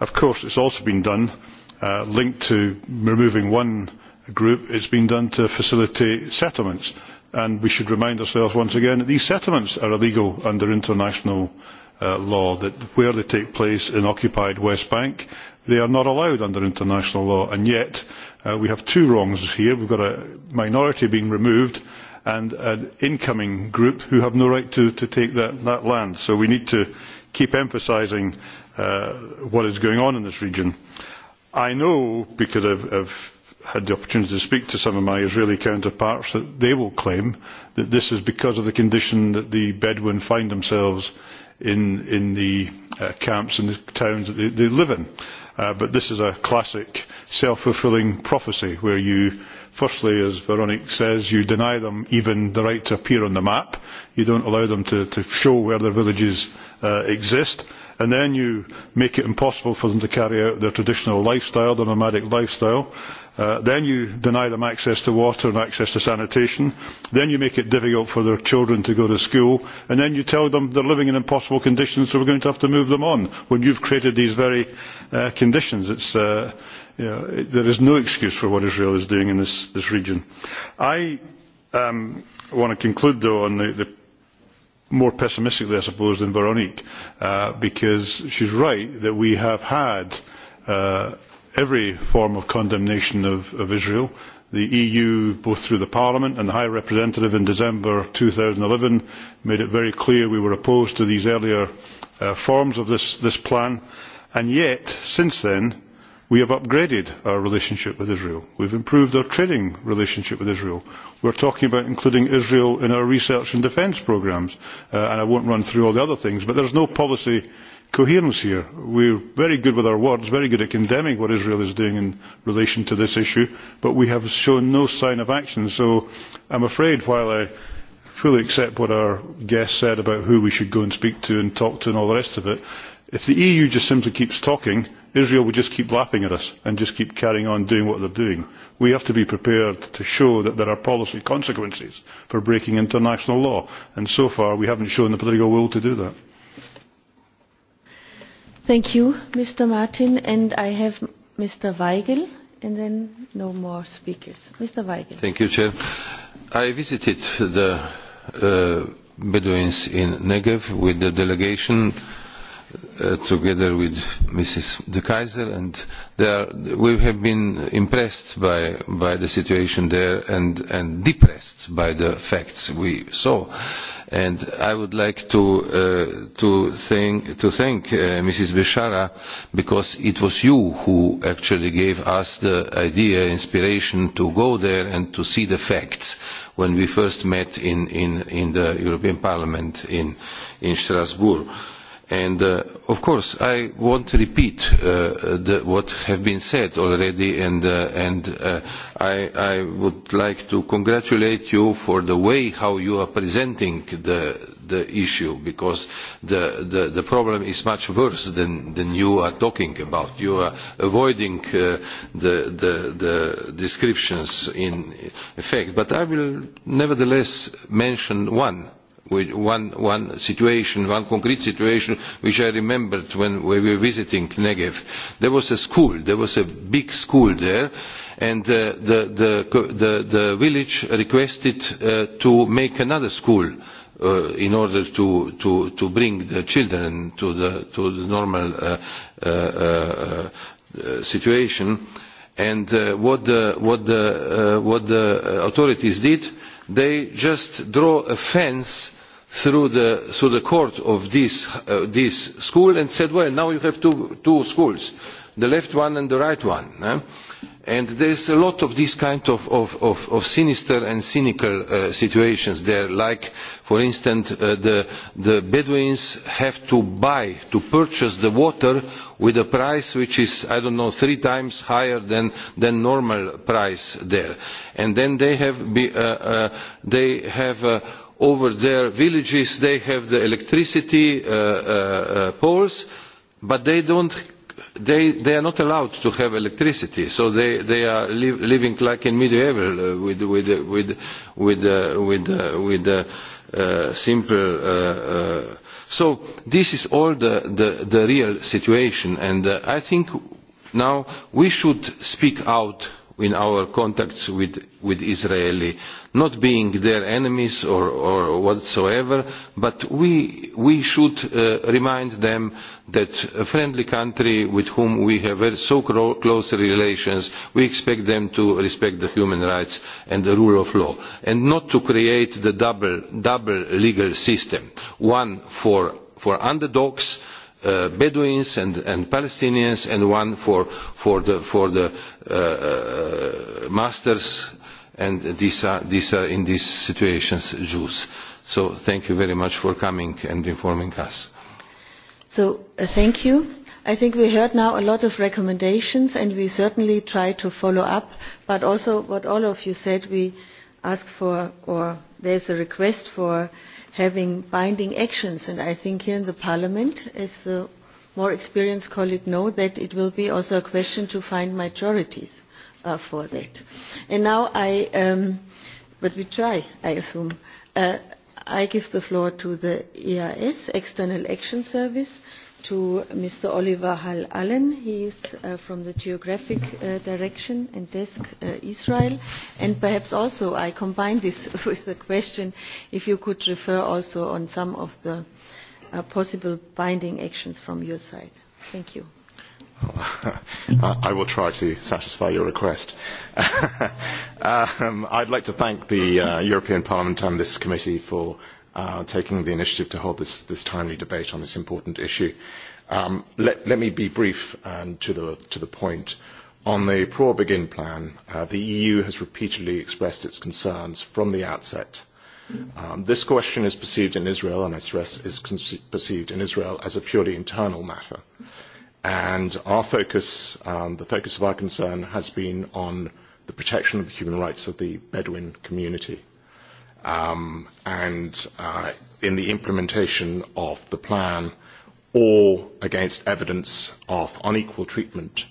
of course, it's also been done uh, linked to removing one group, it's been done to facilitate settlements. Uh, and we should remind ourselves once again that these settlements are illegal under international uh, law, that where they take place in occupied West Bank, they are not allowed under international law. And yet, uh, we have two wrongs here. We've got a minority being removed and an incoming group who have no right to, to take that, that land. So we need to keep emphasising uh, what is going on in this region. I know, because I've, I've had the opportunity to speak to some of my Israeli counterparts that they will claim that this is because of the condition that the Bedouin find themselves in, in the uh, camps and the towns that they, they live in. Uh, but this is a classic self-fulfilling prophecy where you, firstly, as Veronique says, you deny them even the right to appear on the map. You don't allow them to, to show where their villages uh, exist and then you make it impossible for them to carry out their traditional lifestyle, their nomadic lifestyle, Uh, then you deny them access to water and access to sanitation. Then you make it difficult for their children to go to school. And then you tell them they're living in impossible conditions, so we're going to have to move them on when you've created these very uh, conditions. It's, uh, you know, it, there is no excuse for what Israel is doing in this, this region. I um, want to conclude, though, on the, the more pessimistically, I suppose, than Veronique, uh, because she's right that we have had uh, every form of condemnation of, of Israel. The EU, both through the Parliament and the High Representative in December 2011, made it very clear we were opposed to these earlier uh, forms of this, this plan. And yet, since then, we have upgraded our relationship with Israel. We've improved our trading relationship with Israel. We're talking about including Israel in our research and defence programmes. Uh, and I won't run through all the other things, but there's no policy uh, coherence here. We're very good with our words, very good at condemning what Israel is doing in relation to this issue, but we have shown no sign of action. So I'm afraid while I fully accept what our guest said about who we should go and speak to and talk to and all the rest of it, if the EU just simply keeps talking, Israel will just keep laughing at us and just keep carrying on doing what they're doing. We have to be prepared to show that there are policy consequences for breaking international law, and so far we haven't shown the political will to do that. Thank you, Mr. Martin. And I have Mr. Weigel, and then no more speakers. Mr. Weigel. Thank you, Chair. I visited the uh, Bedouins in Negev with the delegation uh, together with Mrs. De Kaiser, and they are, we have been impressed by, by the situation there and, and depressed by the facts we saw. Uh, and I would like to uh, to thank to thank uh, Mrs. Bishara because it was you who actually gave us the idea, inspiration to go there and to see the facts when we first met in in, in the European Parliament in in Strasbourg. Uh, And uh, of course, I won't repeat uh, the, what have been said already, and, uh, and uh, I, I would like to congratulate you for the way how you are presenting the, the issue, because the, the, the problem is much worse than, than you are talking about. You are avoiding uh, the, the, the descriptions in effect. But I will nevertheless mention one with one, one situation, one concrete situation which I remembered when we were visiting Negev. There was a school, there was a big school there and uh, the, the, the, the village requested uh, to make another school uh, in order to, to, to bring the children to the, to the normal uh, uh, uh, uh situation. And uh, what the, what the, uh, what the uh, authorities did, they just draw a fence through the, through the court of this, uh, this school and said, well, now you have two, two schools, the left one and the right one. Eh? And there's a lot of these kind of, of, of, of sinister and cynical uh, situations there, like, for instance, uh, the, the Bedouins have to buy, to purchase the water with a price which is, I don't know, three times higher than, than normal price there. And then they have, be, uh, uh, they have uh, over their villages they have the electricity uh, uh, uh, poles but they don't they, they are not allowed to have electricity so they, they are li living like in medieval uh, with with with with uh, with uh, with uh, uh, simple uh, uh, so this is all the, the, the real situation and uh, I think now we should speak out in our contacts with, with Israeli uh, not being their enemies or, or whatsoever, but we, we should uh, remind them that a friendly country with whom we have so close relations, we expect them to respect the human rights and the rule of law, and not to create the double, double legal system, one for, for underdogs, Uh, Bedouins and, and Palestinians, and one for, for the, for the uh, uh, masters and these are, these are in these situations Jews. So thank you very much for coming and informing us. So uh, thank you. I think we heard now a lot of recommendations and we certainly try to follow up, but also what all of you said, we ask for, or there's a request for having binding actions and I think here in the Parliament, as the more experienced colleague know, that it will be also a question to find majorities uh, for that. And now I, um, but we try, I assume. Uh, I give the floor to the EIS, External Action Service, to Mr. Oliver Hall Allen. He is uh, from the Geographic uh, Direction and Desk uh, Israel. And perhaps also I combine this with the question if you could refer also on some of the uh, possible binding actions from your side. Thank you. I will try to satisfy your request. um, I'd like to thank the uh, European Parliament and this committee for uh, taking the initiative to hold this, this timely debate on this important issue. Um, let, let me be brief and to the, to the point. On the Poor Begin plan, uh, the EU has repeatedly expressed its concerns from the outset. Um, this question is perceived in Israel, and I stress is perceived in Israel as a purely internal matter. Uh, and our focus, um, the focus of our concern, has been on the protection of the human rights of the Bedouin community um, and uh, in the implementation of the plan or against evidence of unequal treatment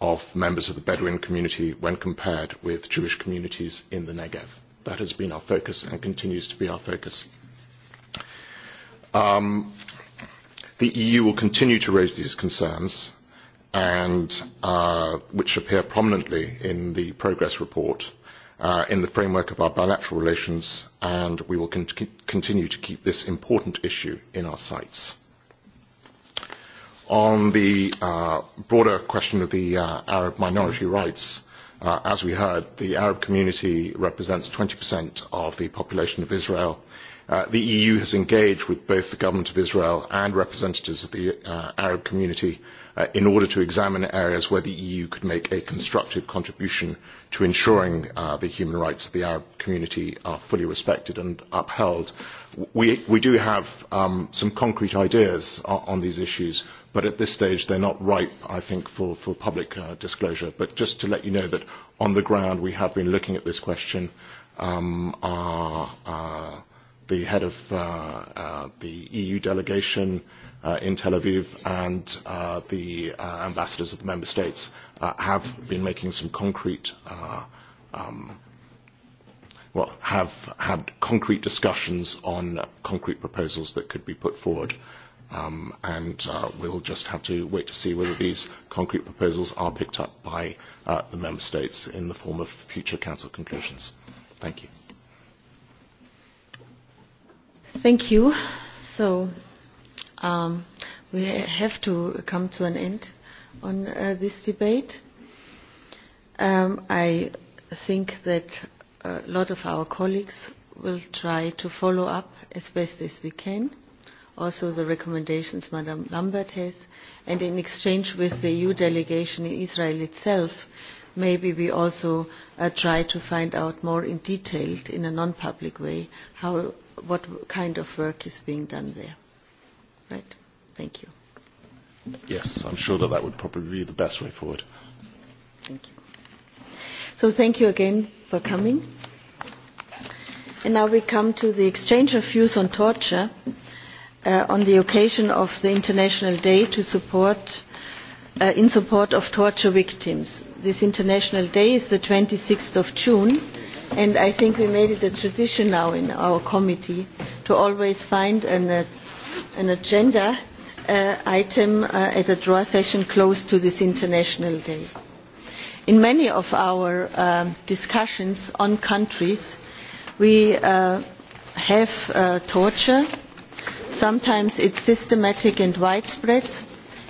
of members of the Bedouin community when compared with Jewish communities in the Negev. That has been our focus and continues to be our focus. Um, The EU will continue to raise these concerns, and uh, which appear prominently in the progress report uh, in the framework of our bilateral relations, and we will con- continue to keep this important issue in our sights. On the uh, broader question of the uh, Arab minority rights, uh, as we heard, the Arab community represents 20% of the population of Israel Uh, the EU has engaged with both the government of Israel and representatives of the uh, Arab community uh, in order to examine areas where the EU could make a constructive contribution to ensuring uh, the human rights of the Arab community are fully respected and upheld. We, we do have um, some concrete ideas on, on these issues, but at this stage they're not ripe, I think, for, for public uh, disclosure. But just to let you know that on the ground we have been looking at this question. Um, our, uh, the head of uh, uh, the EU delegation uh, in Tel Aviv and uh, the uh, ambassadors of the member states uh, have been making some concrete, uh, um, well, have had concrete discussions on concrete proposals that could be put forward. Um, and uh, we'll just have to wait to see whether these concrete proposals are picked up by uh, the member states in the form of future council conclusions. Thank you. Thank you. So um, we have to come to an end on uh, this debate. Um, I think that a lot of our colleagues will try to follow up as best as we can, also the recommendations Madame Lambert has, and in exchange with the EU delegation in Israel itself, maybe we also uh, try to find out more in detail, in a non-public way, how what kind of work is being done there. Right? Thank you. Yes, I'm sure that that would probably be the best way forward. Thank you. So thank you again for coming. And now we come to the exchange of views on torture uh, on the occasion of the International Day to support, uh, in support of torture victims. This International Day is the 26th of June and I think we made it a tradition now in our committee to always find an, uh, an agenda uh, item uh, at a draw session close to this International Day. In many of our uh, discussions on countries, we uh, have uh, torture. Sometimes it's systematic and widespread,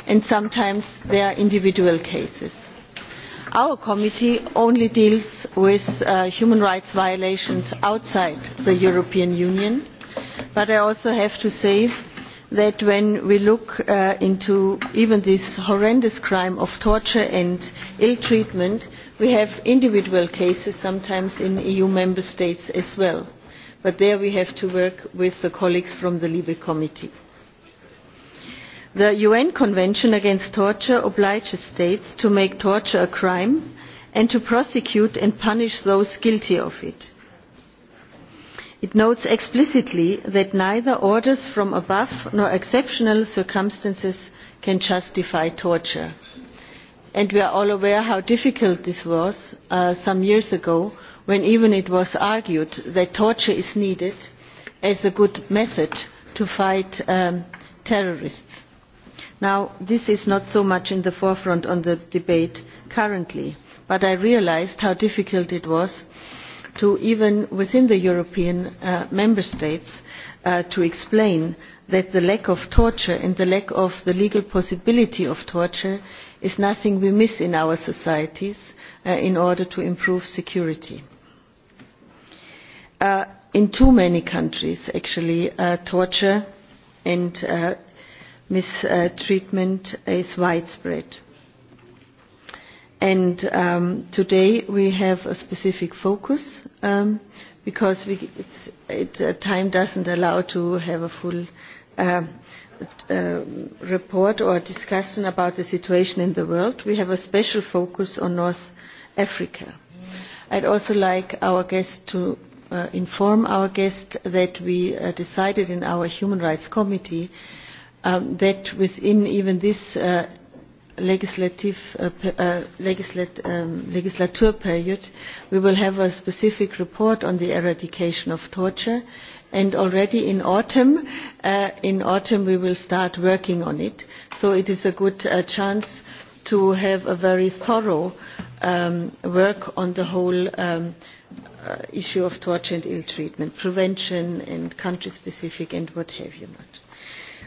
and sometimes there are individual cases our committee only deals with uh, human rights violations outside the european union but i also have to say that when we look uh, into even this horrendous crime of torture and ill treatment we have individual cases sometimes in eu member states as well but there we have to work with the colleagues from the libe committee the un convention against torture obliges states to make torture a crime and to prosecute and punish those guilty of it. it notes explicitly that neither orders from above nor exceptional circumstances can justify torture and we are all aware how difficult this was uh, some years ago when even it was argued that torture is needed as a good method to fight um, terrorists. Now, this is not so much in the forefront on the debate currently, but I realized how difficult it was to even within the European uh, member states uh, to explain that the lack of torture and the lack of the legal possibility of torture is nothing we miss in our societies uh, in order to improve security. Uh, in too many countries, actually, uh, torture and uh, mistreatment uh, is widespread. And um, today we have a specific focus um, because we, it's, it, uh, time doesn't allow to have a full uh, uh, report or discussion about the situation in the world. We have a special focus on North Africa. I'd also like our guest to uh, inform our guest that we uh, decided in our Human Rights Committee uh, um, that within even this uh, legislative uh, uh, legislat, um, legislature period we will have a specific report on the eradication of torture and already in autumn uh, in autumn we will start working on it so it is a good uh, chance to have a very thorough um, work on the whole um, uh, issue of torture and ill treatment prevention and country specific and what have you not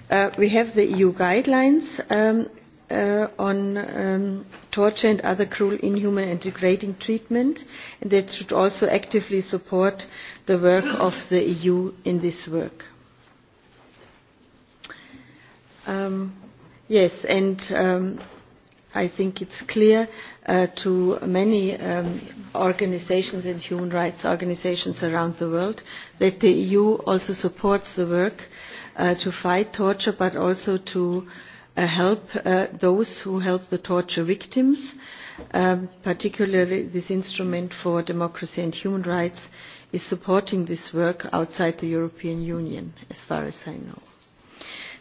Uh, we have the EU guidelines um, uh, on um, torture and other cruel, inhuman and degrading treatment, and that should also actively support the work of the EU in this work. Um, yes, and um, I think it's clear uh, to many um, organizations and human rights organizations around the world that the EU also supports the work uh, uh, to fight torture, but also to uh, help uh, those who help the torture victims. Um, particularly, this instrument for democracy and human rights is supporting this work outside the European Union, as far as I know.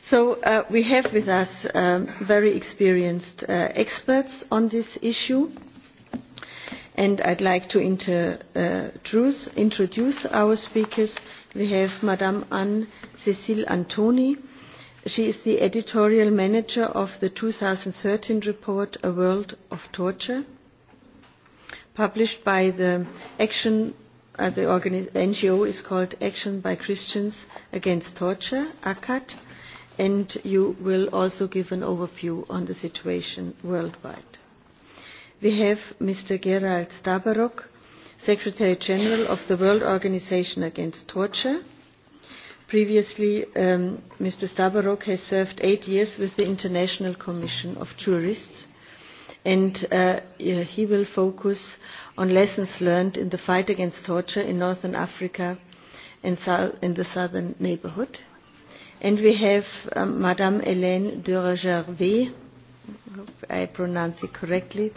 So uh, we have with us um, very experienced uh, experts on this issue. And I'd like to inter, uh, truce, introduce our speakers. Uh, we have Madame Anne Cecile Antoni. She is the editorial manager of the 2013 report A World of Torture, published by the Action uh, the NGO is called Action by Christians Against Torture, ACAT, and you will also give an overview on the situation worldwide. We have Mr. Gerald Stabarok, Secretary General of the World Organization Against Torture. Previously, um, Mr. Stabarok has served eight years with the International Commission of Jurists, and uh, he will focus on lessons learned in the fight against torture in Northern Africa and in the southern neighborhood. And we have um, Madame Hélène de I hope I pronounce it correctly,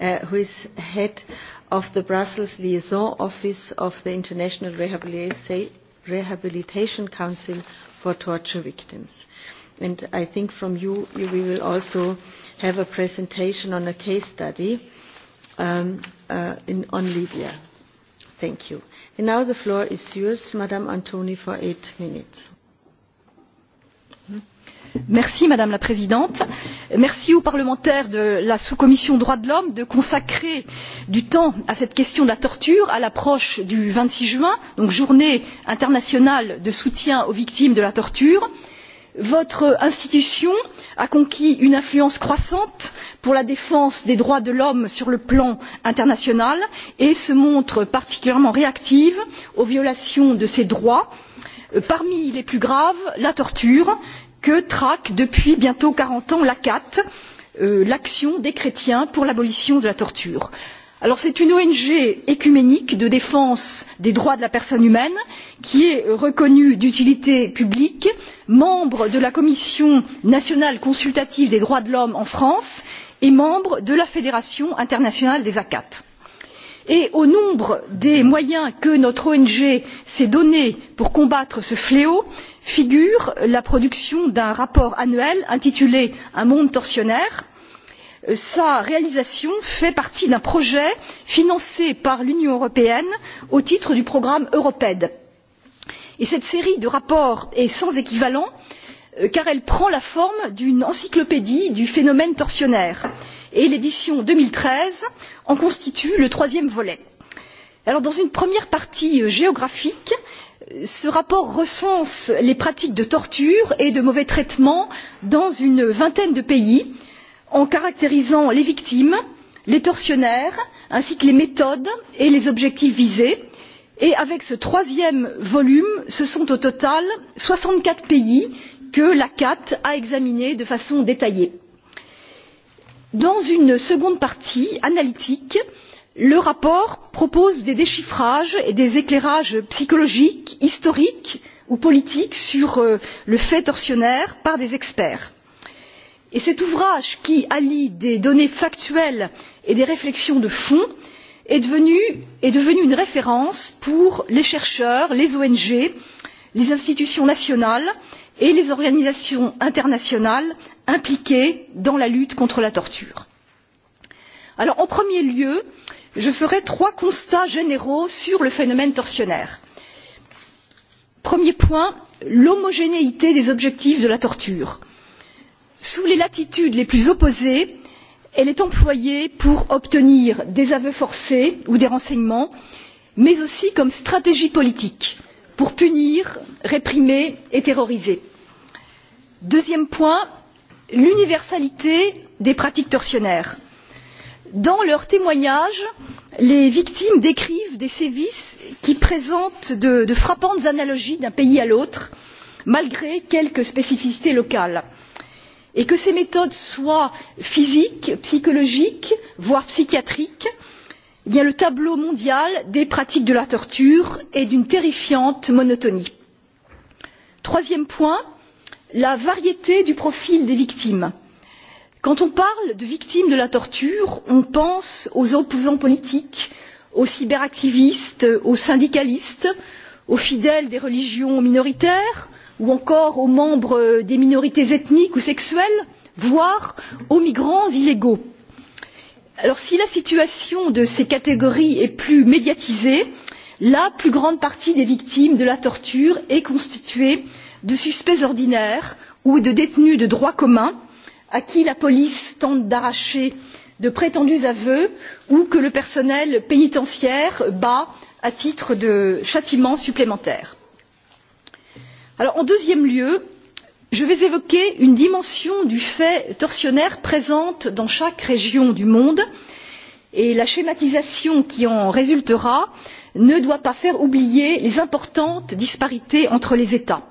uh, who is head of the Brussels Liaison Office of the International Rehabilitation Council for Torture Victims. And I think from you, you we will also have a presentation on a case study um, uh, in, on Libya. Thank you. And now the floor is yours, Madame Antoni, for eight minutes. Merci, madame la présidente merci aux parlementaires de la sous commission droits de l'homme de consacrer du temps à cette question de la torture à l'approche du vingt six juin journée internationale de soutien aux victimes de la torture. votre institution a conquis une influence croissante pour la défense des droits de l'homme sur le plan international et se montre particulièrement réactive aux violations de ces droits parmi les plus graves la torture que traque depuis bientôt quarante ans l'acat euh, l'action des chrétiens pour l'abolition de la torture. c'est une ong œcuménique de défense des droits de la personne humaine qui est reconnue d'utilité publique membre de la commission nationale consultative des droits de l'homme en france et membre de la fédération internationale des acat et au nombre des moyens que notre ong s'est donnés pour combattre ce fléau figure la production d'un rapport annuel intitulé un monde tortionnaire. Euh, sa réalisation fait partie d'un projet financé par l'union européenne au titre du programme europed. Et cette série de rapports est sans équivalent euh, car elle prend la forme d'une encyclopédie du phénomène torsionnaire. elle et l'édition deux mille treize en constitue le troisième volet. Alors, dans une première partie euh, géographique euh, ce rapport recense les pratiques de torture et de mauvais traitements dans une vingtaine de pays en caractérisant les victimes les tortionnaires ainsi que les méthodes et les objectifs visés et avec ce troisième volume ce sont au total soixante quatre pays que la cat a examinés de façon détaillée dans une seconde partie analytique le rapport propose des déchiffrages et des éclairages psychologiques historiques ou politiques sur euh, le fait tortionnaire par des experts et cet ouvrage qui allie des données factuelles et des réflexions de fond est devenu, est devenu une référence pour les chercheurs les ong les institutions nationales et et les organisations internationales impliquées dans la lutte contre la torture. Alors, en premier lieu je ferai trois constats généraux sur le phénomène tortionnaire. premier point l'homogénéité des objectifs de la torture. sous les latitudes les plus opposées elle est employée pour obtenir des aveux forcés ou des renseignements mais aussi comme stratégie politique pour punir réprimer et terroriser deuxième point l'universalité des pratiques tortionnaires. dans leurs témoignages les victimes décrivent des sévices qui présentent de, de frappantes analogies d'un pays à l'autre malgré quelques spécificités locales et que ces méthodes soient physiques psychologiques voire psychiatriques eh bien, le tableau mondial des pratiques de la torture est d'une terrifiante monotonie. troisième point la variété du profil des victimes. quand on parle de victimes de la torture on pense aux opposants politiques aux cyberactivistes aux syndicalistes aux fidèles des religions minoritaires ou encore aux membres des minorités ethniques ou sexuelles voire aux migrants illégaux. Alors, si la situation de ces catégories est plus médiatisée la plus grande partie des victimes de la torture est constituée de suspects ordinaires ou de détenus de droit commun à qui la police tente d'arracher de prétendus aveux ou que le personnel pénitentiaire bat à titre de châtiment supplémentaire. Alors, en deuxième lieu je vais évoquer une dimension du fait tortionnaire présente dans chaque région du monde et la schématisation qui en résultera ne doit pas faire oublier les importantes disparités entre les états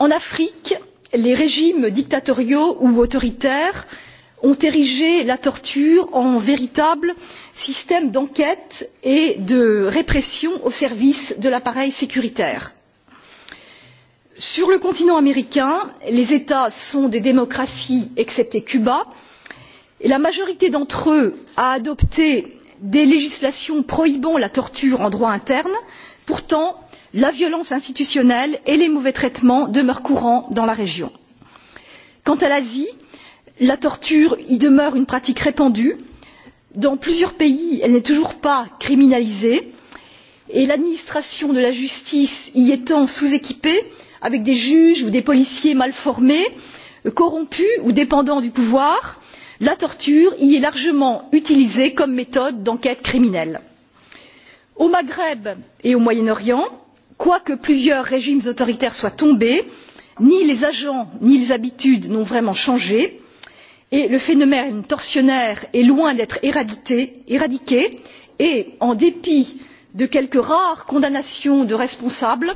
en afrique les régimes dictatoriaux ou autoritaires ont érigé la torture en véritable système d'enquête et de répression au service de l'appareil sécuritaire. sur le continent américain les états sont des démocraties excepté cuba et la majorité d'entre eux a adopté des législations prohibant la torture en droit interne. pourtant la violence institutionnelle et les mauvais traitements demeurent courants dans la région. quant à l'asie la torture y demeure une pratique répandue dans plusieurs pays elle n'est toujours pas criminalisée et l'administration de la justice y étant sous équipée avec des juges ou des policiers mal formés corrompus ou dépendants du pouvoir la torture y est largement utilisée comme méthode d'enquête criminelle. au maghreb et au moyen orient quoique plusieurs régimes autoritaires soient tombés ni les agents ni les habitudes n'ont vraiment changé et le phénomène tortionnaire est loin d'être éradiqué et en dépit de quelques rares condamnations de responsables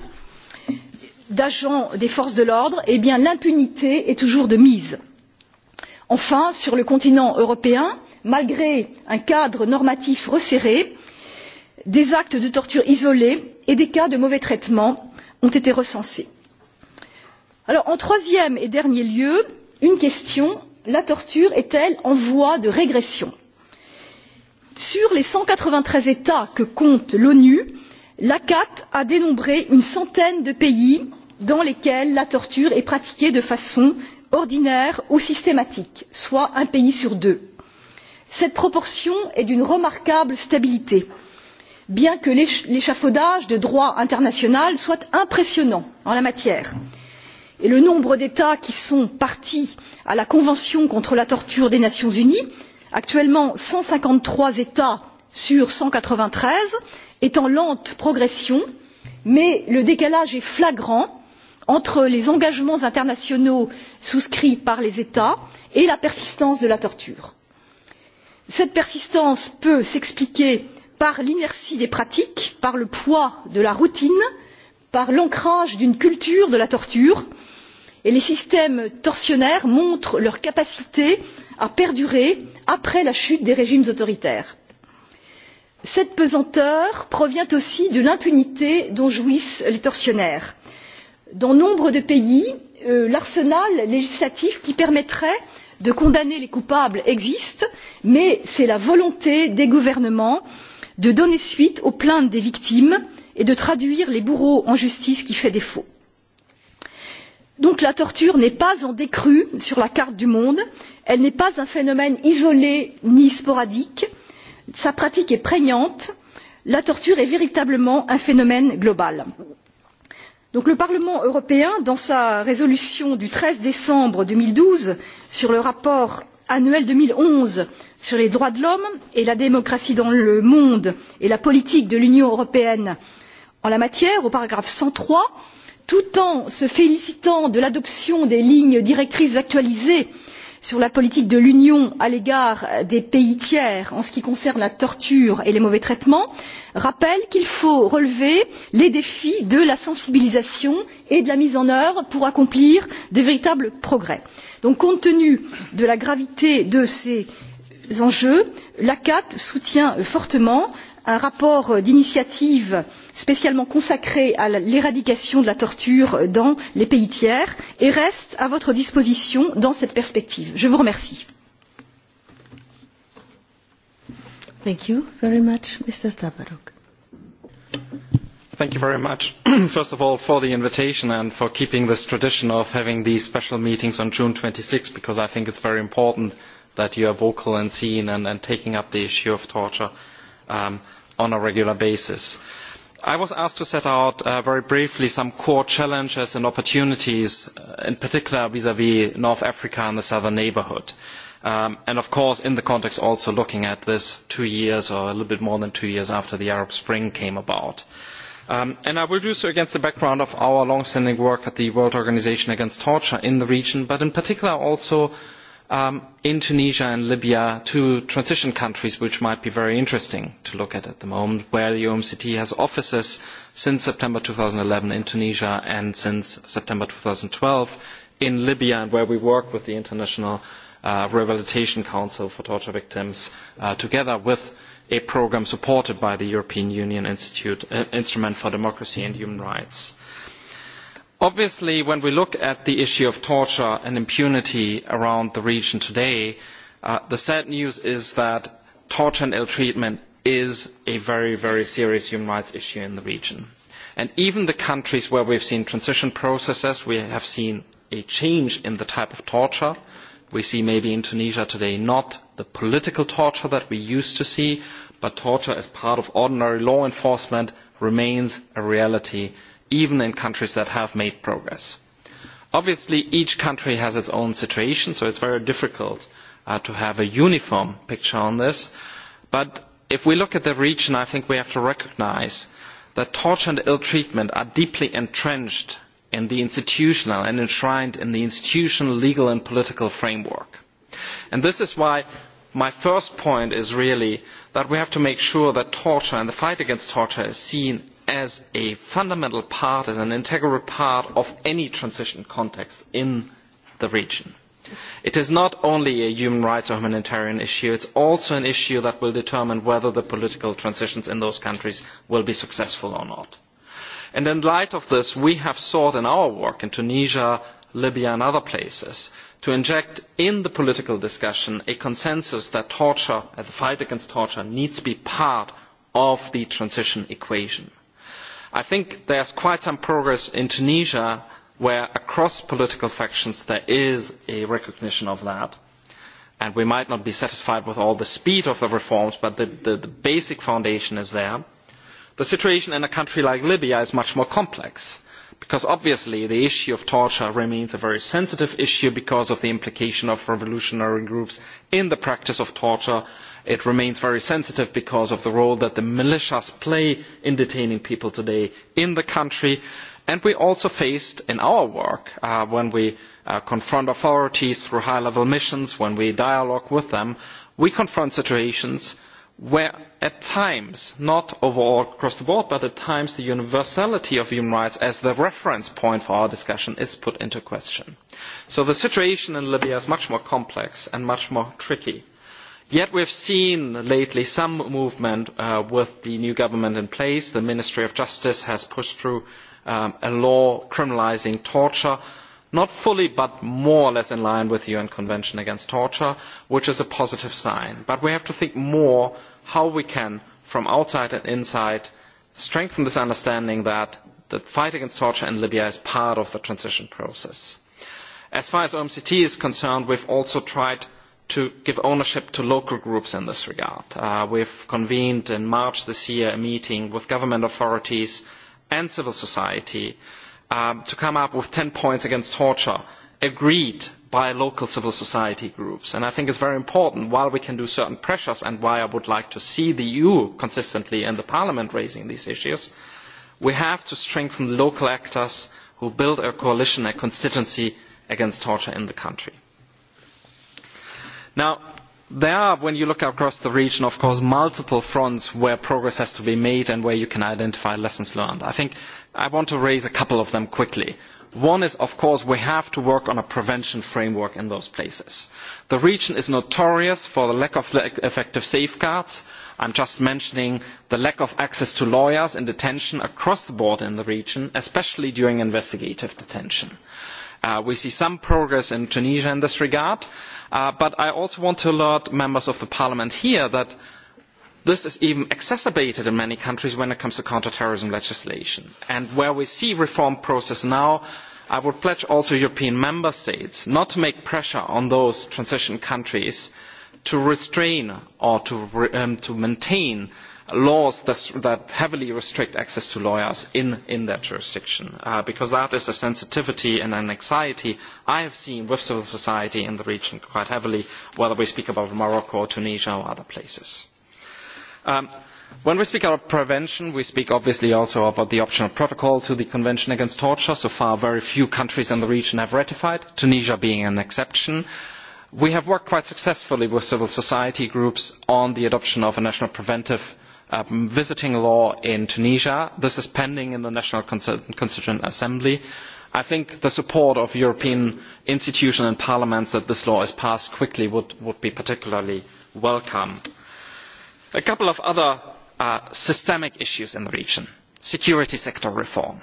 d'agents des forces de l'ordre eh l'impunité est toujours de mise. enfin sur le continent européen malgré un cadre normatif resserré des actes de torture isolés et des cas de mauvais traitements ont été recensés. Alors, en troisième et dernier lieu une question la torture est elle en voie de régression? sur les cent quatre vingt treize états que compte l'onu l'acat a dénombré une centaine de pays dans lesquels la torture est pratiquée de façon ordinaire ou systématique soit un pays sur deux. cette proportion est d'une remarquable stabilité bien que l'échafaudage de droit international soit impressionnant en la matière et le nombre d'états qui sont parties à la convention contre la torture des nations unies actuellement cent cinquante trois états sur cent quatre vingt treize est en lente progression mais le décalage est flagrant entre les engagements internationaux souscrits par les états et la persistance de la torture. cette persistance peut s'expliquer par l'inertie des pratiques par le poids de la routine par l'ancrage d'une culture de la torture et les systèmes tortionnaires montrent leur capacité à perdurer après la chute des régimes autoritaires. cette pesanteur provient aussi de l'impunité dont jouissent les tortionnaires. dans nombre de pays euh, l'arsenal législatif qui permettrait de condamner les coupables existe mais c'est la volonté des gouvernements et de donner suite aux plaintes des victimes et de traduire les bourreaux en justice qui fait défaut. donc la torture n'est pas en décrue sur la carte du monde elle n'est pas un phénomène isolé ni sporadique sa pratique est prégnante la torture est véritablement un phénomène global. Donc, le parlement européen dans sa résolution du treize décembre deux mille douze sur le rapport annuel deux mille onze sur les droits de l'homme et la démocratie dans le monde et la politique de l'union européenne en la matière au paragraphe cent trois tout en se félicitant de l'adoption des lignes directrices actualisées sur la politique de l'union à l'égard des pays tiers en ce qui concerne la torture et les mauvais traitements rappelle qu'il faut relever les défis de la sensibilisation et de la mise en œuvre pour accomplir de véritables progrès donc compte tenu de la gravité de ces enjeux l'acaa soutient fortement un rapport d'initiative spécialement consacré à l'éradication de la torture dans les pays tiers et reste à votre disposition dans cette perspective. je vous remercie. Thank you very much, Mr. Stavarok. Thank you very much, first of all, for the invitation and for keeping this tradition of having these special meetings on June 26, because I think it's very important that you are vocal and seen and, and taking up the issue of torture um, on a regular basis. I was asked to set out uh, very briefly some core challenges and opportunities, uh, in particular vis-à-vis -vis North Africa and the southern neighborhood. Um, and of course, in the context also looking at this two years or a little bit more than two years after the Arab Spring came about. Um, and I will do so against the background of our long-standing work at the World Organization Against Torture in the region, but in particular also um, in Tunisia and Libya, two transition countries which might be very interesting to look at at the moment, where the OMCT has offices since September 2011 in Tunisia and since September 2012 in Libya, and where we work with the International uh, Rehabilitation Council for Torture Victims uh, together with a programme supported by the European Union Institute, uh, Instrument for Democracy and Human Rights. Obviously, when we look at the issue of torture and impunity around the region today, uh, the sad news is that torture and ill treatment is a very, very serious human rights issue in the region. And even the countries where we've seen transition processes, we have seen a change in the type of torture. We see maybe in Tunisia today not the political torture that we used to see, but torture as part of ordinary law enforcement remains a reality, even in countries that have made progress. Obviously, each country has its own situation, so it's very difficult uh, to have a uniform picture on this. But if we look at the region, I think we have to recognize that torture and ill treatment are deeply entrenched in the institutional and enshrined in the institutional, legal and political framework. And this is why my first point is really that we have to make sure that torture and the fight against torture is seen as a fundamental part, as an integral part of any transition context in the region. It is not only a human rights or humanitarian issue, it's also an issue that will determine whether the political transitions in those countries will be successful or not. And in light of this, we have sought in our work in Tunisia, Libya and other places to inject in the political discussion a consensus that torture and uh, the fight against torture needs to be part of the transition equation. I think there's quite some progress in Tunisia where across political factions there is a recognition of that. And we might not be satisfied with all the speed of the reforms, but the, the, the basic foundation is there. The situation in a country like Libya is much more complex because obviously the issue of torture remains a very sensitive issue because of the implication of revolutionary groups in the practice of torture. It remains very sensitive because of the role that the militias play in detaining people today in the country. And we also faced in our work, uh, when we uh, confront authorities through high-level missions, when we dialogue with them, we confront situations where at times not overall across the board but at times the universality of human rights as the reference point for our discussion is put into question. so the situation in libya is much more complex and much more tricky. yet we have seen lately some movement uh, with the new government in place. the ministry of justice has pushed through um, a law criminalising torture not fully but more or less in line with the un convention against torture which is a positive sign. but we have to think more how we can, from outside and inside, strengthen this understanding that the fight against torture in Libya is part of the transition process. As far as OMCT is concerned, we've also tried to give ownership to local groups in this regard. Uh, we've convened in March this year a meeting with government authorities and civil society um, to come up with 10 points against torture agreed by local civil society groups. And I think it's very important, while we can do certain pressures and why I would like to see the EU consistently and the Parliament raising these issues, we have to strengthen local actors who build a coalition, a constituency against torture in the country. Now, there are, when you look across the region, of course, multiple fronts where progress has to be made and where you can identify lessons learned. I think I want to raise a couple of them quickly. Uh, One is, of course, we have to work on a prevention framework in those places. The region is notorious for the lack of effective safeguards. I'm just mentioning the lack of access to lawyers in detention across the board in the region, especially during investigative detention. Uh, we see some progress in Tunisia in this regard, uh, but I also want to alert members of the parliament here that this is even exacerbated in many countries when it comes to counterterrorism legislation. And where we see reform process now, I would pledge also European member states not to make pressure on those transition countries to restrain or to, um, to maintain laws that heavily restrict access to lawyers in, in their jurisdiction, uh, because that is a sensitivity and an anxiety I have seen with civil society in the region quite heavily, whether we speak about Morocco, Tunisia or other places. Um, when we speak about prevention we speak obviously also about the optional protocol to the convention against torture so far very few countries in the region have ratified tunisia being an exception. we have worked quite successfully with civil society groups on the adoption of a national preventive um, visiting law in tunisia. this is pending in the national constituent assembly. i think the support of european institutions and parliaments that this law is passed quickly would, would be particularly welcome. Uh, a couple of other uh, systemic issues in the region security sector reform.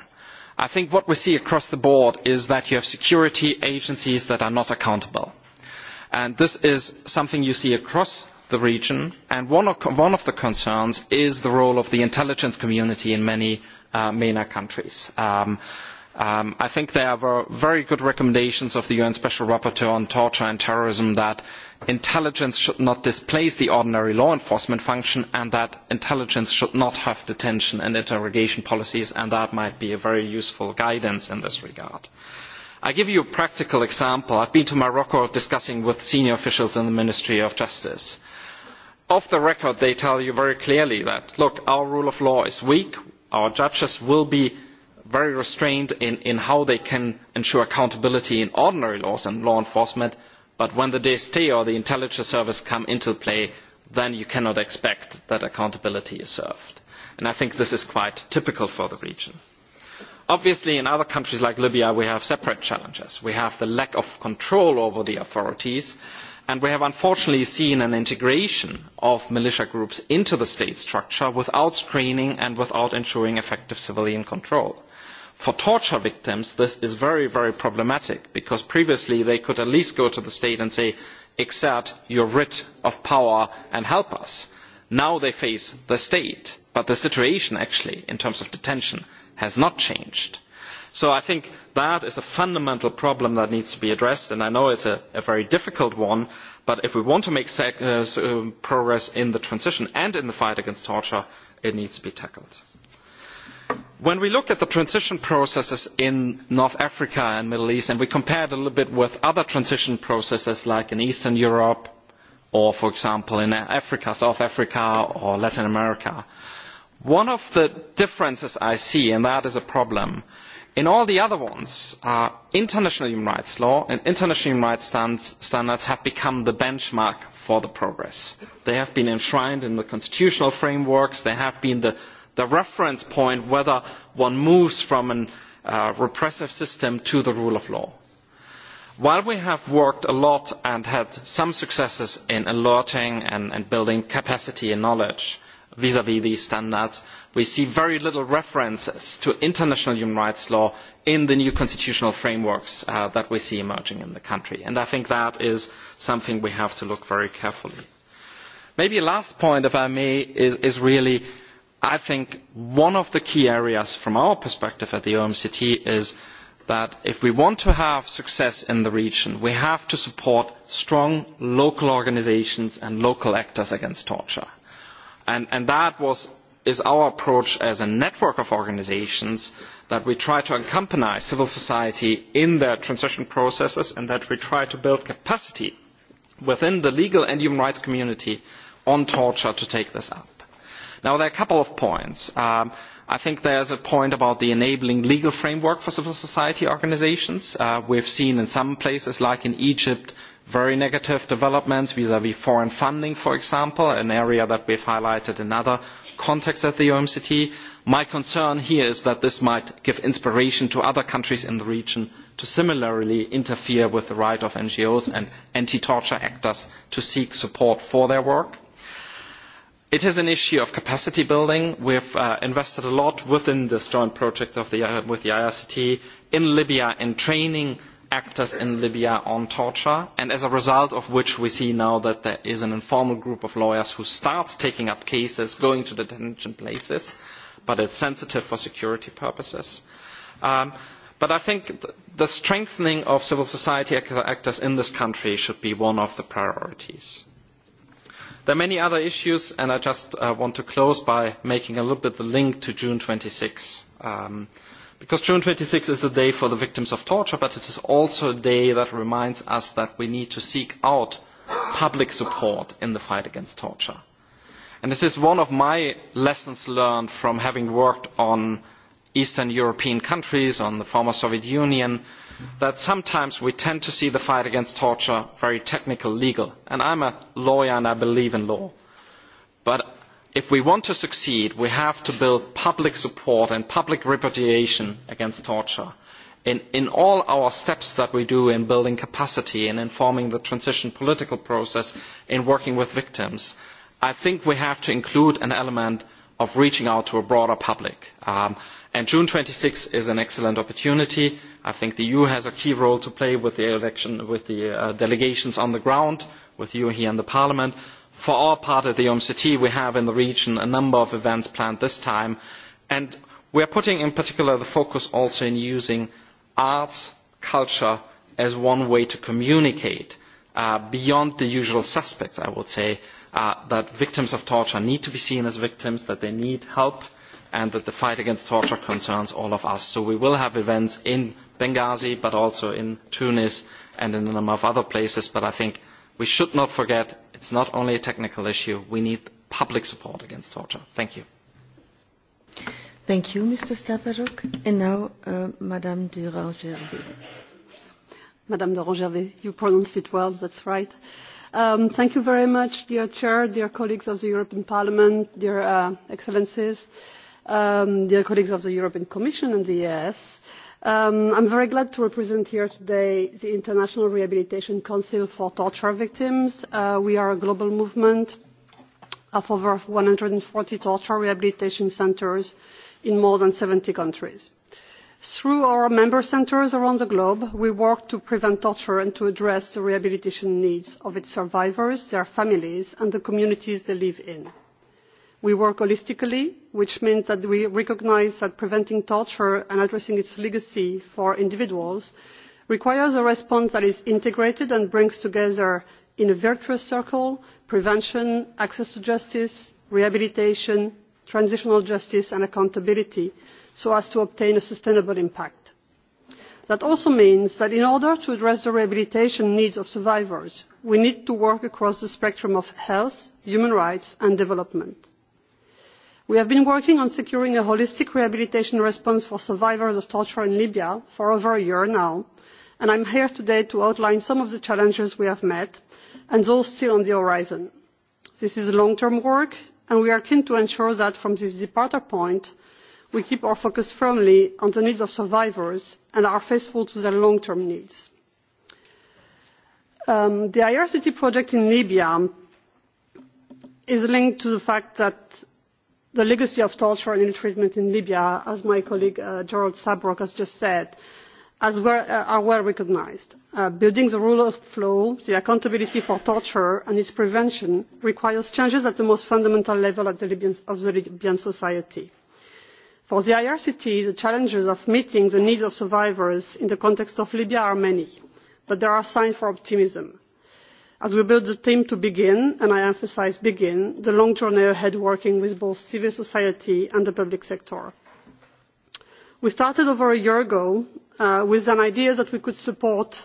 I think what we see across the board is that you have security agencies that are not accountable. And this is something you see across the region. And one of, one of the concerns is the role of the intelligence community in many uh, MENA countries. Um, Um, I think there were very good recommendations of the UN Special Rapporteur on torture and terrorism that intelligence should not displace the ordinary law enforcement function and that intelligence should not have detention and interrogation policies and that might be a very useful guidance in this regard. I give you a practical example. I've been to Morocco discussing with senior officials in the Ministry of Justice. Off the record, they tell you very clearly that, look, our rule of law is weak, our judges will be very restrained in, in how they can ensure accountability in ordinary laws and law enforcement, but when the DST or the intelligence service come into play, then you cannot expect that accountability is served. And I think this is quite typical for the region. Obviously, in other countries like Libya, we have separate challenges. We have the lack of control over the authorities, and we have unfortunately seen an integration of militia groups into the state structure without screening and without ensuring effective civilian control for torture victims this is very very problematic because previously they could at least go to the state and say exert your writ of power and help us. now they face the state but the situation actually in terms of detention has not changed. so i think that is a fundamental problem that needs to be addressed and i know it is a, a very difficult one but if we want to make sec- uh, uh, progress in the transition and in the fight against torture it needs to be tackled when we look at the transition processes in north africa and the middle east and we compare it a little bit with other transition processes like in eastern europe or for example in africa south africa or latin america one of the differences i see and that is a problem in all the other ones uh, international human rights law and international human rights stands, standards have become the benchmark for the progress they have been enshrined in the constitutional frameworks they have been the the reference point whether one moves from an uh, repressive system to the rule of law. While we have worked a lot and had some successes in alerting and, and building capacity and knowledge vis-à-vis -vis these standards, we see very little references to international human rights law in the new constitutional frameworks uh, that we see emerging in the country. And I think that is something we have to look very carefully. Maybe a last point, if I may, is, is really uh, I think one of the key areas from our perspective at the OMCT is that if we want to have success in the region, we have to support strong local organizations and local actors against torture. And, and that was, is our approach as a network of organizations that we try to accompany civil society in their transition processes and that we try to build capacity within the legal and human rights community on torture to take this up. Now, there are a couple of points. Um, I think there's a point about the enabling legal framework for civil society organizations. Uh, we've seen in some places, like in Egypt, very negative developments vis-à-vis -vis foreign funding, for example, an area that we've highlighted in other contexts at the OMCT. My concern here is that this might give inspiration to other countries in the region to similarly interfere with the right of NGOs and anti-torture actors to seek support for their work. It is an issue of capacity building. We've uh, invested a lot within this joint project of the, uh, with the IRCT in Libya in training actors in Libya on torture, and as a result of which we see now that there is an informal group of lawyers who starts taking up cases, going to the detention places, but it's sensitive for security purposes. Um, but I think th the strengthening of civil society actors in this country should be one of the priorities. There are many other issues, and I just uh, want to close by making a little bit the link to June 26. Um, because June 26 is a day for the victims of torture, but it is also a day that reminds us that we need to seek out public support in the fight against torture. And it is one of my lessons learned from having worked on Eastern European countries, on the former Soviet Union, that sometimes we tend to see the fight against torture very technical, legal. And I'm a lawyer and I believe in law. But if we want to succeed, we have to build public support and public repudiation against torture. In, in all our steps that we do in building capacity, in informing the transition political process, in working with victims, I think we have to include an element of reaching out to a broader public. Um, and June 26 is an excellent opportunity I think the EU has a key role to play with the election, with the uh, delegations on the ground, with you here in the Parliament. For our part at the OMCT, we have in the region a number of events planned this time, and we are putting in particular the focus also in using arts, culture as one way to communicate uh, beyond the usual suspects, I would say, uh, that victims of torture need to be seen as victims, that they need help, and that the fight against torture concerns all of us. So we will have events in Benghazi, but also in Tunis and in a number of other places. But I think we should not forget it's not only a technical issue. We need public support against torture. Thank you. Thank you, Mr. Staparuk. And now, uh, Madame Durand-Gervais. Madame Durand-Gervais, you pronounced it well. That's right. Um, thank you very much, dear Chair, dear colleagues of the European Parliament, dear uh, Excellencies, um, dear colleagues of the European Commission and the EAS. Um, I'm very glad to represent here today the International Rehabilitation Council for Torture Victims. Uh, we are a global movement of over 140 torture rehabilitation centers in more than 70 countries. Through our member centers around the globe, we work to prevent torture and to address the rehabilitation needs of its survivors, their families, and the communities they live in we work holistically which means that we recognise that preventing torture and addressing its legacy for individuals requires a response that is integrated and brings together in a virtuous circle prevention access to justice rehabilitation transitional justice and accountability so as to obtain a sustainable impact. that also means that in order to address the rehabilitation needs of survivors we need to work across the spectrum of health human rights and development we have been working on securing a holistic rehabilitation response for survivors of torture in libya for over a year now and i am here today to outline some of the challenges we have met and those still on the horizon. this is long term work and we are keen to ensure that from this departure point we keep our focus firmly on the needs of survivors and are faithful to their long term needs. Um, the irct project in libya is linked to the fact that the legacy of torture and ill treatment in libya as my colleague uh, gerald sabrok has just said were, uh, are well recognised. Uh, building the rule of law the accountability for torture and its prevention requires changes at the most fundamental level the libyan, of the libyan society. for the irct the challenges of meeting the needs of survivors in the context of libya are many but there are signs of optimism as we build the team to begin and i emphasise begin the long journey ahead working with both civil society and the public sector. we started over a year ago uh, with an idea that we could support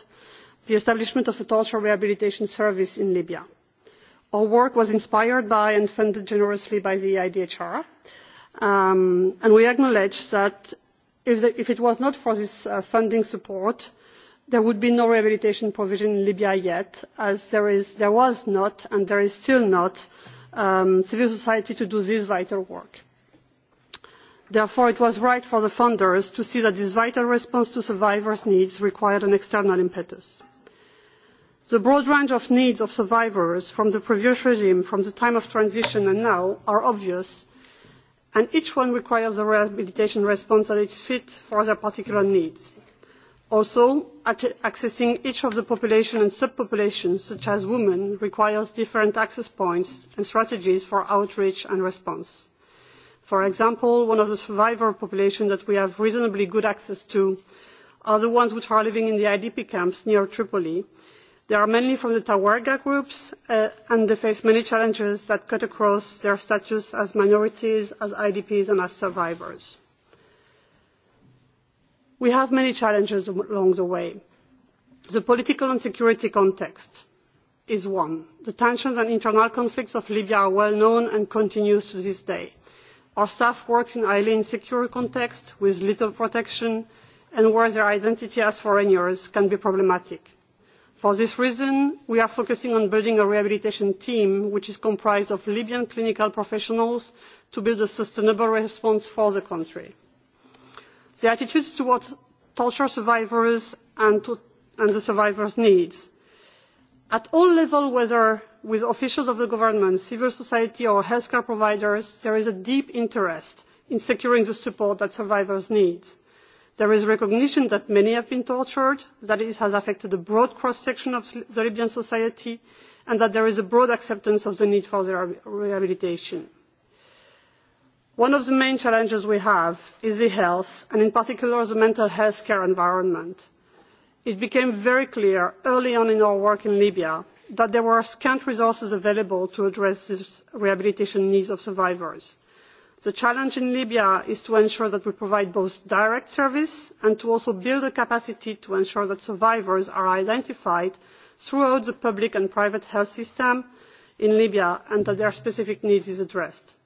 the establishment of a torture rehabilitation service in libya. our work was inspired by and funded generously by the eidhr um, and we acknowledge that if, the, if it was not for this uh, funding support there would be no rehabilitation provision in libya yet as there, is, there was not and there is still not um, civil society to do this vital work. therefore it was right for the funders to see that this vital response to survivors' needs required an external impetus. the broad range of needs of survivors from the previous regime from the time of transition and now are obvious and each one requires a rehabilitation response that is fit for their particular needs also accessing each of the population and sub populations such as women requires different access points and strategies for outreach and response. for example one of the survivor populations that we have reasonably good access to are the ones which are living in the idp camps near tripoli. they are mainly from the tawarga groups uh, and they face many challenges that cut across their status as minorities as idps and as survivors we have many challenges along the way. the political and security context is one. the tensions and internal conflicts of libya are well known and continue to this day. our staff works in a highly insecure context with little protection and where their identity as foreigners can be problematic. for this reason we are focusing on building a rehabilitation team which is comprised of libyan clinical professionals to build a sustainable response for the country the attitudes towards torture survivors and, to, and the survivors' needs. At all levels, whether with officials of the government, civil society or healthcare providers, there is a deep interest in securing the support that survivors need. There is recognition that many have been tortured, that it has affected a broad cross-section of the Libyan society, and that there is a broad acceptance of the need for their rehabilitation one of the main challenges we have is e health and in particular the mental health care environment. it became very clear early on in our work in libya that there were scant resources available to address the rehabilitation needs of survivors. the challenge in libya is to ensure that we provide both direct service and to also build the capacity to ensure that survivors are identified throughout the public and private health system in libya and that their specific needs are addressed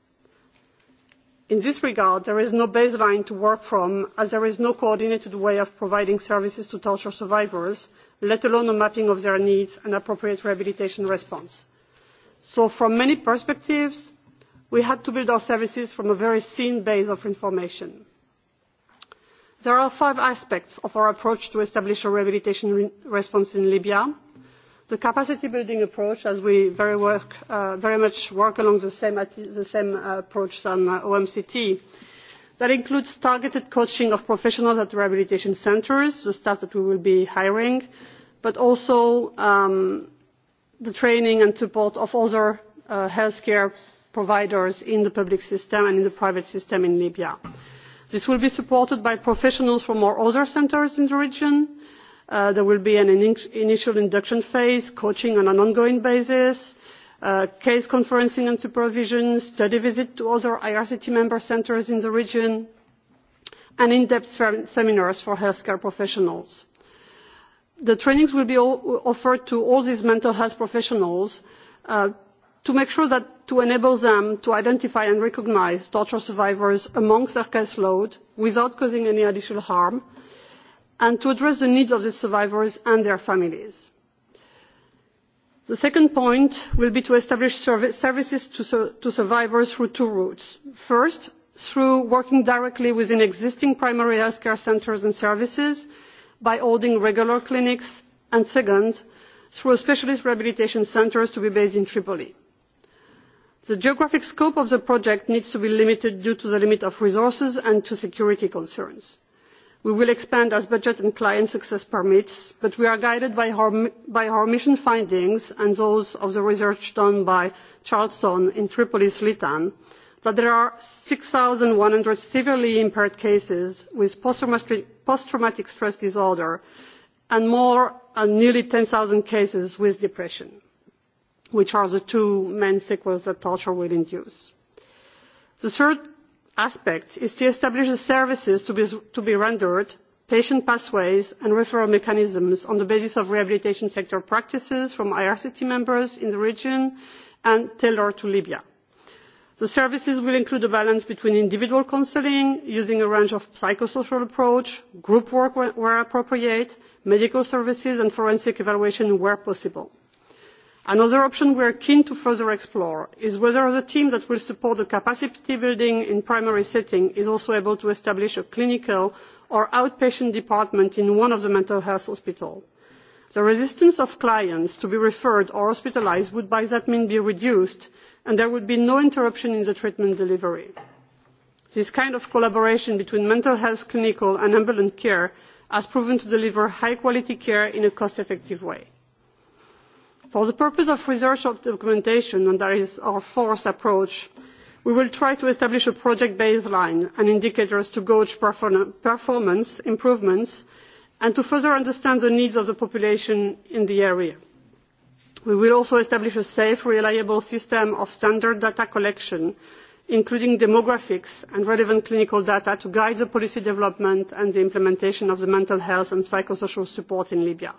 in this regard there is no baseline to work from as there is no coordinated way of providing services to torture survivors let alone a mapping of their needs and appropriate rehabilitation response. so from many perspectives we had to build our services from a very thin base of information. there are five aspects of our approach to establish a rehabilitation response in libya the capacity building approach as we very, work, uh, very much work along the same, the same uh, approach as uh, omct that includes targeted coaching of professionals at rehabilitation centres the staff that we will be hiring but also um, the training and support of other uh, healthcare providers in the public system and in the private system in libya. this will be supported by professionals from our other centres in the region and Uh, there will be an in initial induction phase, coaching on an ongoing basis, uh, case conferencing and supervision, study visit to other IRCT member centres in the region, and in-depth sem seminars for healthcare professionals. The trainings will be offered to all these mental health professionals uh, to make sure that to enable them to identify and recognise torture survivors amongst their caseload without causing any additional harm, uh, and to address the needs of the survivors and their families. the second point will be to establish services to, to survivors through two routes first through working directly within existing primary health care centres and services by holding regular clinics and second through specialist rehabilitation centres to be based in tripoli. the geographic scope of the project needs to be limited due to the limit of resources and to security concerns we will expand as budget and client success permits but we are guided by our, by our mission findings and those of the research done by charlton in tripolis litan that there are six one hundred severely impaired cases with post traumatic stress disorder and more and nearly ten zero cases with depression which are the two main sequels that torture will induce. the third aspect is to establish the services to be, to be rendered patient pathways and referral mechanisms on the basis of rehabilitation sector practices from irct members in the region and tailored to libya. the services will include a balance between individual counselling using a range of psychosocial approaches group work where appropriate medical services and forensic evaluation where possible another option we are keen to further explore is whether the team that will support the capacity building in primary settings is also able to establish a clinical or outpatient department in one of the mental health hospitals. the resistance of clients to be referred or hospitalised would by that means be reduced and there would be no interruption in the treatment delivery. this kind of collaboration between mental health clinical and ambulance care has proven to deliver high quality care in a cost effective way for the purpose of research documentation and that is our fourth approach we will try to establish a project baseline and indicators to gauge performance improvements and to further understand the needs of the population in the area. we will also establish a safe reliable system of standard data collection including demographics and relevant clinical data to guide the policy development and the implementation of the mental health and psychosocial support in libya.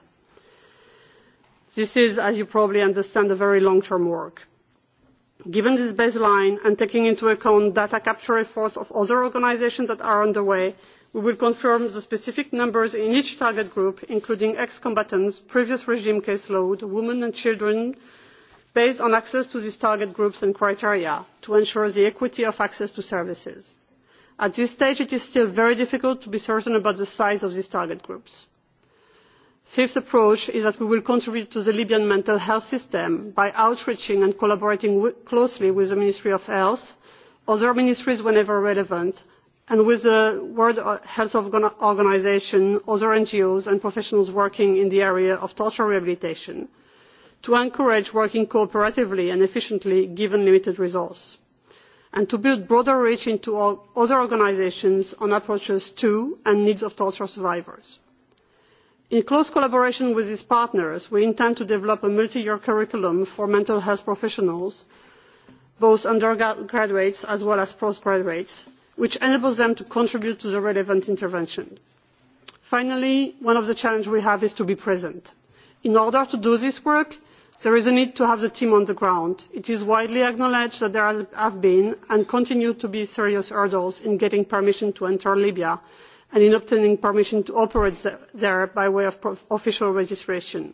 This is, as you probably understand, a very long-term work. Given this baseline and taking into account data capture efforts of other organizations that are underway, we will confirm the specific numbers in each target group, including ex-combatants, previous regime caseload, women and children, based on access to these target groups and criteria to ensure the equity of access to services. At this stage, it is still very difficult to be certain about the size of these target groups fifth approach is that we will contribute to the libyan mental health system by outreaching and collaborating closely with the ministry of health other ministries whenever relevant and with the world health organisation other ngos and professionals working in the area of torture rehabilitation to encourage working cooperatively and efficiently given limited resources and to build broader reach into other organisations on approaches to and needs of torture survivors in close collaboration with these partners we intend to develop a multi year curriculum for mental health professionals both undergraduates as well as postgraduates which enables them to contribute to the relevant intervention. finally one of the challenges we have is to be present. in order to do this work there is a need to have the team on the ground. it is widely acknowledged that there have been and continue to be serious hurdles in getting permission to enter libya and in obtaining permission to operate there by way of official registration.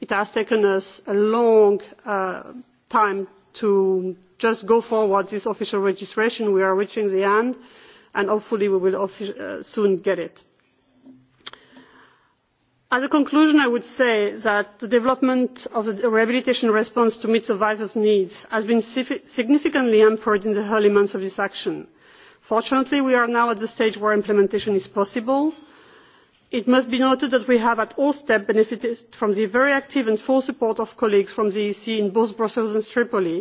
It has taken us a long uh, time to just go forward this official registration. We are reaching the end and hopefully we will uh, soon get it. As a conclusion, I would say that the development of the rehabilitation response to meet survivors' needs has been significantly hampered in the early months of this action fortunately we are now at the stage where implementation is possible. it must be noted that we have at all steps benefited from the very active and full support of colleagues from the ec in both brussels and tripoli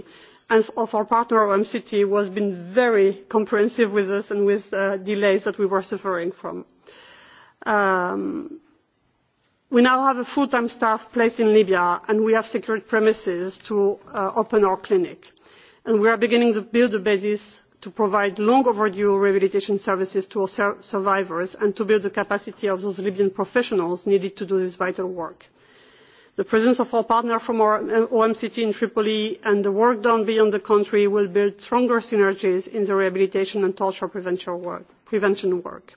and of our partner omct who has been very comprehensive with us and with uh, delays that we were suffering from. Um, we now have a full time staff placed in libya and we have secured premises to uh, open our clinic and we are beginning to build the basis to provide long overdue rehabilitation services to sur survivors and to build the capacity of those libyan professionals needed to do this vital work. the presence of our partner from our uh, omct in tripoli and the work done beyond the country will build stronger synergies in the rehabilitation and torture prevention work.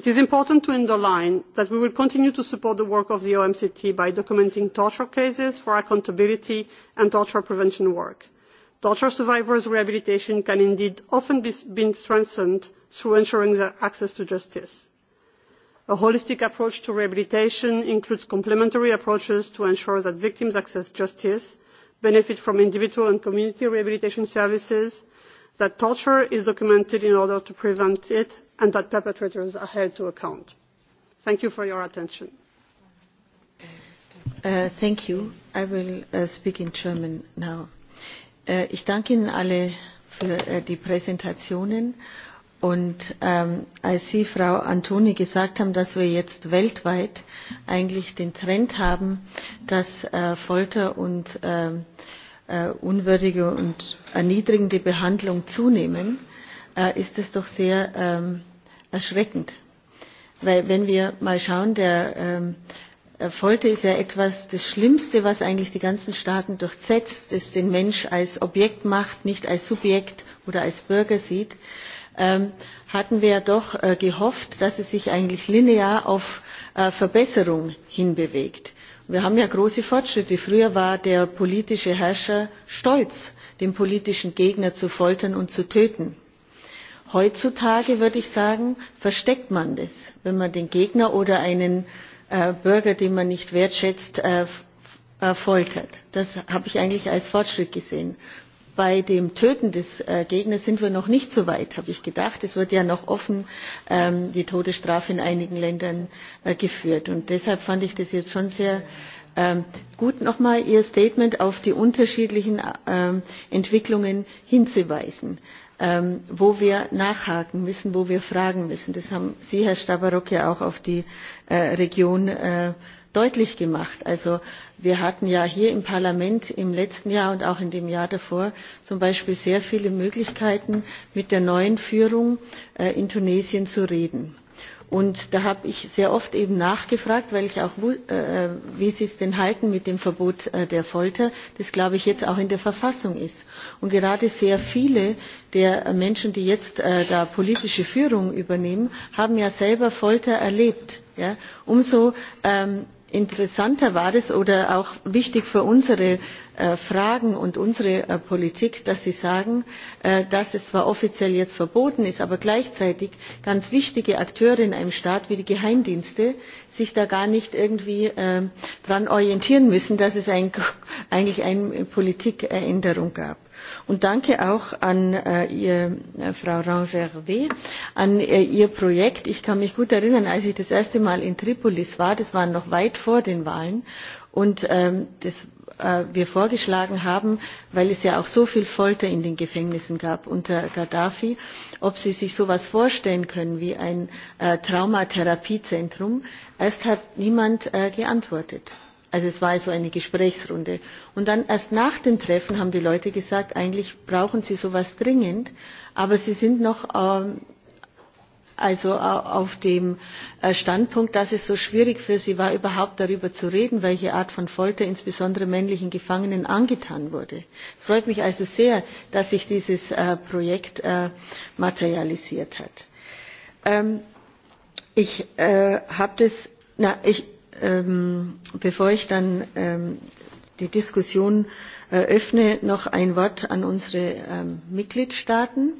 it is important to underline that we will continue to support the work of the omct by documenting torture cases for accountability and torture prevention work torture survivors' rehabilitation can indeed often be, be strengthened through ensuring their access to justice. a holistic approach to rehabilitation includes complementary approaches to ensure that victims access justice benefit from individual and community rehabilitation services that torture is documented in order to prevent it and that perpetrators are held to account. thank you for your attention. Uh, thank you. I will uh, speak in German now. Äh, ich danke Ihnen alle für äh, die Präsentationen. Und ähm, als Sie, Frau Antoni, gesagt haben, dass wir jetzt weltweit eigentlich den Trend haben, dass äh, Folter und äh, äh, unwürdige und erniedrigende Behandlung zunehmen, äh, ist es doch sehr äh, erschreckend. Weil wenn wir mal schauen, der äh, Äh, Folter ist ja etwas das Schlimmste, was eigentlich die ganzen Staaten durchsetzt, das den Mensch als Objekt macht, nicht als Subjekt oder als Bürger sieht. Ähm, hatten wir ja doch äh, gehofft, dass es sich eigentlich linear auf äh, Verbesserung hinbewegt. Wir haben ja große Fortschritte. Früher war der politische Herrscher stolz, den politischen Gegner zu foltern und zu töten. Heutzutage, würde ich sagen, versteckt man das. Wenn man den Gegner oder einen äh, Äh, Bürger, die man nicht wertschätzt, äh, äh, foltert. Das habe ich eigentlich als Fortschritt gesehen. Bei dem Töten des Gegners sind wir noch nicht so weit, habe ich gedacht. Es wird ja noch offen ähm, die Todesstrafe in einigen Ländern geführt. Und deshalb fand ich das jetzt schon sehr Ähm, gut nochmal Ihr Statement auf die unterschiedlichen ähm, Entwicklungen hinzuweisen, ähm, wo wir nachhaken müssen, wo wir fragen müssen. Das haben Sie, Herr Stabarok, ja auch auf die äh, Region äh, deutlich gemacht. Also wir hatten ja hier im Parlament im letzten Jahr und auch in dem Jahr davor zum Beispiel sehr viele Möglichkeiten, mit der neuen Führung äh, in Tunesien zu reden Und da habe ich sehr oft eben nachgefragt, weil ich auch, äh, äh, wie Sie es denn halten mit dem Verbot äh, der Folter, das glaube ich jetzt auch in der Verfassung ist. Und gerade sehr viele der äh, Menschen, die jetzt äh, da politische Führung übernehmen, haben ja selber Folter erlebt. Ja? Umso ähm, interessanter war es oder auch wichtig für unsere äh, Fragen und unsere äh, Politik, dass Sie sagen, äh, dass es zwar offiziell jetzt verboten ist, aber gleichzeitig ganz wichtige Akteure in einem Staat wie die Geheimdienste sich da gar nicht irgendwie äh, daran orientieren müssen, dass es ein, eigentlich eine Politikänderung gab Und danke auch an äh, ihr, äh, Frau Rangervé, an äh, ihr Projekt. Ich kann mich gut erinnern, als ich das erste Mal in Tripolis war, das war noch weit vor den Wahlen, und ähm, das äh, wir vorgeschlagen haben, weil es ja auch so viel Folter in den Gefängnissen gab unter Gaddafi, ob Sie sich so etwas vorstellen können wie ein äh, Traumatherapiezentrum. Erst hat niemand äh, geantwortet Also es war so eine Gesprächsrunde. Und dann erst nach dem Treffen haben die Leute gesagt, eigentlich brauchen sie sowas dringend, aber sie sind noch ähm, also äh, auf dem äh, Standpunkt, dass es so schwierig für sie war, überhaupt darüber zu reden, welche Art von Folter insbesondere männlichen Gefangenen angetan wurde. Es freut mich also sehr, dass sich dieses äh, Projekt äh, materialisiert hat. Ähm, ich äh, habe das, na, ich, ähm, bevor ich dann ähm, die Diskussion eröffne, noch ein Wort an unsere ähm, Mitgliedstaaten.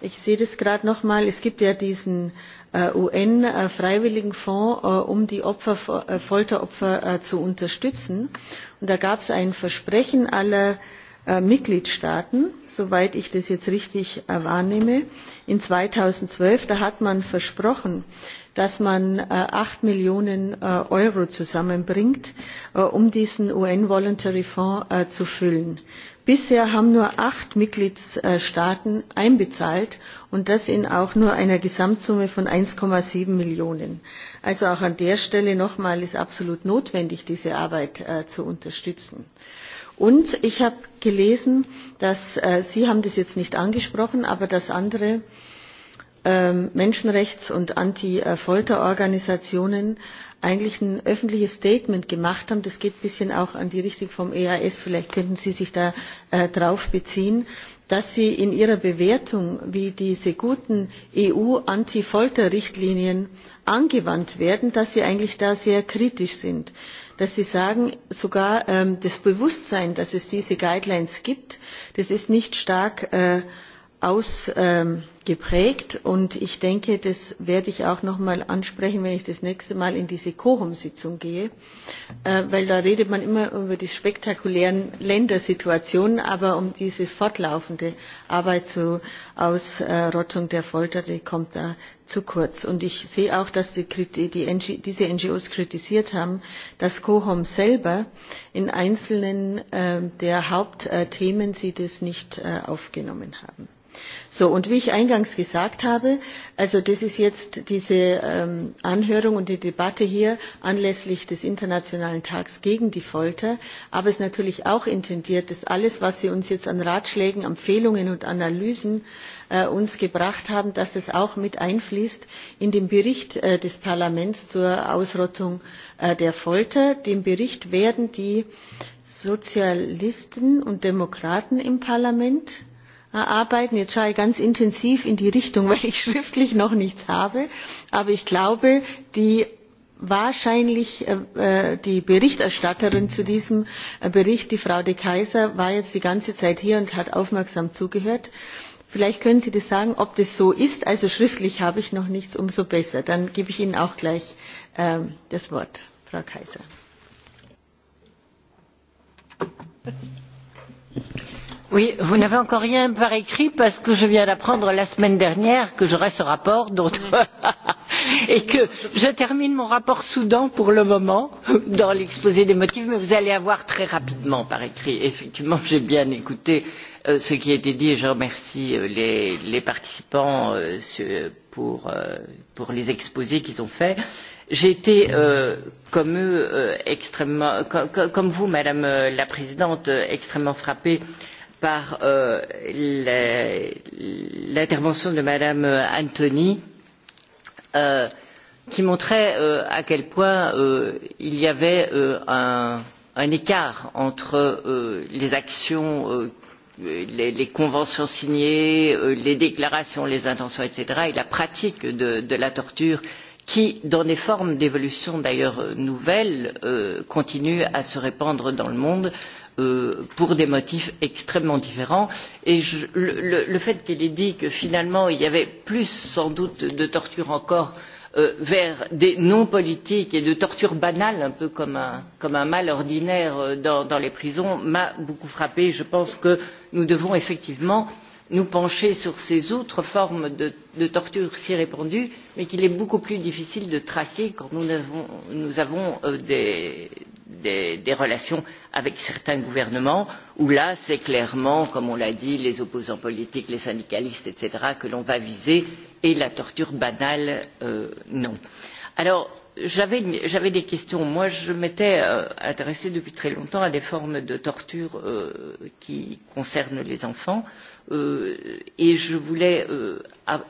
Ich sehe das gerade noch mal. Es gibt ja diesen äh, UN-Freiwilligenfonds, äh, um die Opfer, äh, Folteropfer äh, zu unterstützen. Und da gab es ein Versprechen aller äh, Mitgliedstaaten, soweit ich das jetzt richtig äh, wahrnehme, in 2012. Da hat man versprochen, äh, dass man äh, acht Millionen äh, Euro zusammenbringt, äh, um diesen UN Voluntary Fonds zu füllen. Bisher haben nur acht Mitgliedstaaten einbezahlt und das in auch nur einer Gesamtsumme von 1,7 Millionen. Also auch an der Stelle nochmal ist absolut notwendig, diese Arbeit äh, zu unterstützen. Und ich habe gelesen, dass äh, Sie haben das jetzt nicht angesprochen, aber dass andere Ähm, menschenrechts und anti folter organisationen eigentlich ein öffentliches statement gemacht haben das geht ein bisschen auch an die richtung vom eas vielleicht könnten sie sich darauf äh, beziehen dass sie in ihrer bewertung wie diese guten eu anti folter richtlinien angewandt werden dass sie eigentlich da sehr kritisch sind dass sie sagen sogar ähm, das bewusstsein dass es diese guidelines gibt das ist nicht stark äh, aus ähm, geprägt. Und ich denke, das werde ich auch noch mal ansprechen, wenn ich das nächste Mal in diese Kohom-Sitzung gehe, äh, weil da redet man immer über die spektakulären Ländersituationen, aber um diese fortlaufende Arbeit zur Ausrottung äh, der Folter, die kommt da zu kurz. Und ich sehe auch, dass die, die NG, diese NGOs kritisiert haben, dass COHOM selber in einzelnen äh, der Hauptthemen äh, sie das nicht äh, aufgenommen haben So, und wie ich eingangs gesagt habe, also das ist jetzt diese ähm, Anhörung und die Debatte hier anlässlich des Internationalen Tags gegen die Folter, aber es ist natürlich auch intendiert, dass alles, was Sie uns jetzt an Ratschlägen, Empfehlungen und Analysen äh, uns gebracht haben, dass das auch mit einfließt in den Bericht äh, des Parlaments zur Ausrottung äh, der Folter. Dem Bericht werden die Sozialisten und Demokraten im Parlament erarbeiten. Jetzt schaue ich ganz intensiv in die Richtung, weil ich schriftlich noch nichts habe. Aber ich glaube, die wahrscheinlich äh, äh die Berichterstatterin zu diesem äh, Bericht, die Frau de Kaiser, war jetzt die ganze Zeit hier und hat aufmerksam zugehört. Vielleicht können Sie das sagen, ob das so ist. Also schriftlich habe ich noch nichts, umso besser. Dann gebe ich Ihnen auch gleich äh, das Wort, Frau Kaiser. Oui, vous n'avez encore rien par écrit parce que je viens d'apprendre la semaine dernière que j'aurai ce rapport donc et que je termine mon rapport soudan pour le moment dans l'exposé des motifs mais vous allez avoir très rapidement par écrit. effectivement j'ai bien écouté euh, ce qui a été dit et je remercie euh, les, les participants euh, pour, euh, pour les exposés qu'ils ont faits. j'ai été euh, comme eux euh, extrêmement com, com, comme vous madame la présidente extrêmement frappée par par euh, l'intervention de mme anthony euh, qui montrait euh, à quel point euh, il y avait euh, un, un écart entre euh, les actions les, les conventions signées les déclarations les intentions etc. et la pratique de, de la torture qui dans des formes d'évolution d'ailleurs nouvelles continue à se répandre dans le monde et Euh, pour des motifs extrêmement différents et je, le, le fait qu'elle ait dit que finalement il y avait plus sans doute de torture encore euh, vers des non politiques et de torture banale un peu comme un, comme un mal ordinaire euh, dans, dans les prisons m'a beaucoup frappée. je pense que nous devons effectivement nous pencher sur ces autres formes de, de torture si répandues mais qu'il est beaucoup plus difficile de traquer quand nous avons, nous avons euh, des, des, des relations avec certains gouvernements où là c'est clairement comme on l'a dit les opposants politiques les syndicalistes etc. que l'on va viser et la torture banale euh, non. alors j'avais des questions. Moi, je m'étais euh, intéressée depuis très longtemps à des formes de torture euh, qui concernent les enfants euh, et je voulais euh,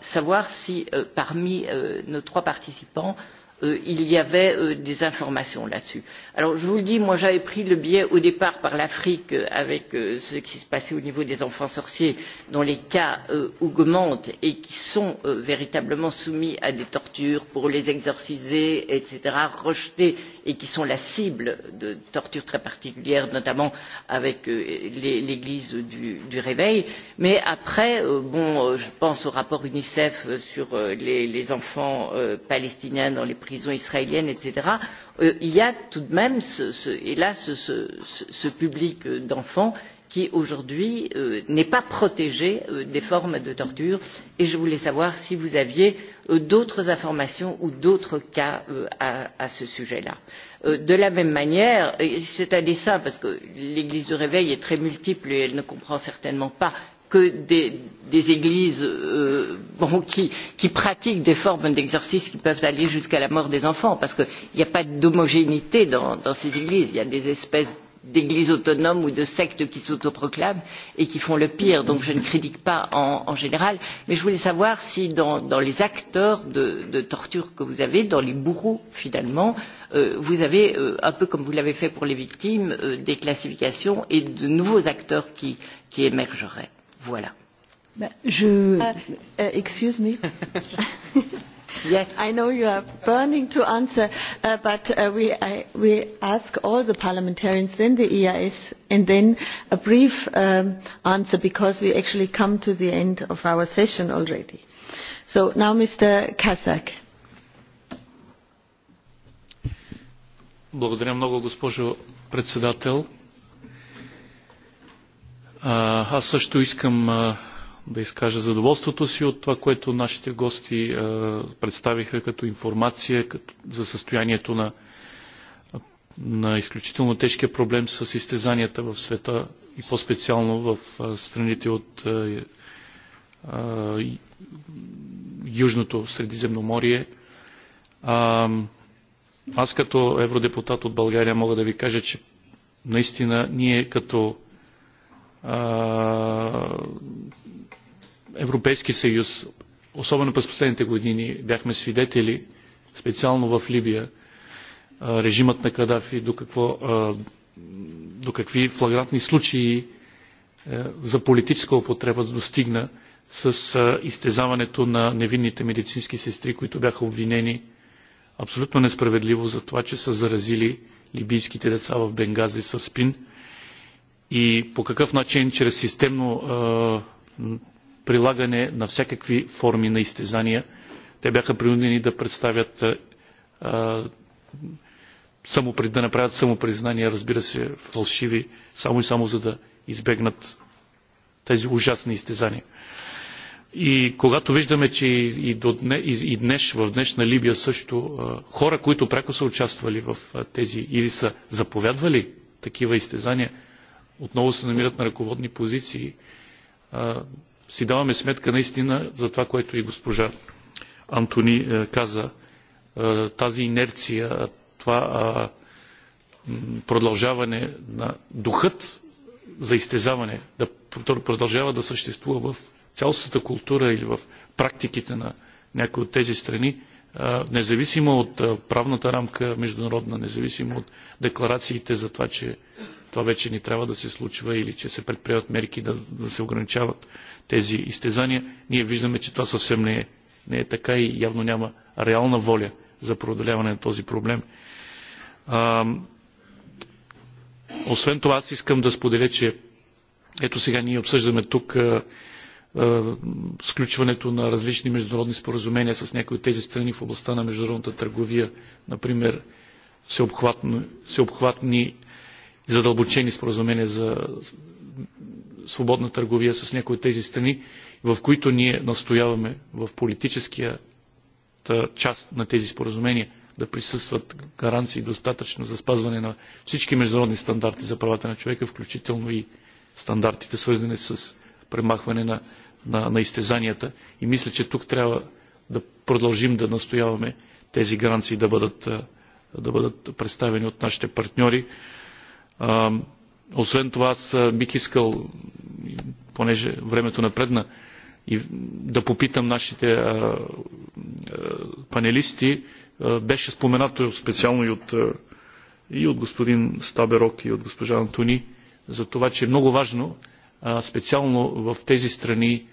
savoir si euh, parmi euh, nos trois participants euh, Euh, il y avait euh, des informations là dessus. Alors, je vous le dis j'avais pris le biais au départ par l'afrique euh, avec ce qui se passait au niveau des enfants sorciers dont les cas augmentent et qui sont véritablement soumis à des tortures pour les exorciser etc. rejetés et qui sont la cible de tortures très particulières notamment avec l'église du, du réveil. mais après bon, je pense au rapport unicef sur les, les enfants palestiniens dans les prisons prisons israéliennes etc. Euh, il y a tout de même ce, ce, hélas ce, ce public euh, d'enfants qui aujourd'hui euh, n'est pas protégé euh, des formes de torture et je voulais savoir si vous aviez euh, d'autres informations ou d'autres cas euh, à, à ce sujet là. de la même manière et c'est à dessein parce que l'église du réveil est très multiple et elle ne comprend certainement pas que des, des églises euh, bon, qui, qui pratiquent des formes d'exorcisme qui peuvent aller jusqu'à la mort des enfants parce qu'il n'y a pas d'homogénéité dans, dans ces églises il y a des espèces d'églises autonomes ou de sectes qui s'autoproclament et qui font le pire donc je ne critique pas en, en général mais je voulais savoir si dans, dans les acteurs de, de torture que vous avez dans les bourreaux finalement euh, vous avez euh, un peu comme vous l'avez fait pour les victimes euh, des classifications et de nouveaux acteurs qui, qui émergeraient. Voilà. Bah, je... Uh, uh, excuse me. yes. I know you are burning to answer, uh, but uh, we, I, we ask all the parliamentarians, then the EIS, and then a brief um, answer because we actually come to the end of our session already. So now Mr. Kazak. Благодаря много, госпожо председател. Аз също искам да изкажа задоволството си от това, което нашите гости представиха като информация за състоянието на, на изключително тежкия проблем с изтезанията в света и по-специално в страните от Южното Средиземноморие. Аз като евродепутат от България мога да ви кажа, че наистина ние като Европейски съюз, особено през последните години, бяхме свидетели, специално в Либия, режимът на Кадафи до, какво, до какви флагрантни случаи за политическа употреба достигна с изтезаването на невинните медицински сестри, които бяха обвинени абсолютно несправедливо за това, че са заразили либийските деца в Бенгази с спин – и по какъв начин чрез системно прилагане на всякакви форми на изтезания те бяха принудени да представят само, да направят самопризнания, разбира се, фалшиви, само и само за да избегнат тези ужасни изтезания. И когато виждаме, че и, до дне, и, и днеш, в днешна Либия също а, хора, които пряко са участвали в а, тези или са заповядвали такива изтезания, отново се намират на ръководни позиции, си даваме сметка наистина за това, което и госпожа Антони каза, тази инерция, това продължаване на духът за изтезаване да продължава да съществува в цялостната култура или в практиките на някои от тези страни, независимо от правната рамка международна, независимо от декларациите за това, че това вече не трябва да се случва или че се предприемат мерки да, да се ограничават тези изтезания. Ние виждаме, че това съвсем не е, не е така и явно няма реална воля за преодоляване на този проблем. А, освен това, аз искам да споделя, че ето сега ние обсъждаме тук а, а, сключването на различни международни споразумения с някои от тези страни в областта на международната търговия, например всеобхватни, всеобхватни задълбочени споразумения за свободна търговия с някои от тези страни, в които ние настояваме в политическия част на тези споразумения да присъстват гаранции достатъчно за спазване на всички международни стандарти за правата на човека, включително и стандартите, свързани с премахване на, на, на изтезанията. И мисля, че тук трябва да продължим да настояваме тези гаранции да бъдат, да бъдат представени от нашите партньори. Освен това, аз бих искал, понеже времето напредна, и да попитам нашите а, а, панелисти. А, беше споменато специално и от, а, и от господин Стаберок и от госпожа Антони за това, че е много важно а, специално в тези страни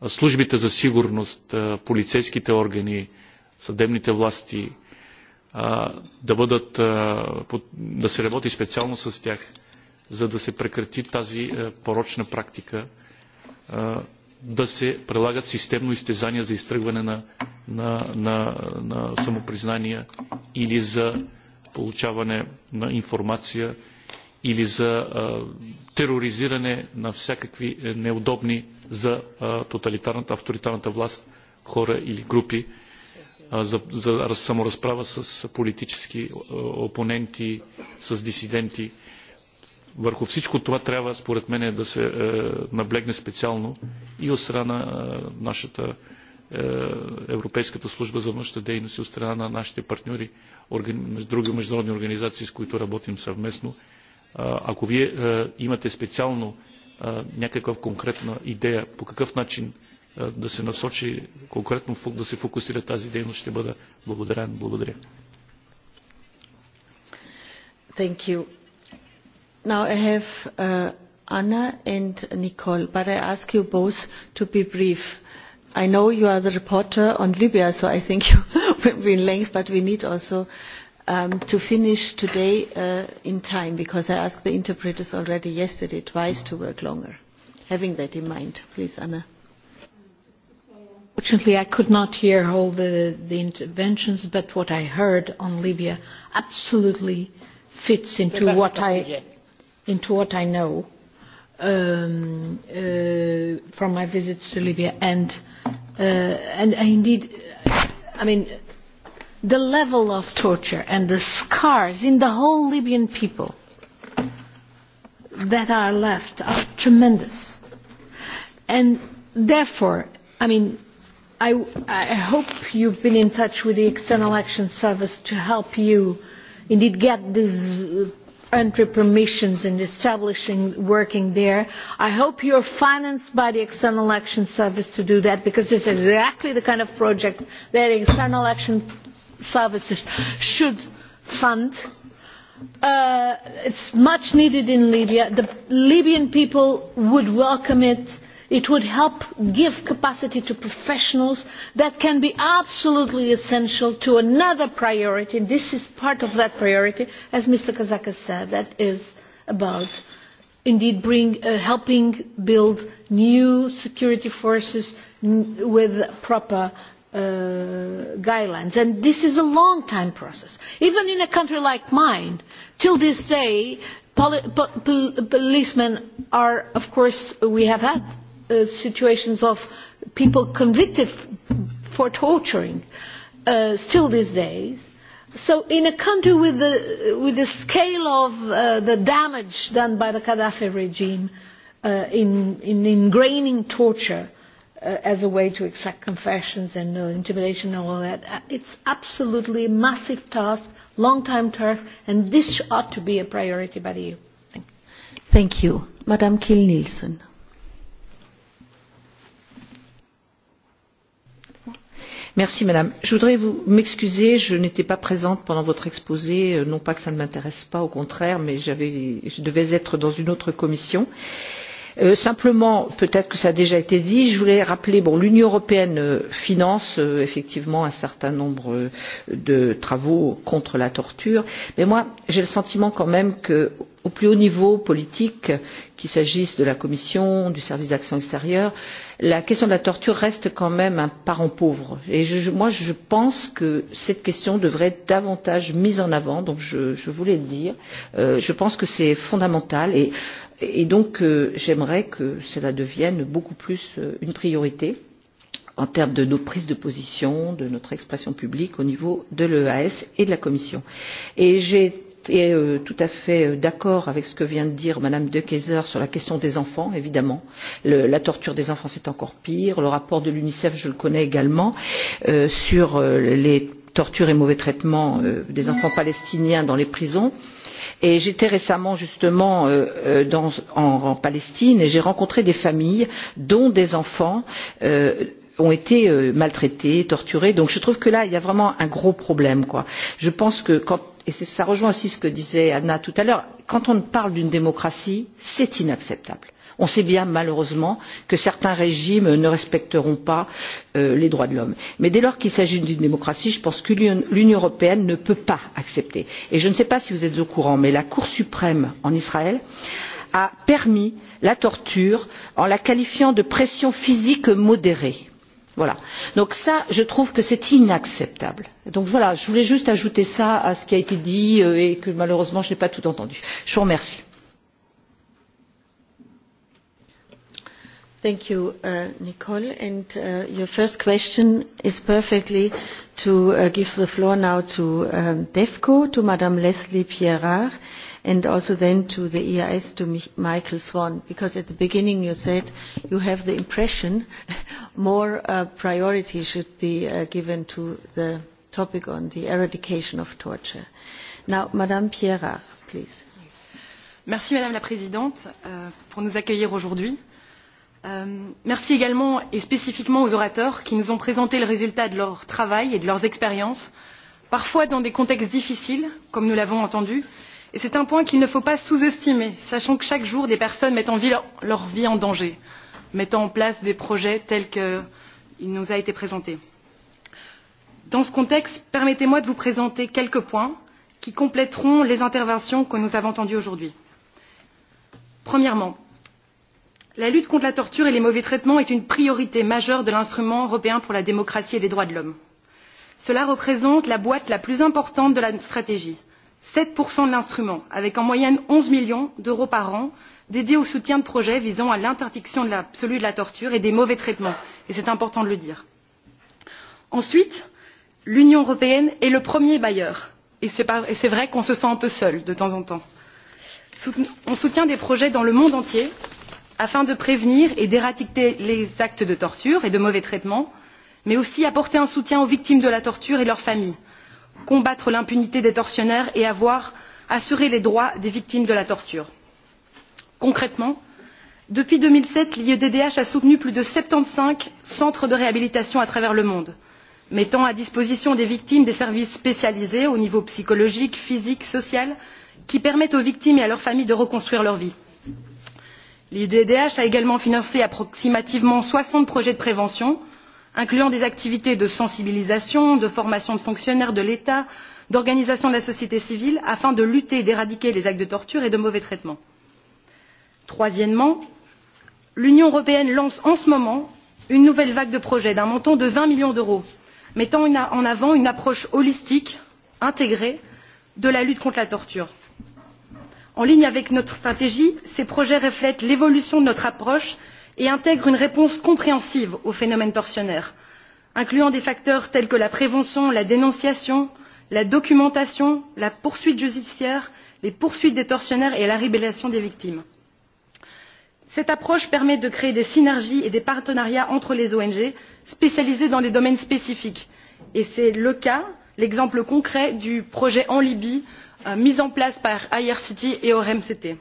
а, службите за сигурност, а, полицейските органи, съдебните власти, а, да, бъдат, а, под, да се работи специално с тях, за да се прекрати тази а, порочна практика, а, да се прилагат системно изтезания за изтръгване на, на, на, на самопризнания или за получаване на информация или за а, тероризиране на всякакви неудобни за а, тоталитарната, авторитарната власт хора или групи за, за саморазправа с политически опоненти, с дисиденти. Върху всичко това трябва, според мен, да се наблегне специално и от страна на нашата Европейската служба за външна дейност и от страна на нашите партньори, други международни организации, с които работим съвместно. Ако вие имате специално някаква конкретна идея по какъв начин да се насочи конкретно да се фокусира тази дейност, ще бъда благодарен. Благодаря. Thank you. Now I have uh, Anna and Nicole, but I ask you both to be brief. I know you are the reporter on Libya, so I think you will be in length, but we need also um, to finish today uh, in time because I asked the interpreters already yesterday twice to work longer. Having that in mind, please, Anna. Unfortunately, I could not hear all the, the interventions, but what I heard on Libya absolutely fits into what I, into what I know um, uh, from my visits to Libya. And, uh, and indeed, I mean, the level of torture and the scars in the whole Libyan people that are left are tremendous. And therefore, I mean, I, I hope you've been in touch with the External Action Service to help you indeed get these uh, entry permissions and establishing working there. I hope you're financed by the External Action Service to do that because it's exactly the kind of project that External Action Services should fund. Uh, it's much needed in Libya. The Libyan people would welcome it It would help give capacity to professionals that can be absolutely essential to another priority. This is part of that priority, as Mr. Kazaka said, that is about indeed bring, uh, helping build new security forces n with proper uh, guidelines. And this is a long time process. Even in a country like mine, till this day, poli po pol policemen are, of course, we have had uh, situations of people convicted for torturing uh, still these days. So in a country with the, with the scale of uh, the damage done by the Gaddafi regime uh, in, in ingraining torture uh, as a way to exact confessions and uh, intimidation and all that, uh, it's absolutely a massive task, long-time task, and this ought to be a priority by the EU. Thank you. Thank you. Madame Kiel-Nielsen. Merci madame. Je voudrais vous m'excuser, je n'étais pas présente pendant votre exposé, euh, non pas que ça ne m'intéresse pas, au contraire, mais je devais être dans une autre commission. Euh, Euh, simplement peut être que cela a déjà été dit je voulais rappeler que bon, l'union européenne euh, finance euh, effectivement un certain nombre euh, de travaux contre la torture mais j'ai le sentiment quand même qu'au plus haut niveau politique qu'il s'agisse de la commission du service pour l'action extérieure la question de la torture reste quand même un parent pauvre et je, moi, je pense que cette question devrait être davantage mise en avant donc je, je voulais le dire euh, je pense que c'est fondamental et et donc euh, j'aimerais que cela devienne beaucoup plus euh, une priorité en termes de nos prises de position, de notre expression publique au niveau de l'EAS et de la Commission. Et j'ai été euh, tout à fait euh, d'accord avec ce que vient de dire Madame De Keyser sur la question des enfants, évidemment. Le, la torture des enfants, c'est encore pire. Le rapport de l'UNICEF, je le connais également, euh, sur euh, les tortures et mauvais traitements euh, des enfants palestiniens dans les prisons. Euh, j'étais récemment justement euh, euh, dans, en, en palestine et j'ai rencontré des familles dont des enfants euh, ont été euh, maltraités torturés donc je trouve que là il y a vraiment un gros problème. Quoi. je pense que quand et ça rejoint aussi ce que disait anna tout à l'heure quand on parle d'une démocratie c'est inacceptable on sait bien malheureusement que certains régimes ne respecteront pas euh, les droits de l'homme mais dès lors qu'il s'agit d'une démocratie je pense que l'union européenne ne peut pas accepter et je ne sais pas si vous êtes au courant mais la cour suprême en israël a permis la torture en la qualifiant de pression physique modérée. Voilà. donc ça je trouve que c'est inacceptable. donc voilà je voulais juste ajouter ça à ce qui a été dit euh, et que malheureusement je n'ai pas tout entendu. je vous remercie. Thank you, uh, Nicole. And uh, your first question is perfectly to uh, give the floor now to um, DEFCO, to Madame Leslie Pierrard, and also then to the EIS, to Mich Michael Swan, because at the beginning you said you have the impression more uh, priority should be uh, given to the topic on the eradication of torture. Now, Madame Pierrard, please. Merci Madame la Présidente euh, pour nous accueillir aujourd'hui. Euh, merci également et spécifiquement aux orateurs qui nous ont présenté le résultat de leur travail et de leurs expériences parfois dans des contextes difficiles comme nous l'avons entendu et c'est un point qu'il ne faut pas sous estimer sachant que chaque jour des personnes mettent leur vie en danger mettant en place des projets tels qu'il nous a été présenté. dans ce contexte permettez moi de vous présenter quelques points qui compléteront les interventions que nous avons entendues aujourd'hui. premièrement la lutte contre la torture et les mauvais traitements est une priorité majeure de l'instrument européen pour la démocratie et les droits de l'homme. cela représente la boîte la plus importante de la stratégie sept de l'instrument avec en moyenne onze millions d'euros par an dédiés au soutien de projets visant à l'interdiction absolue de la torture et des mauvais traitements et c'est important de le dire. ensuite l'union européenne est le premier bailleur et c'est vrai qu'on se sent un peu seul de temps en temps. on soutient des projets dans le monde entier afin de prévenir et d'éradiquer les actes de torture et de mauvais traitements mais aussi apporter un soutien aux victimes de la torture et de leurs familles combattre l'impunité des tortionnaires et avoir, assurer les droits des victimes de la torture. concrètement depuis deux mille sept l'iedh a soutenu plus de soixante quinze centres de réhabilitation à travers le monde mettant à disposition des victimes des services spécialisés au niveau psychologique physique social qui permettent aux victimes et à leurs familles de reconstruire leur vie l'idh a également financé approximativement soixante projets de prévention incluant des activités de sensibilisation de formation de fonctionnaires de l'état d'organisations de la société civile afin de lutter et d'éradiquer les actes de torture et de mauvais traitements. troisièmement l'union européenne lance en ce moment une nouvelle vague de projets d'un montant de vingt millions d'euros mettant en avant une approche holistique intégrée de la lutte contre la torture en ligne avec notre stratégie ces projets reflètent l'évolution de notre approche et intègrent une réponse compréhensive au phénomène tortionnaire incluant des facteurs tels que la prévention la dénonciation la documentation la poursuite judiciaire les poursuites des tortionnaires et la rébellation des victimes. cette approche permet de créer des synergies et des partenariats entre les ong spécialisées dans des domaines spécifiques et c'est le cas l'exemple concret du projet en libye Euh, mise en place par irctc et ormct.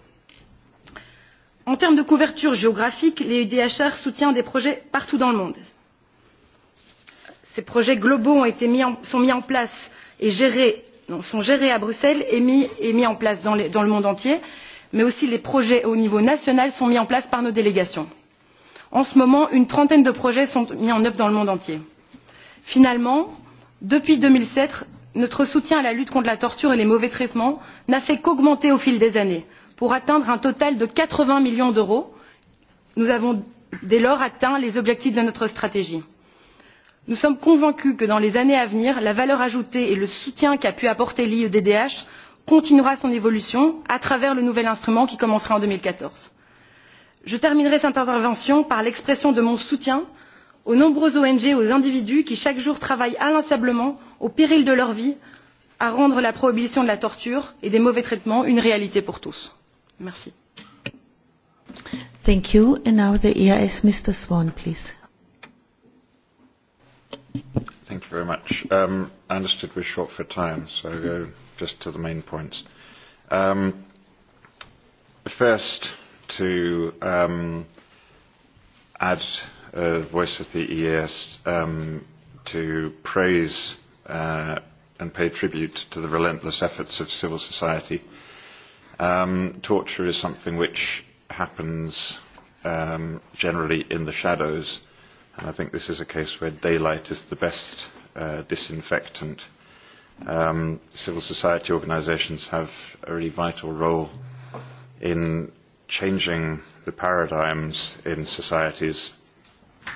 en termes de couverture géographique les edhr soutient des projets partout dans le monde. ces projets globaux ont été mis en, sont mis en place et gérés non, sont gérés à bruxelles et mis, et mis en place dans, les, dans le monde entier mais aussi les projets au niveau national sont mis en place par nos délégations. en ce moment une trentaine de projets sont mis en œuvre dans le monde entier. finalement depuis deux mille sept notre soutien à la lutte contre la torture et les mauvais traitements n'a fait qu'augmenter au fil des années pour atteindre un total de quatre vingts millions d'euros. nous avons dès lors atteint les objectifs de notre stratégie. nous sommes convaincus que dans les années à venir la valeur ajoutée et le soutien qu'a pu apporter l'iedh continuera son évolution à travers le nouvel instrument qui commencera en. deux mille quatorze je terminerai cette intervention par l'expression de mon soutien aux nombreuses ong et aux individus qui chaque jour travaillent inlassablement au péril de leur vie à rendre la prohibition de la torture et des mauvais traitements une réalité pour tous. merci. thank you. and now the eas mr swan please. thank you very much. Um, i understood we're short for time, so I'll go just to the main points. Um, first, to um, add uh, Voice of the EAS um, to praise uh, and pay tribute to the relentless efforts of civil society. Um, torture is something which happens um, generally in the shadows, and I think this is a case where daylight is the best uh, disinfectant. Um, civil society organizations have a really vital role in changing the paradigms in societies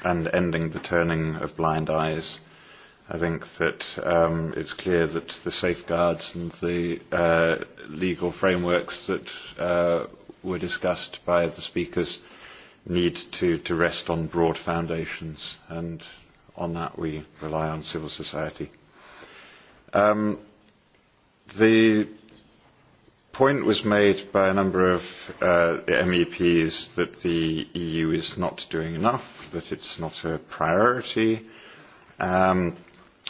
and ending the turning of blind eyes. I think that um, it's clear that the safeguards and the uh, legal frameworks that uh, were discussed by the speakers need to, to rest on broad foundations, and on that we rely on civil society. Um, the point was made by a number of uh, MEPs that the EU is not doing enough, that it's not a priority, um,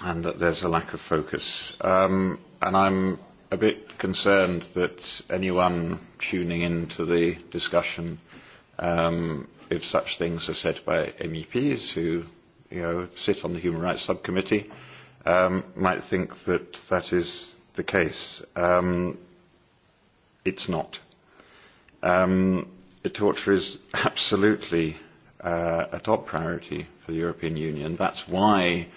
and that there's a lack of focus. Um, and I'm a bit concerned that anyone tuning into the discussion, um, if such things are said by MEPs who you know, sit on the Human Rights Subcommittee, um, might think that that is the case. Um, it's not. Um, torture is absolutely uh, a top priority for the European Union. That's why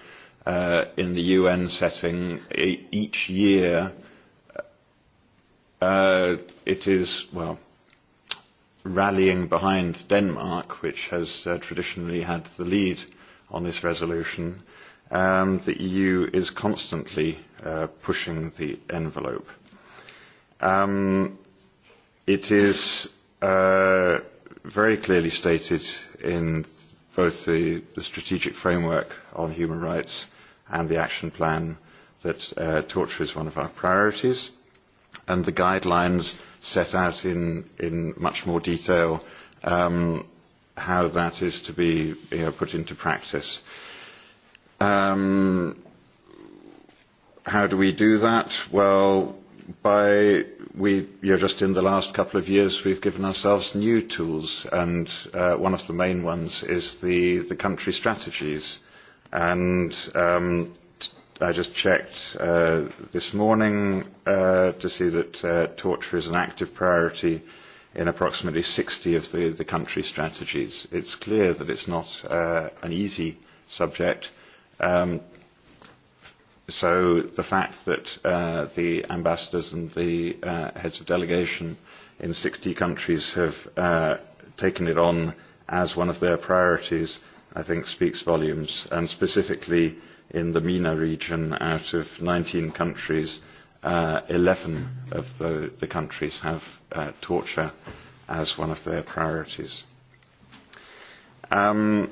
uh, in the UN setting, e- each year uh, uh, it is, well, rallying behind Denmark, which has uh, traditionally had the lead on this resolution. Um, the EU is constantly uh, pushing the envelope. Uh, Um, it is uh, very clearly stated in both the, the strategic framework on human rights and the action plan that uh, torture is one of our priorities. And the guidelines set out in, in much more detail um, how that is to be you know, put into practice. Um, how do we do that? Well, by we you know, just in the last couple of years we've given ourselves new tools and uh, one of the main ones is the the country strategies and um, I just checked uh, this morning uh, to see that uh, torture is an active priority in approximately 60 of the, the country strategies. It's clear that it's not uh, an easy subject. Um, So the fact that uh, the ambassadors and the uh, heads of delegation in 60 countries have uh, taken it on as one of their priorities, I think, speaks volumes. And specifically in the MENA region, out of 19 countries, uh, 11 of the, the countries have uh, torture as one of their priorities. Um,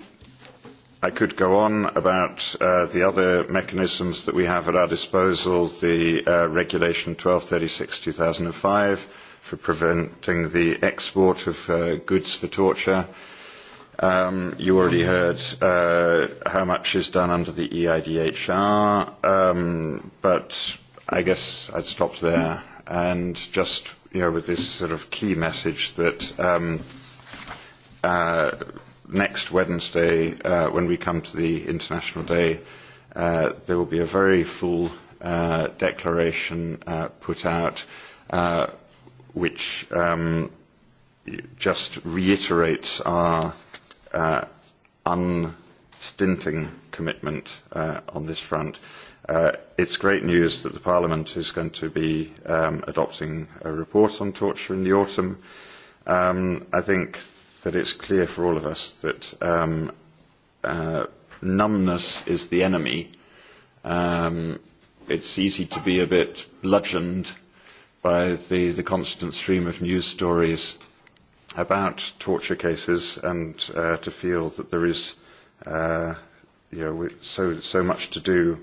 I could go on about uh, the other mechanisms that we have at our disposal, the uh, Regulation 1236-2005 for preventing the export of uh, goods for torture. Um, you already heard uh, how much is done under the EIDHR, um, but I guess I'd stop there and just, you know, with this sort of key message that um, uh, next Wednesday, uh, when we come to the International Day, uh, there will be a very full uh, declaration uh, put out, uh, which um, just reiterates our uh, unstinting commitment uh, on this front. Uh, it's great news that the Parliament is going to be um, adopting a report on torture in the autumn. Um, I think that it's clear for all of us that um, uh, numbness is the enemy. Um, it's easy to be a bit bludgeoned by the, the constant stream of news stories about torture cases and uh, to feel that there is uh, you know, so, so much to do.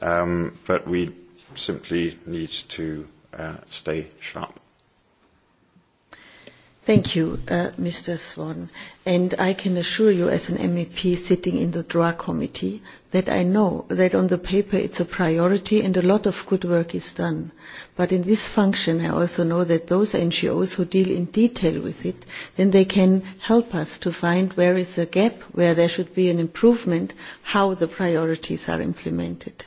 Um, but we simply need to uh, stay sharp. Thank you, uh, Mr. Swan. And I can assure you, as an MEP sitting in the DRA committee, that I know that on the paper it's a priority and a lot of good work is done. But in this function, I also know that those NGOs who deal in detail with it, then they can help us to find where is a gap, where there should be an improvement, how the priorities are implemented.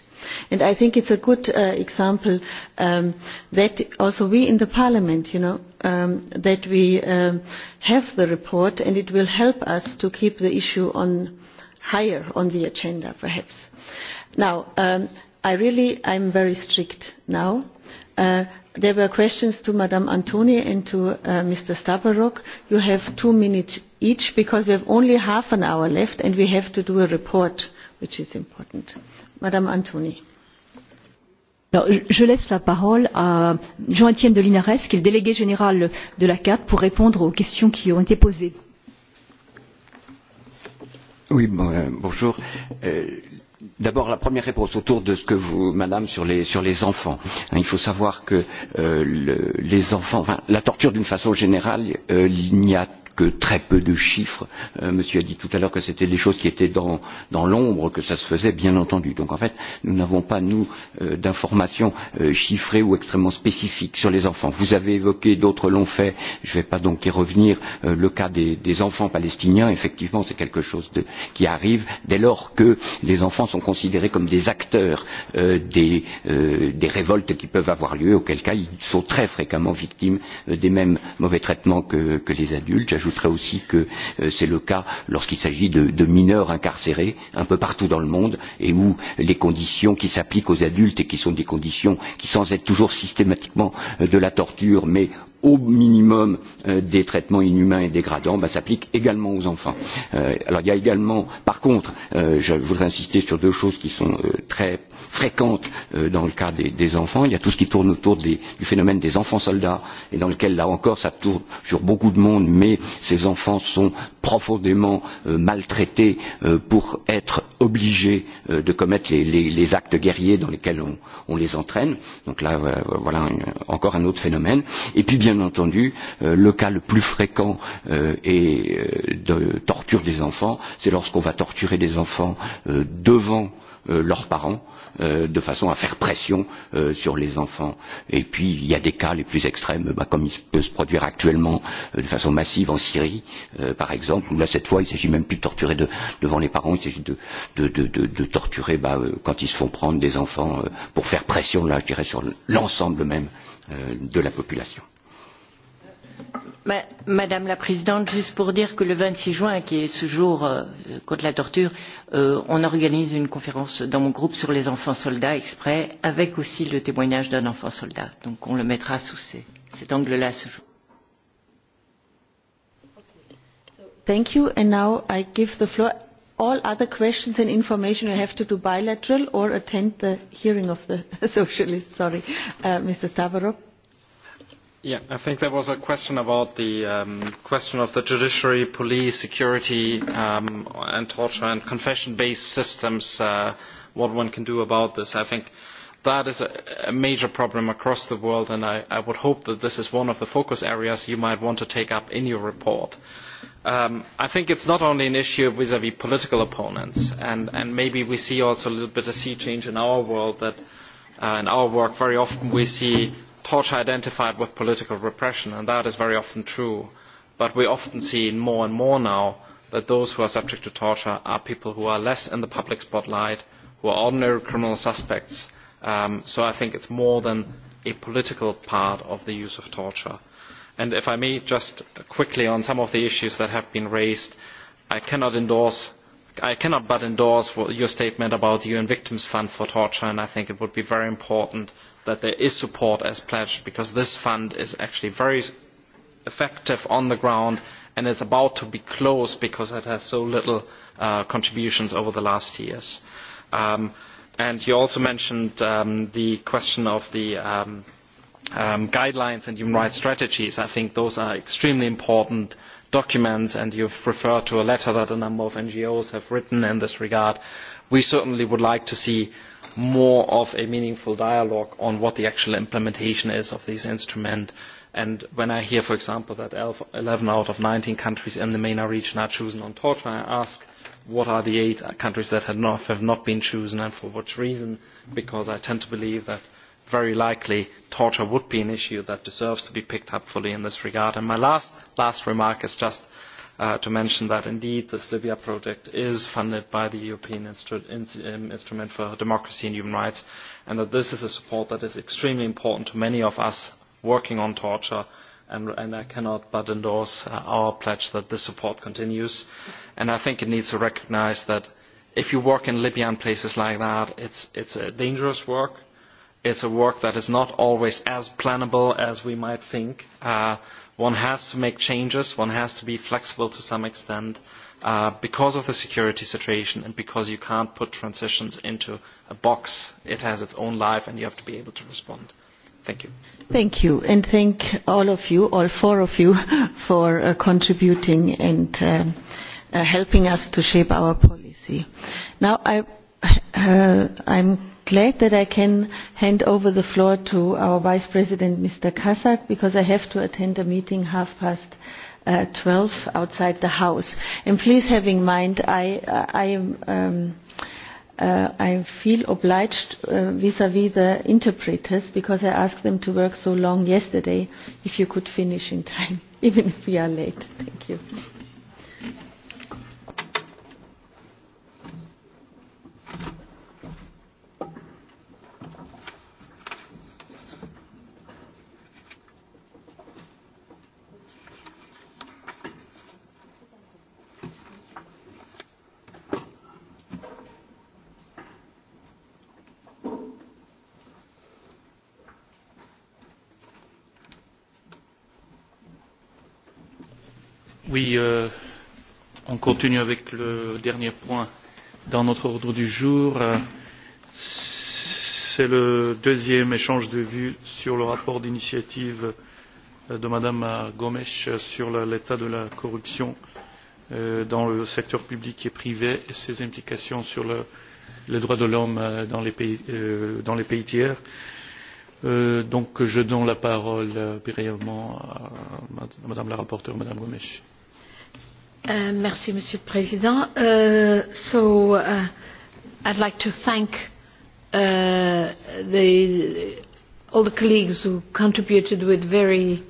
And I think it's a good uh, example um, that also we in the Parliament, you know, um, that we um, have the report and it will help us to keep the issue on higher on the agenda, perhaps. Now, um, I really, I'm very strict now. Uh, there were questions to Madame Antoni and to uh, Mr. Stabarok. You have two minutes each because we have only half an hour left and we have to do a report, which is important. Uh, Madame Anthony. Alors, je laisse la parole à Jean-Étienne de Linares, qui est le délégué général de la CAT, pour répondre aux questions qui ont été posées. Oui, bon, euh, bonjour. Euh, D'abord, la première réponse autour de ce que vous, Madame, sur les, sur les enfants. Hein, il faut savoir que euh, le, les enfants, enfin, la torture d'une façon générale, euh, il n'y a que très peu de chiffres. Euh, monsieur a dit tout à l'heure que c'était des choses qui étaient dans, dans l'ombre, que ça se faisait, bien entendu. Donc en fait, nous n'avons pas, nous, euh, d'informations euh, chiffrées ou extrêmement spécifiques sur les enfants. Vous avez évoqué, d'autres l'ont fait, je ne vais pas donc y revenir, euh, le cas des, des enfants palestiniens. Effectivement, c'est quelque chose de, qui arrive dès lors que les enfants sont considérés comme des acteurs euh, des, euh, des révoltes qui peuvent avoir lieu, auquel cas ils sont très fréquemment victimes euh, des mêmes mauvais traitements que, que les adultes. J'ajouterai aussi que euh, c'est le cas lorsqu'il s'agit de, de mineurs incarcérés un peu partout dans le monde et où les conditions qui s'appliquent aux adultes et qui sont des conditions qui sans être toujours systématiquement euh, de la torture mais au minimum euh, des traitements inhumains et dégradants ben, s'applique également aux enfants. Euh, alors il y a également, par contre, euh, je voudrais insister sur deux choses qui sont euh, très fréquentes euh, dans le cas des, des enfants. Il y a tout ce qui tourne autour des, du phénomène des enfants soldats et dans lequel là encore ça tourne sur beaucoup de monde, mais ces enfants sont profondément euh, maltraités euh, pour être obligés euh, de commettre les, les, les actes guerriers dans lesquels on, on les entraîne. Donc là, euh, voilà une, encore un autre phénomène. Et puis bien bien entendu euh, le cas le plus fréquent euh, est euh, de torture des enfants, c'est lorsqu'on va torturer des enfants euh, devant euh, leurs parents euh, de façon à faire pression euh, sur les enfants. Et puis il y a des cas les plus extrêmes, bah, comme il peut se produire actuellement euh, de façon massive en Syrie, euh, par exemple, où là cette fois il s'agit même plus de torturer de, devant les parents, il s'agit de, de, de, de, de torturer bah, euh, quand ils se font prendre des enfants euh, pour faire pression, là je dirais, sur l'ensemble même euh, de la population madame la présidente juste pour dire que le vingt six juin qui est ce jour euh, contre la torture euh, on organise une conférence dans mon groupe sur les enfants soldats exprès avec aussi le témoignage d'un enfant soldat donc on le mettra sous ces, cet angle là ce jour. Thank you and now I give the floor. All other questions and information you have to do bilateral or attend the hearing of the socialists. Sorry, uh, Mr. Stavarov Yeah, I think there was a question about the um, question of the judiciary, police, security, um, and torture and confession-based systems, uh, what one can do about this. I think that is a, a major problem across the world, and I, I would hope that this is one of the focus areas you might want to take up in your report. Um, I think it's not only an issue vis-à-vis -vis political opponents, and, and maybe we see also a little bit of sea change in our world that uh, in our work very often we see Tosh identified with political repression, and that is very often true. But we often see more and more now that those who are subject to torture are people who are less in the public spotlight, who are ordinary criminal suspects. Um, so I think it's more than a political part of the use of torture. And if I may, just quickly on some of the issues that have been raised, I cannot endorse I cannot but endorse your statement about the UN Victims Fund for Torture, and I think it would be very important uh, that there is support as pledged because this fund is actually very effective on the ground and it's about to be closed because it has so little uh, contributions over the last years. Um, and you also mentioned um, the question of the um, um, guidelines and human rights strategies. I think those are extremely important documents and you've referred to a letter that a number of NGOs have written in this regard. We certainly would like to see more of a meaningful dialogue on what the actual implementation is of these instruments. And when I hear, for example, that 11 out of 19 countries in the MENA region are chosen on torture, I ask what are the eight countries that have not, have not been chosen and for what reason, because I tend to believe that very likely torture would be an issue that deserves to be picked up fully in this regard. And my last, last remark is just uh, to mention that indeed this Libya project is funded by the European Instru in, um, Instrument for Democracy and Human Rights and that this is a support that is extremely important to many of us working on torture and, and I cannot but endorse uh, our pledge that this support continues. And I think it needs to recognize that if you work in Libya and places like that, it's, it's a dangerous work it's a work that is not always as plannable as we might think. Uh, one has to make changes, one has to be flexible to some extent uh, because of the security situation and because you can't put transitions into a box. It has its own life and you have to be able to respond. Thank you. Thank you, and thank all of you, all four of you, for uh, contributing and um, uh, helping us to shape our policy. Now I, uh, I'm glad that I can hand over the floor to our Vice President, Mr. Kazak, because I have to attend a meeting half past uh, 12 outside the House. And please have in mind, I, uh, I am... Um, uh, I feel obliged uh, vis-à-vis uh, vis, -vis the interpreters because I asked them to work so long yesterday. If you could finish in time, even if we are late. Thank you. Oui, euh, on continue avec le dernier point dans notre ordre du jour. Euh, c'est le deuxième échange de vues sur le rapport d'initiative euh, de Madame Gomes sur l'état de la corruption euh, dans le secteur public et privé et ses implications sur le, les droits de l'homme dans, les pays, dans les pays tiers. Euh, donc je donne la parole brièvement à Madame la rapporteure, Madame Gomes. Uh, merci, Monsieur le Président. Uh, so, uh, I'd like to thank uh, the, all the colleagues who contributed with very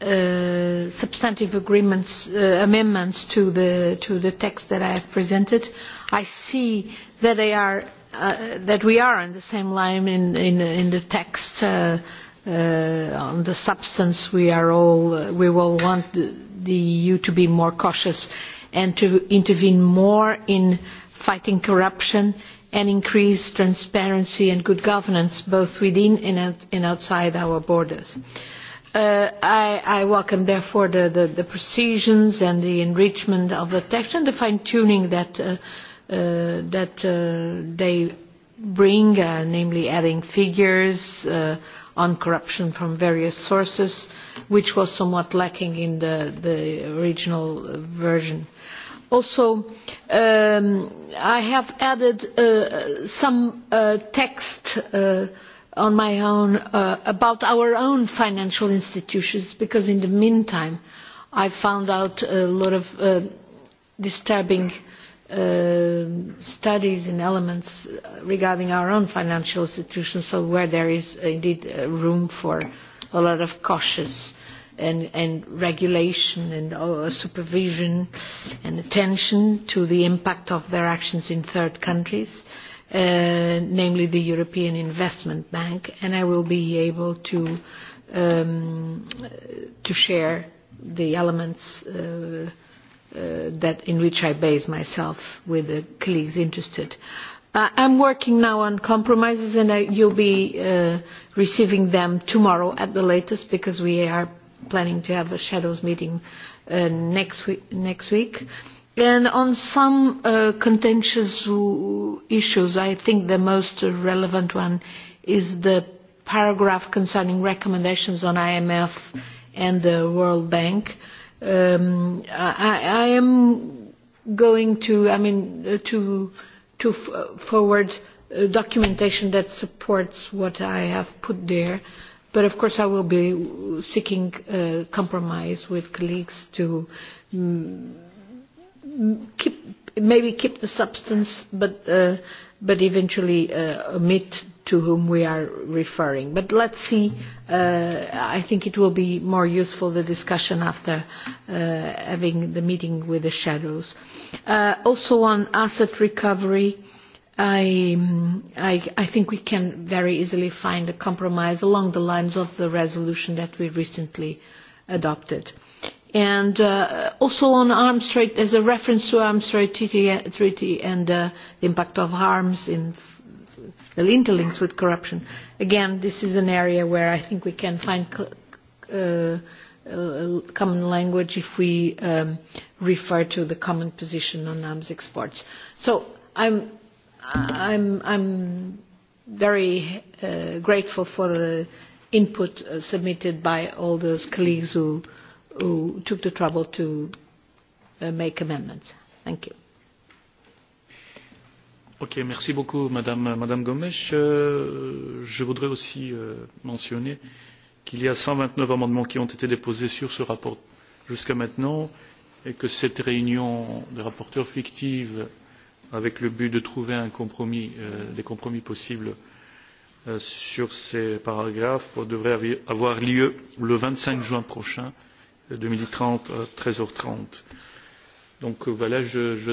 uh, substantive agreements, uh, amendments to the, to the text that I have presented. I see that, they are, uh, that we are on the same line in, in, in the text. Uh, uh, on the substance, we are all, uh, we all want the, the EU to be more cautious and to intervene more in fighting corruption and increase transparency and good governance both within and, out, and outside our borders. Uh, I, I welcome, therefore, the, the, the precisions and the enrichment of the text and the fine-tuning that, uh, uh, that uh, they bring, uh, namely adding figures uh, on corruption from various sources, which was somewhat lacking in the, the original uh, version. Also, um, I have added uh, some uh, text uh, on my own uh, about our own financial institutions because in the meantime I found out a lot of uh, disturbing uh, uh, studies and elements regarding our own financial institutions, so where there is indeed uh, room for a lot of cautious and, and regulation and uh, supervision and attention to the impact of their actions in third countries, uh, namely the European Investment Bank, and I will be able to, um, to share the elements uh, uh, that in which I base myself with the colleagues interested. Uh, I'm working now on compromises and uh, you'll be uh, receiving them tomorrow at the latest because we are planning to have a shadows meeting uh, next, week, next week. And on some uh, contentious issues, I think the most relevant one is the paragraph concerning recommendations on IMF and the World Bank. Uh, um, I, I am going to, I mean, uh, to, to f uh, forward uh, documentation that supports what I have put there. But of course, I will be seeking uh, compromise with colleagues to um, keep, maybe keep the substance, but uh, but eventually uh, omit to whom we are referring. But let's see. Uh, I think it will be more useful, the discussion after uh, having the meeting with the shadows. Uh, also on asset recovery, I, um, I, I think we can very easily find a compromise along the lines of the resolution that we recently adopted. And uh, also on arms trade, as a reference to arms trade treaty, treaty and uh, the impact of harms in the interlinks with corruption. Again, this is an area where I think we can find uh, uh, common language if we um, refer to the common position on arms exports. So I'm, I'm, I'm very uh, grateful for the input uh, submitted by all those colleagues who, who took the trouble to uh, make amendments. Thank you. Okay, merci beaucoup, Madame, Madame Gomes. Euh, je voudrais aussi euh, mentionner qu'il y a 129 amendements qui ont été déposés sur ce rapport jusqu'à maintenant et que cette réunion des rapporteurs fictive avec le but de trouver un compromis, euh, des compromis possibles euh, sur ces paragraphes devrait avoir lieu le 25 juin prochain, 2030, euh, à 13h30. Donc euh, voilà, je, je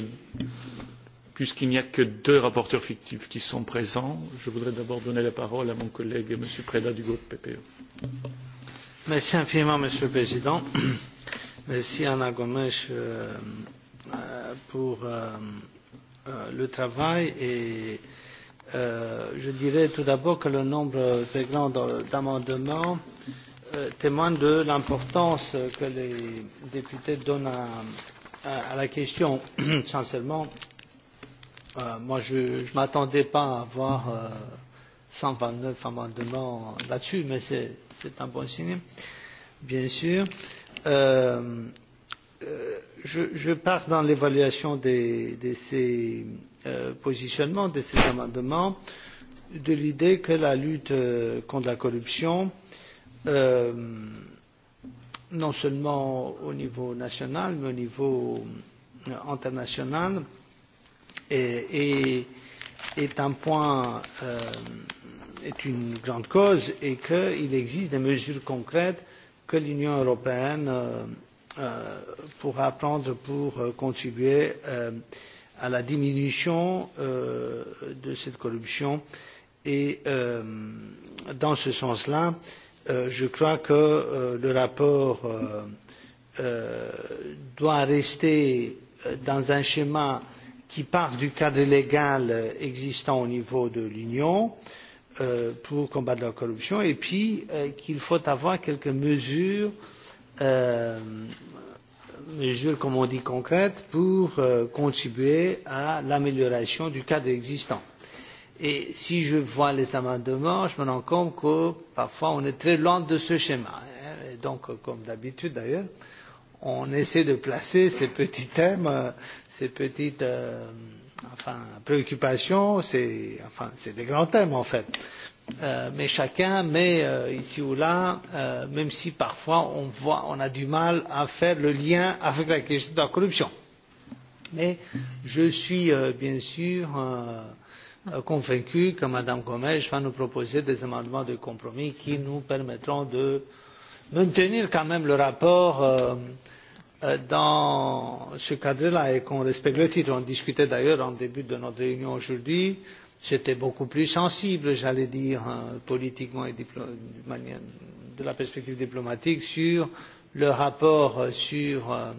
puisqu'il n'y a que deux rapporteurs fictifs qui sont présents je voudrais d'abord donner la parole à mon collègue m. preda du groupe ppe. merci infiniment monsieur le président merci anna gomes euh, euh, pour euh, le travail et je dirais tout d'abord que le nombre très grand d'amendements témoigne de l'importance que les députés donnent à, à, à la question. sincèrement Euh, moi, je ne m'attendais pas à avoir euh, 129 amendements là-dessus, mais c'est un bon signe, bien sûr. Euh, euh, je, je pars dans l'évaluation de ces euh, positionnements, de ces amendements, de l'idée que la lutte euh, contre la corruption, euh, non seulement au niveau national, mais au niveau international, euh, est, est un point euh, est une grande cause et qu'il existe des mesures concrètes que l'Union européenne euh, euh, pourra prendre pour euh, contribuer euh, à la diminution euh, de cette corruption. Et euh, dans ce sens-là, euh, je crois que euh, le rapport euh, euh, doit rester euh, dans un schéma euh, qui part du cadre légal existant au niveau de l'union euh, pour combattre la corruption et puis euh, qu'il faut avoir quelques mesures euh, mesures comme on dit concrètes pour euh, contribuer à l'amélioration du cadre existant. Et si je vois les amendements, je me rends compte que parfois on est très loin de ce schéma. Hein, et donc, comme d'habitude d'ailleurs, euh, on essaie de placer ces petits thèmes, euh, ces petites euh, enfin, préoccupations, c'est enfin, des grands thèmes en fait. Euh, mais chacun met euh, ici ou là, euh, même si parfois on, voit, on a du mal à faire le lien avec la question de la corruption. Mais je suis euh, bien sûr euh, euh convaincu que Mme Gomes va nous proposer des amendements de compromis qui nous permettront de euh, maintenir quand même le rapport euh, euh dans ce cadre là et qu'on respecte le titre. On discutait d'ailleurs en début de notre réunion aujourd'hui. J'étais beaucoup plus sensible, j'allais dire, politiquement et manière, de la perspective diplomatique sur le rapport euh, sur euh,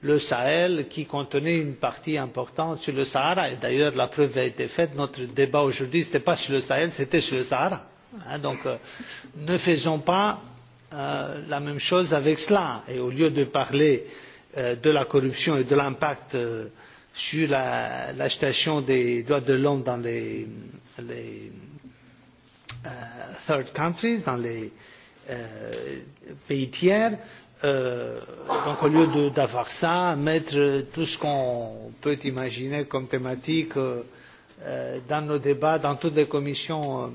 le Sahel qui contenait une partie importante sur le Sahara. Et d'ailleurs, la preuve a été faite. Notre débat aujourd'hui, ce n'était pas sur le Sahel, c'était sur le Sahara. Hein, donc, euh, ne faisons pas euh, la même chose avec cela et au lieu de parler euh, de la corruption et de l'impact euh, sur la, la situation des droits de l'homme dans les, les euh, third countries, dans les euh, pays tiers, euh, donc au lieu d'avoir ça, mettre tout ce qu'on peut imaginer comme thématique euh, euh, dans nos débats, dans toutes les commissions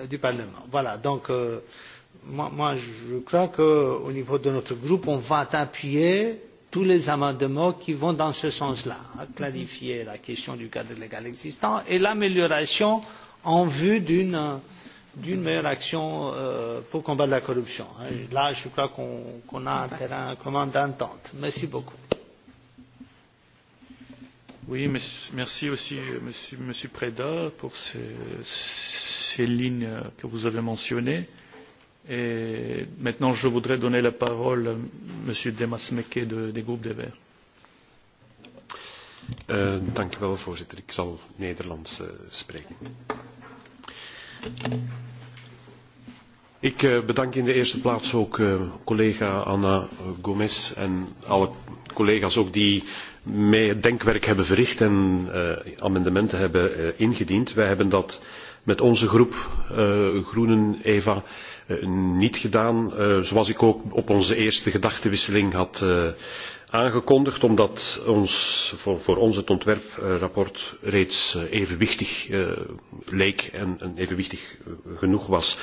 euh, du Parlement. Voilà, donc euh, moi, moi, je crois qu'au niveau de notre groupe, on va appuyer tous les amendements qui vont dans ce sens-là, à clarifier la question du cadre légal existant et l'amélioration en vue d'une d'une meilleure action euh, pour combattre la corruption. Là, je crois qu'on qu, on, qu on a un terrain commun d'entente. Merci beaucoup. Oui, merci aussi Monsieur, monsieur Preda pour ces, ces lignes que vous avez mentionnées. Euh, Et maintenant, je voudrais donner la parole à M. Demasmeke de, des groupes des Verts. Uh, dank u wel, voorzitter. Ik zal Nederlands uh, spreken. Ik uh, bedank in de eerste plaats ook uh, collega Anna Gomez en alle collega's ook die mee het denkwerk hebben verricht en uh, amendementen hebben uh, ingediend. Wij hebben dat met onze groep uh, Groenen, Eva, uh, Eh, niet gedaan, eh, zoals ik ook op onze eerste gedachtenwisseling had eh, aangekondigd, omdat ons, voor, voor ons het ontwerpverslag reeds evenwichtig leek en evenwichtig genoeg was.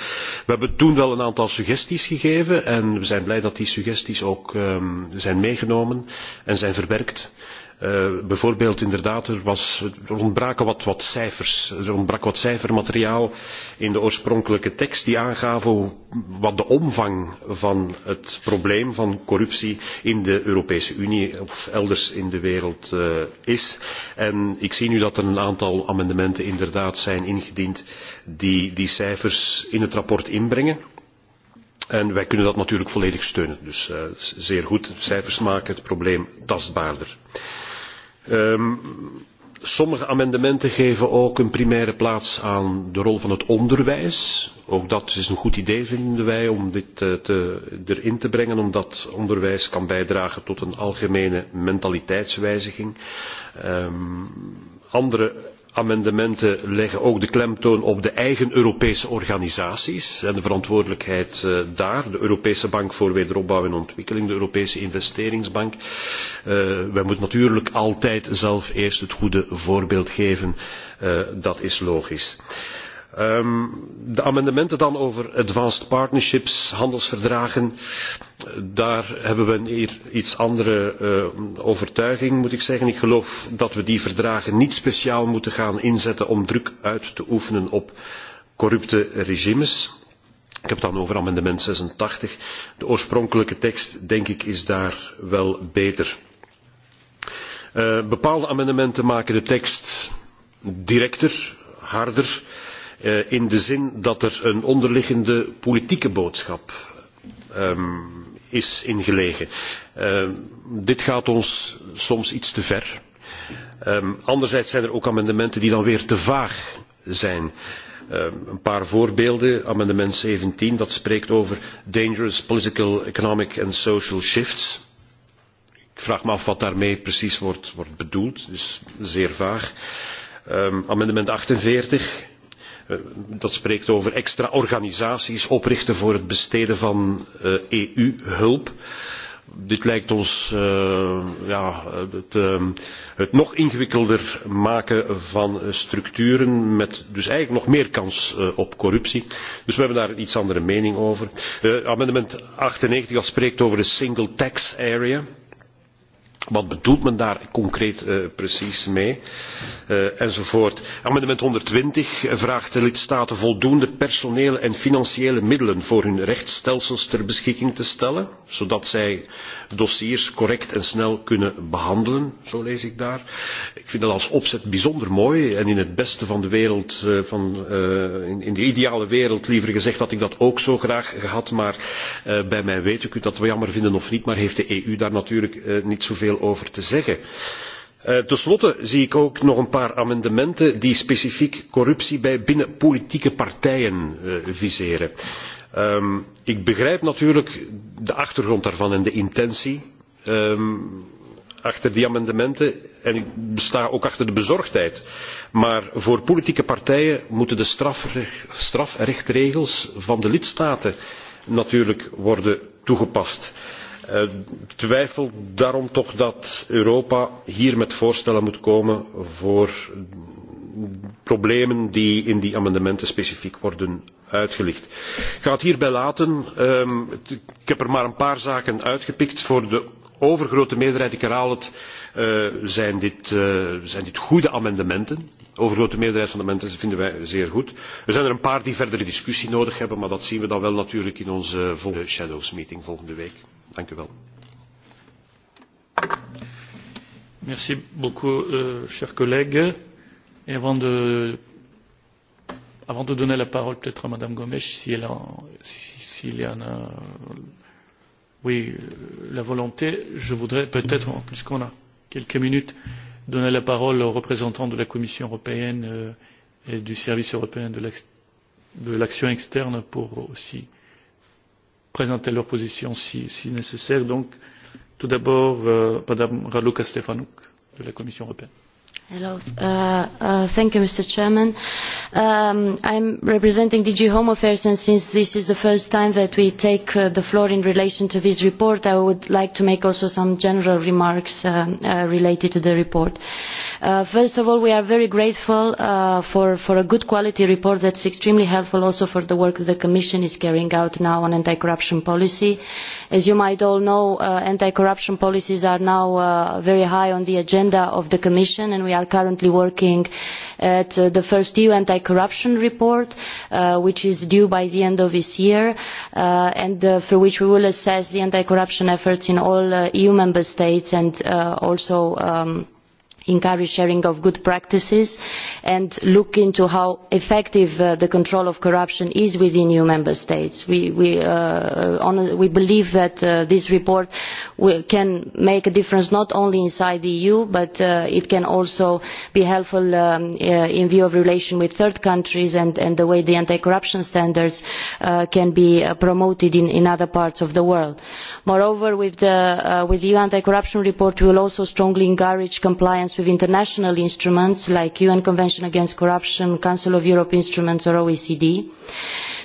We hebben toen wel een aantal suggesties gegeven en we zijn blij dat die suggesties ook ehm, zijn meegenomen en zijn verwerkt Uh, bijvoorbeeld inderdaad, er, was, er ontbraken wat, wat cijfers. Er ontbrak wat cijfermateriaal in de oorspronkelijke tekst die aangaven wat de omvang van het probleem van corruptie in de Europese Unie of elders in de wereld uh, is. En ik zie nu dat er een aantal amendementen inderdaad zijn ingediend die die cijfers in het rapport inbrengen En wij kunnen dat natuurlijk volledig steunen. Dus uh, zeer goed, cijfers maken het probleem tastbaarder. Um, sommige amendementen geven ook een primaire plaats aan de rol van het onderwijs. Ook dat is een goed idee, vinden wij, om dit uh, te, erin te brengen, omdat onderwijs kan bijdragen tot een algemene mentaliteitswijziging. Um, andere amendementen leggen ook de klemtoon op de eigen Europese organisaties en de verantwoordelijkheid eh, daar. De Europese Bank voor Wederopbouw en Ontwikkeling, de Europese Investeringsbank. Eh, Wij moeten natuurlijk altijd zelf eerst het goede voorbeeld geven. Eh, dat is logisch. Um, de amendementen dan over advanced partnerships, handelsverdragen, daar hebben we een iets andere uh, overtuiging moet ik zeggen. Ik geloof dat we die verdragen niet speciaal moeten gaan inzetten om druk uit te oefenen op corrupte regimes. Ik heb het dan over amendement 86. De oorspronkelijke tekst, denk ik, is daar wel beter. Uh, bepaalde amendementen maken de tekst directer, harder Eh, in de zin dat er een onderliggende politieke boodschap ehm, is ingelegen. Ehm, dit gaat ons soms iets te ver. Ehm, anderzijds zijn er ook amendementen die dan weer te vaag zijn. een paar voorbeelden amendement zeventien dat spreekt over dangerous political economic and social shifts. ik vraag me af wat daarmee precies wordt, wordt bedoeld. het is zeer vaag. amendement achtenveertig Eh, dat spreekt over extra organisaties oprichten voor het besteden van eu eh, e hulp. dit lijkt ons eh, ja, het, het nog ingewikkelder maken van structuren met dus eigenlijk nog meer kans op corruptie. dus we hebben daar een iets andere mening over. amendement achtennegentig spreekt over de single tax area wat bedoelt men daar concreet uh, precies mee? Uh, enzovoort. Amendement 120 eh, vraagt de lidstaten voldoende personele en financiële middelen voor hun rechtsstelsels ter beschikking te stellen, zodat zij dossiers correct en snel kunnen behandelen, zo lees ik daar. Ik vind dat als opzet bijzonder mooi en in het beste van de wereld, uh, van, uh, in, in de ideale wereld liever gezegd, had ik dat ook zo graag gehad, maar uh, bij mij weet u kunt dat wel jammer vinden of niet, maar heeft de EU daar natuurlijk uh, niet zoveel veel over te zeggen. Eh, ten slotte zie ik ook nog een paar amendementen die specifiek corruptie bij binnen politieke partijen eh, viseren. Um, ik begrijp natuurlijk de achtergrond daarvan en de intentie um, achter die amendementen en ik sta ook achter de bezorgdheid maar voor politieke partijen moeten de strafrecht, strafrechtregels van de lidstaten natuurlijk worden toegepast ik eh, twijfel daarom toch dat europa hier met voorstellen moet komen voor problemen die in die amendementen specifiek worden uitgelicht. ik ga het hierbij laten. Ehm, ik heb er maar een paar zaken uitgepikt. voor de overgrote meerderheid ik herhaal het eh, eh, zijn dit goede amendementen. de overgrote meerderheid van de amendementen vinden wij zeer goed. er zijn er een paar die verdere discussie nodig hebben maar dat zien we dan wel natuurlijk in onze volgende schaduwrapporteurs meeting volgende week. Dank u wel. Merci beaucoup, euh, chers collègues. Et avant de, avant de donner la parole peut-être à Madame Gomes, si elle a, si, si il y en a, oui, la volonté, je voudrais peut-être, puisqu'on a quelques minutes, donner la parole aux représentants de la Commission européenne euh, et du Service européen de l'action externe pour aussi euh, présenter leur position si, si nécessaire. donc tout d'abord euh, mme raluca stefanu de la commission européenne. Hello. Uh, uh, thank you, Mr. Chairman. Um, I'm representing DG Home Affairs, and since this is the first time that we take uh, the floor in relation to this report, I would like to make also some general remarks um, uh, related to the report. Uh, first of all, we are very grateful uh, for, for a good quality report that's extremely helpful also for the work that the Commission is carrying out now on anti-corruption policy. As you might all know, uh, anti-corruption policies are now uh, very high on the agenda of the Commission, and we we are currently working at uh, the first EU anti-corruption report, uh, which is due by the end of this year, uh, and uh, for which we will assess the anti-corruption efforts in all uh, EU member states and uh, also um, encourage sharing of good practices and look into how effective uh, the control of corruption is within eu member states. we, we, uh, on, we believe that uh, this report will, can make a difference not only inside the eu but uh, it can also be helpful um, uh, in view of relations with third countries and, and the way the anti corruption standards uh, can be promoted in, in other parts of the world. moreover with the, with the eu anti corruption report we will also strongly encourage compliance compliance with international instruments like the un convention against corruption council of europe instruments or oecd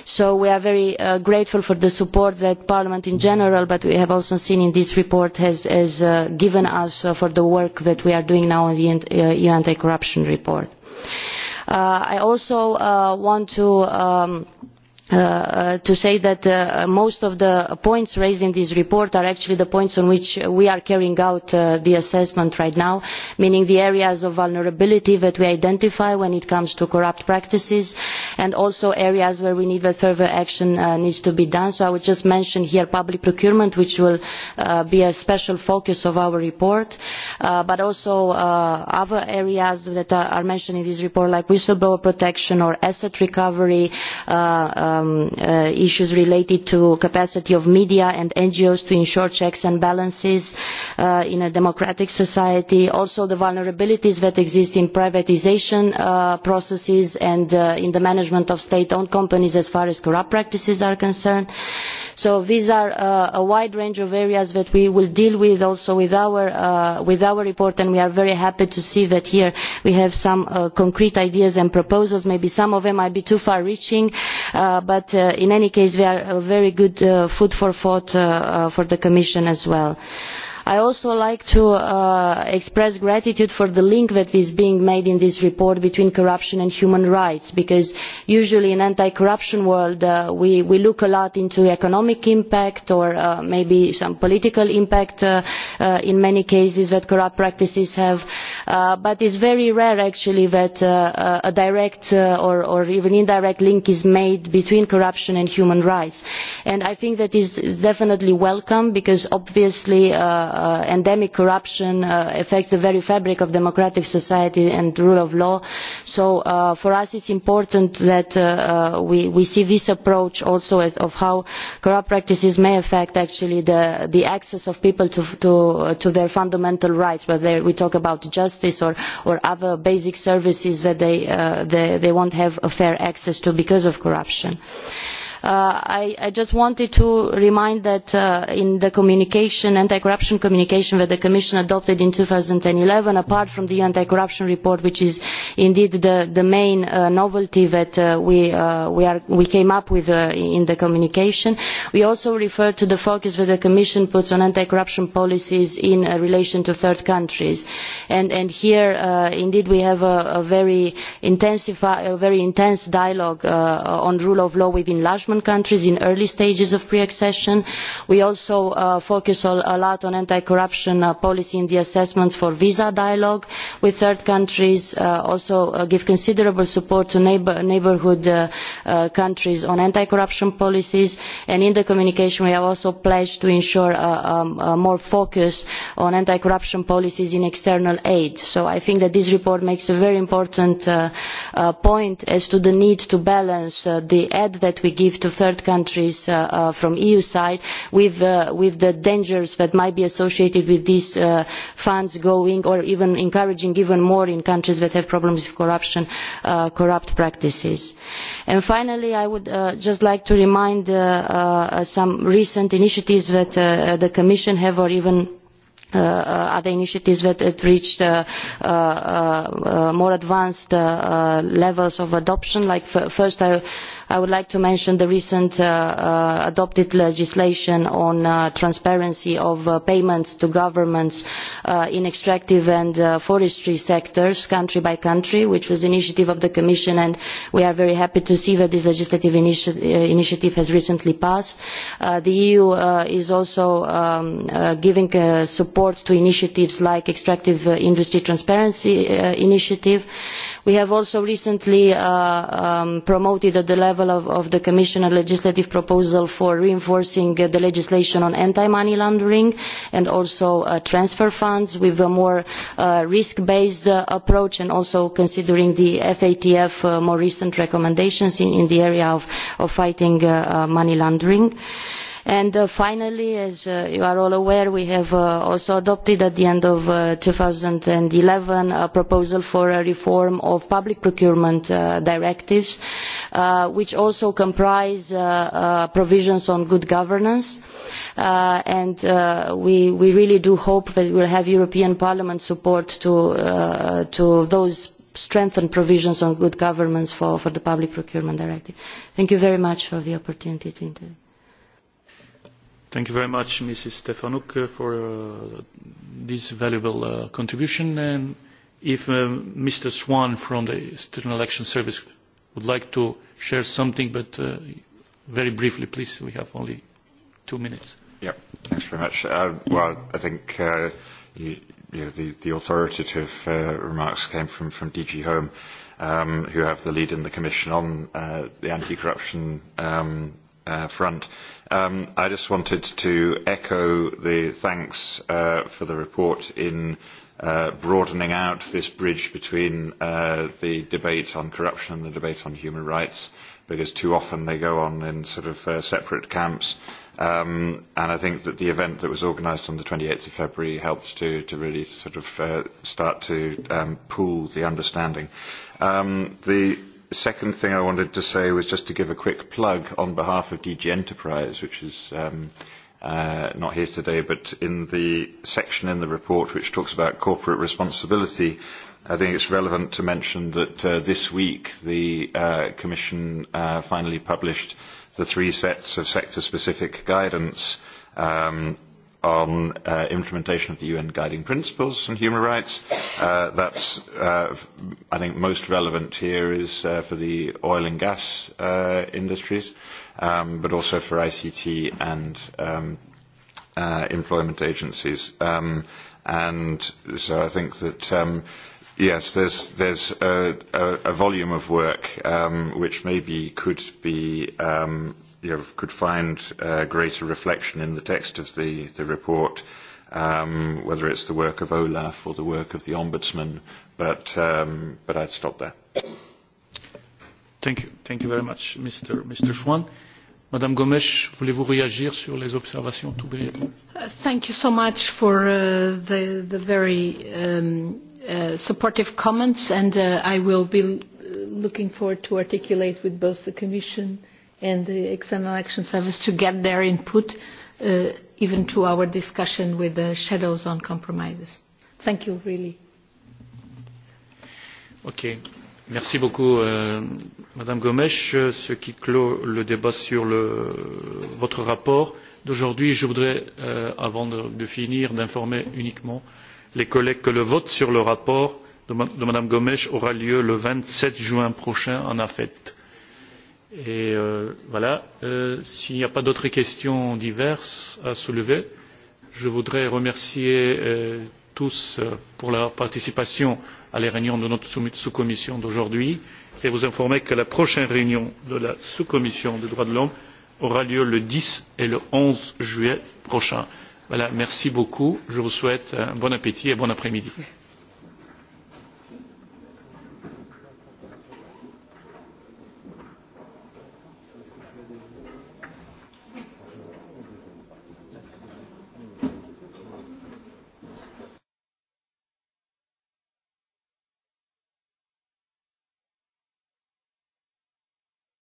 so we are very uh, grateful for the support that parliament in general but we have also seen in this report has, has uh, given us uh, for the work that we are doing now on the eu uh, anti corruption report. Uh, i also uh, want to um, Uh, uh, to say that uh, most of the points raised in this report are actually the points on which we are carrying out uh, the assessment right now, meaning the areas of vulnerability that we identify when it comes to corrupt practices and also areas where we need that further action uh, needs to be done. So I would just mention here public procurement, which will uh, be a special focus of our report, uh, but also uh, other areas that are, are mentioned in this report like whistleblower protection or asset recovery, uh, uh, um, uh, issues related to capacity of media and NGOs to ensure checks and balances uh, in a democratic society, also the vulnerabilities that exist in privatization uh, processes and uh, in the management of state-owned companies as far as corrupt practices are concerned. Uh, so these are uh, a wide range of areas that we will deal with also with our, uh, with our report and we are very happy to see that here we have some uh, concrete ideas and proposals. maybe some of them might be too far reaching uh, but uh, in any case they are a uh, very good uh, food for thought uh, uh, for the commission as well. Uh, i also like to uh, express gratitude for the link that is being made in this report between corruption and human rights because usually in anti corruption world uh, we, we look a lot into economic impact or uh, maybe some political impact uh, uh, in many cases that corrupt practices have uh, but it's very rare actually that uh, uh a direct uh, or, or even indirect link is made between corruption and human rights and i think that is definitely welcome because obviously uh, uh, endemic corruption uh, affects the very fabric of democratic society and rule of law. So uh, for us it's important that uh, uh, we, we see this approach also as of how corrupt practices may affect actually the, the access of people to, to, uh, to their fundamental rights, whether we talk about justice or, or other basic services that they, uh, they, they won't have a fair access to because of corruption. Uh, Uh, I, i just wanted to remind that uh, in the communication anti corruption communication that the commission adopted in two thousand and eleven apart from the anti corruption report which is indeed the, the main uh, novelty that we, we, are, we came up with in the communication we also refer to the focus that the commission puts on anti corruption policies in relation to third countries and, and here indeed we have a, a very intense dialogue on the rule of law with enlargement enlargement countries in early stages of pre accession. we also uh, focus all, a lot on anti corruption uh, policy in the assessments for visa dialogue with third countries uh, also uh, give considerable support to neighbor, neighborhood uh, uh, countries on anti corruption policies and in the communication we have also pledged to ensure uh, um, uh, more focus on anti corruption policies in external aid. so i think that this report makes a very important uh, uh, point as to the need to balance uh, the aid that we give give to third countries uh, uh, from EU side with, uh, with the dangers that might be associated with these uh, funds going or even encouraging even more in countries that have problems with corruption, uh, corrupt practices. And finally, I would uh, just like to remind uh, uh, some recent initiatives that uh, the Commission have or even uh, uh other initiatives that had reached uh, uh, uh, uh, more advanced uh, uh, levels of adoption. Like f first, I I would like to mention the recent uh, uh, adopted legislation on uh, transparency of uh, payments to governments uh, in extractive and uh, forestry sectors, country by country, which was initiative of the Commission, and we are very happy to see that this legislative initi uh, initiative has recently passed. Uh, the EU uh, is also um, uh, giving uh, support to initiatives like extractive uh, industry transparency uh, initiative, uh, we have also recently uh, um, promoted at the level of, of the commission a legislative proposal for reinforcing uh, the legislation on anti money laundering and also uh, transfer funds with a more uh, risk based uh, approach and also considering the fatf uh, more recent recommendations in, in the area of, of fighting uh, uh, money laundering. Uh, And uh, finally, as uh, you are all aware, we have uh, also adopted at the end of uh, 2011 a proposal for a reform of public procurement uh, directives, uh, which also comprise uh, uh, provisions on good governance. Uh, and uh, we, we really do hope that we'll have European Parliament support to, uh, to those strengthen provisions on good governance for, for the public procurement directive. Thank you very much for the opportunity to intervene. Thank you very much, Mrs. Stefanuk, uh, for uh, this valuable uh, contribution. And if uh, Mr. Swan from the Student Election Service would like to share something, but uh, very briefly, please, we have only two minutes. Yeah, thanks very much. Uh, well, I think uh, you, you know, the, the authoritative uh, remarks came from, from DG Home, um, who have the lead in the Commission on uh, the anti-corruption um, uh, front. Uh, Um, I just wanted to echo the thanks uh, for the report in uh, broadening out this bridge between uh, the debate on corruption and the debate on human rights, because too often they go on in sort of uh, separate camps. Um, and I think that the event that was organised on the 28th of February helped to, to really sort of uh, start to um, pool the understanding. Um, the the second thing I wanted to say was just to give a quick plug on behalf of DG Enterprise, which is um, uh, not here today, but in the section in the report which talks about corporate responsibility, I think it's relevant to mention that uh, this week the uh, Commission uh, finally published the three sets of sector-specific guidance um, on uh, implementation of the UN guiding principles on human rights. Uh, that's, uh, I think, most relevant here is uh, for the oil and gas uh, industries, um, but also for ICT and um, uh, employment agencies. Um, and so I think that. Um, Yes, there's there's a, a, a volume of work um, which maybe could be um, you know, could find uh, greater reflection in the text of the, the report, um, whether it's the work of Olaf or the work of the Ombudsman, but, um, but I'd stop there. Thank you. Thank you very much, Mr. Mr. Schwan. Madame Gomes, voulez-vous réagir sur les observations tout brièvement uh, Thank you so much for uh, the, the very um, uh, supportive comments, and uh, I will be looking forward to articulate with both the Commission uh, and the External Action Service to get their input, uh, even to our discussion with the shadows on compromises. Thank you, really. Okay. Merci beaucoup, euh, Madame Gomes, ce qui clôt le débat sur le, votre rapport d'aujourd'hui. Je voudrais, euh, avant de, de finir, d'informer uniquement les collègues que le vote sur le rapport de, de Madame Gomes aura lieu le 27 juin prochain en AFET. Euh, Et euh, voilà, euh, s'il n'y a pas d'autres questions diverses à soulever, je voudrais remercier euh, tous euh, pour la participation à la réunion de notre sous commission d'aujourd'hui et vous informer que la prochaine réunion de la sous commission des droits de l'homme aura lieu le dix et le onze juillet prochain. Voilà, merci beaucoup je vous souhaite un bon appétit et bon après midi.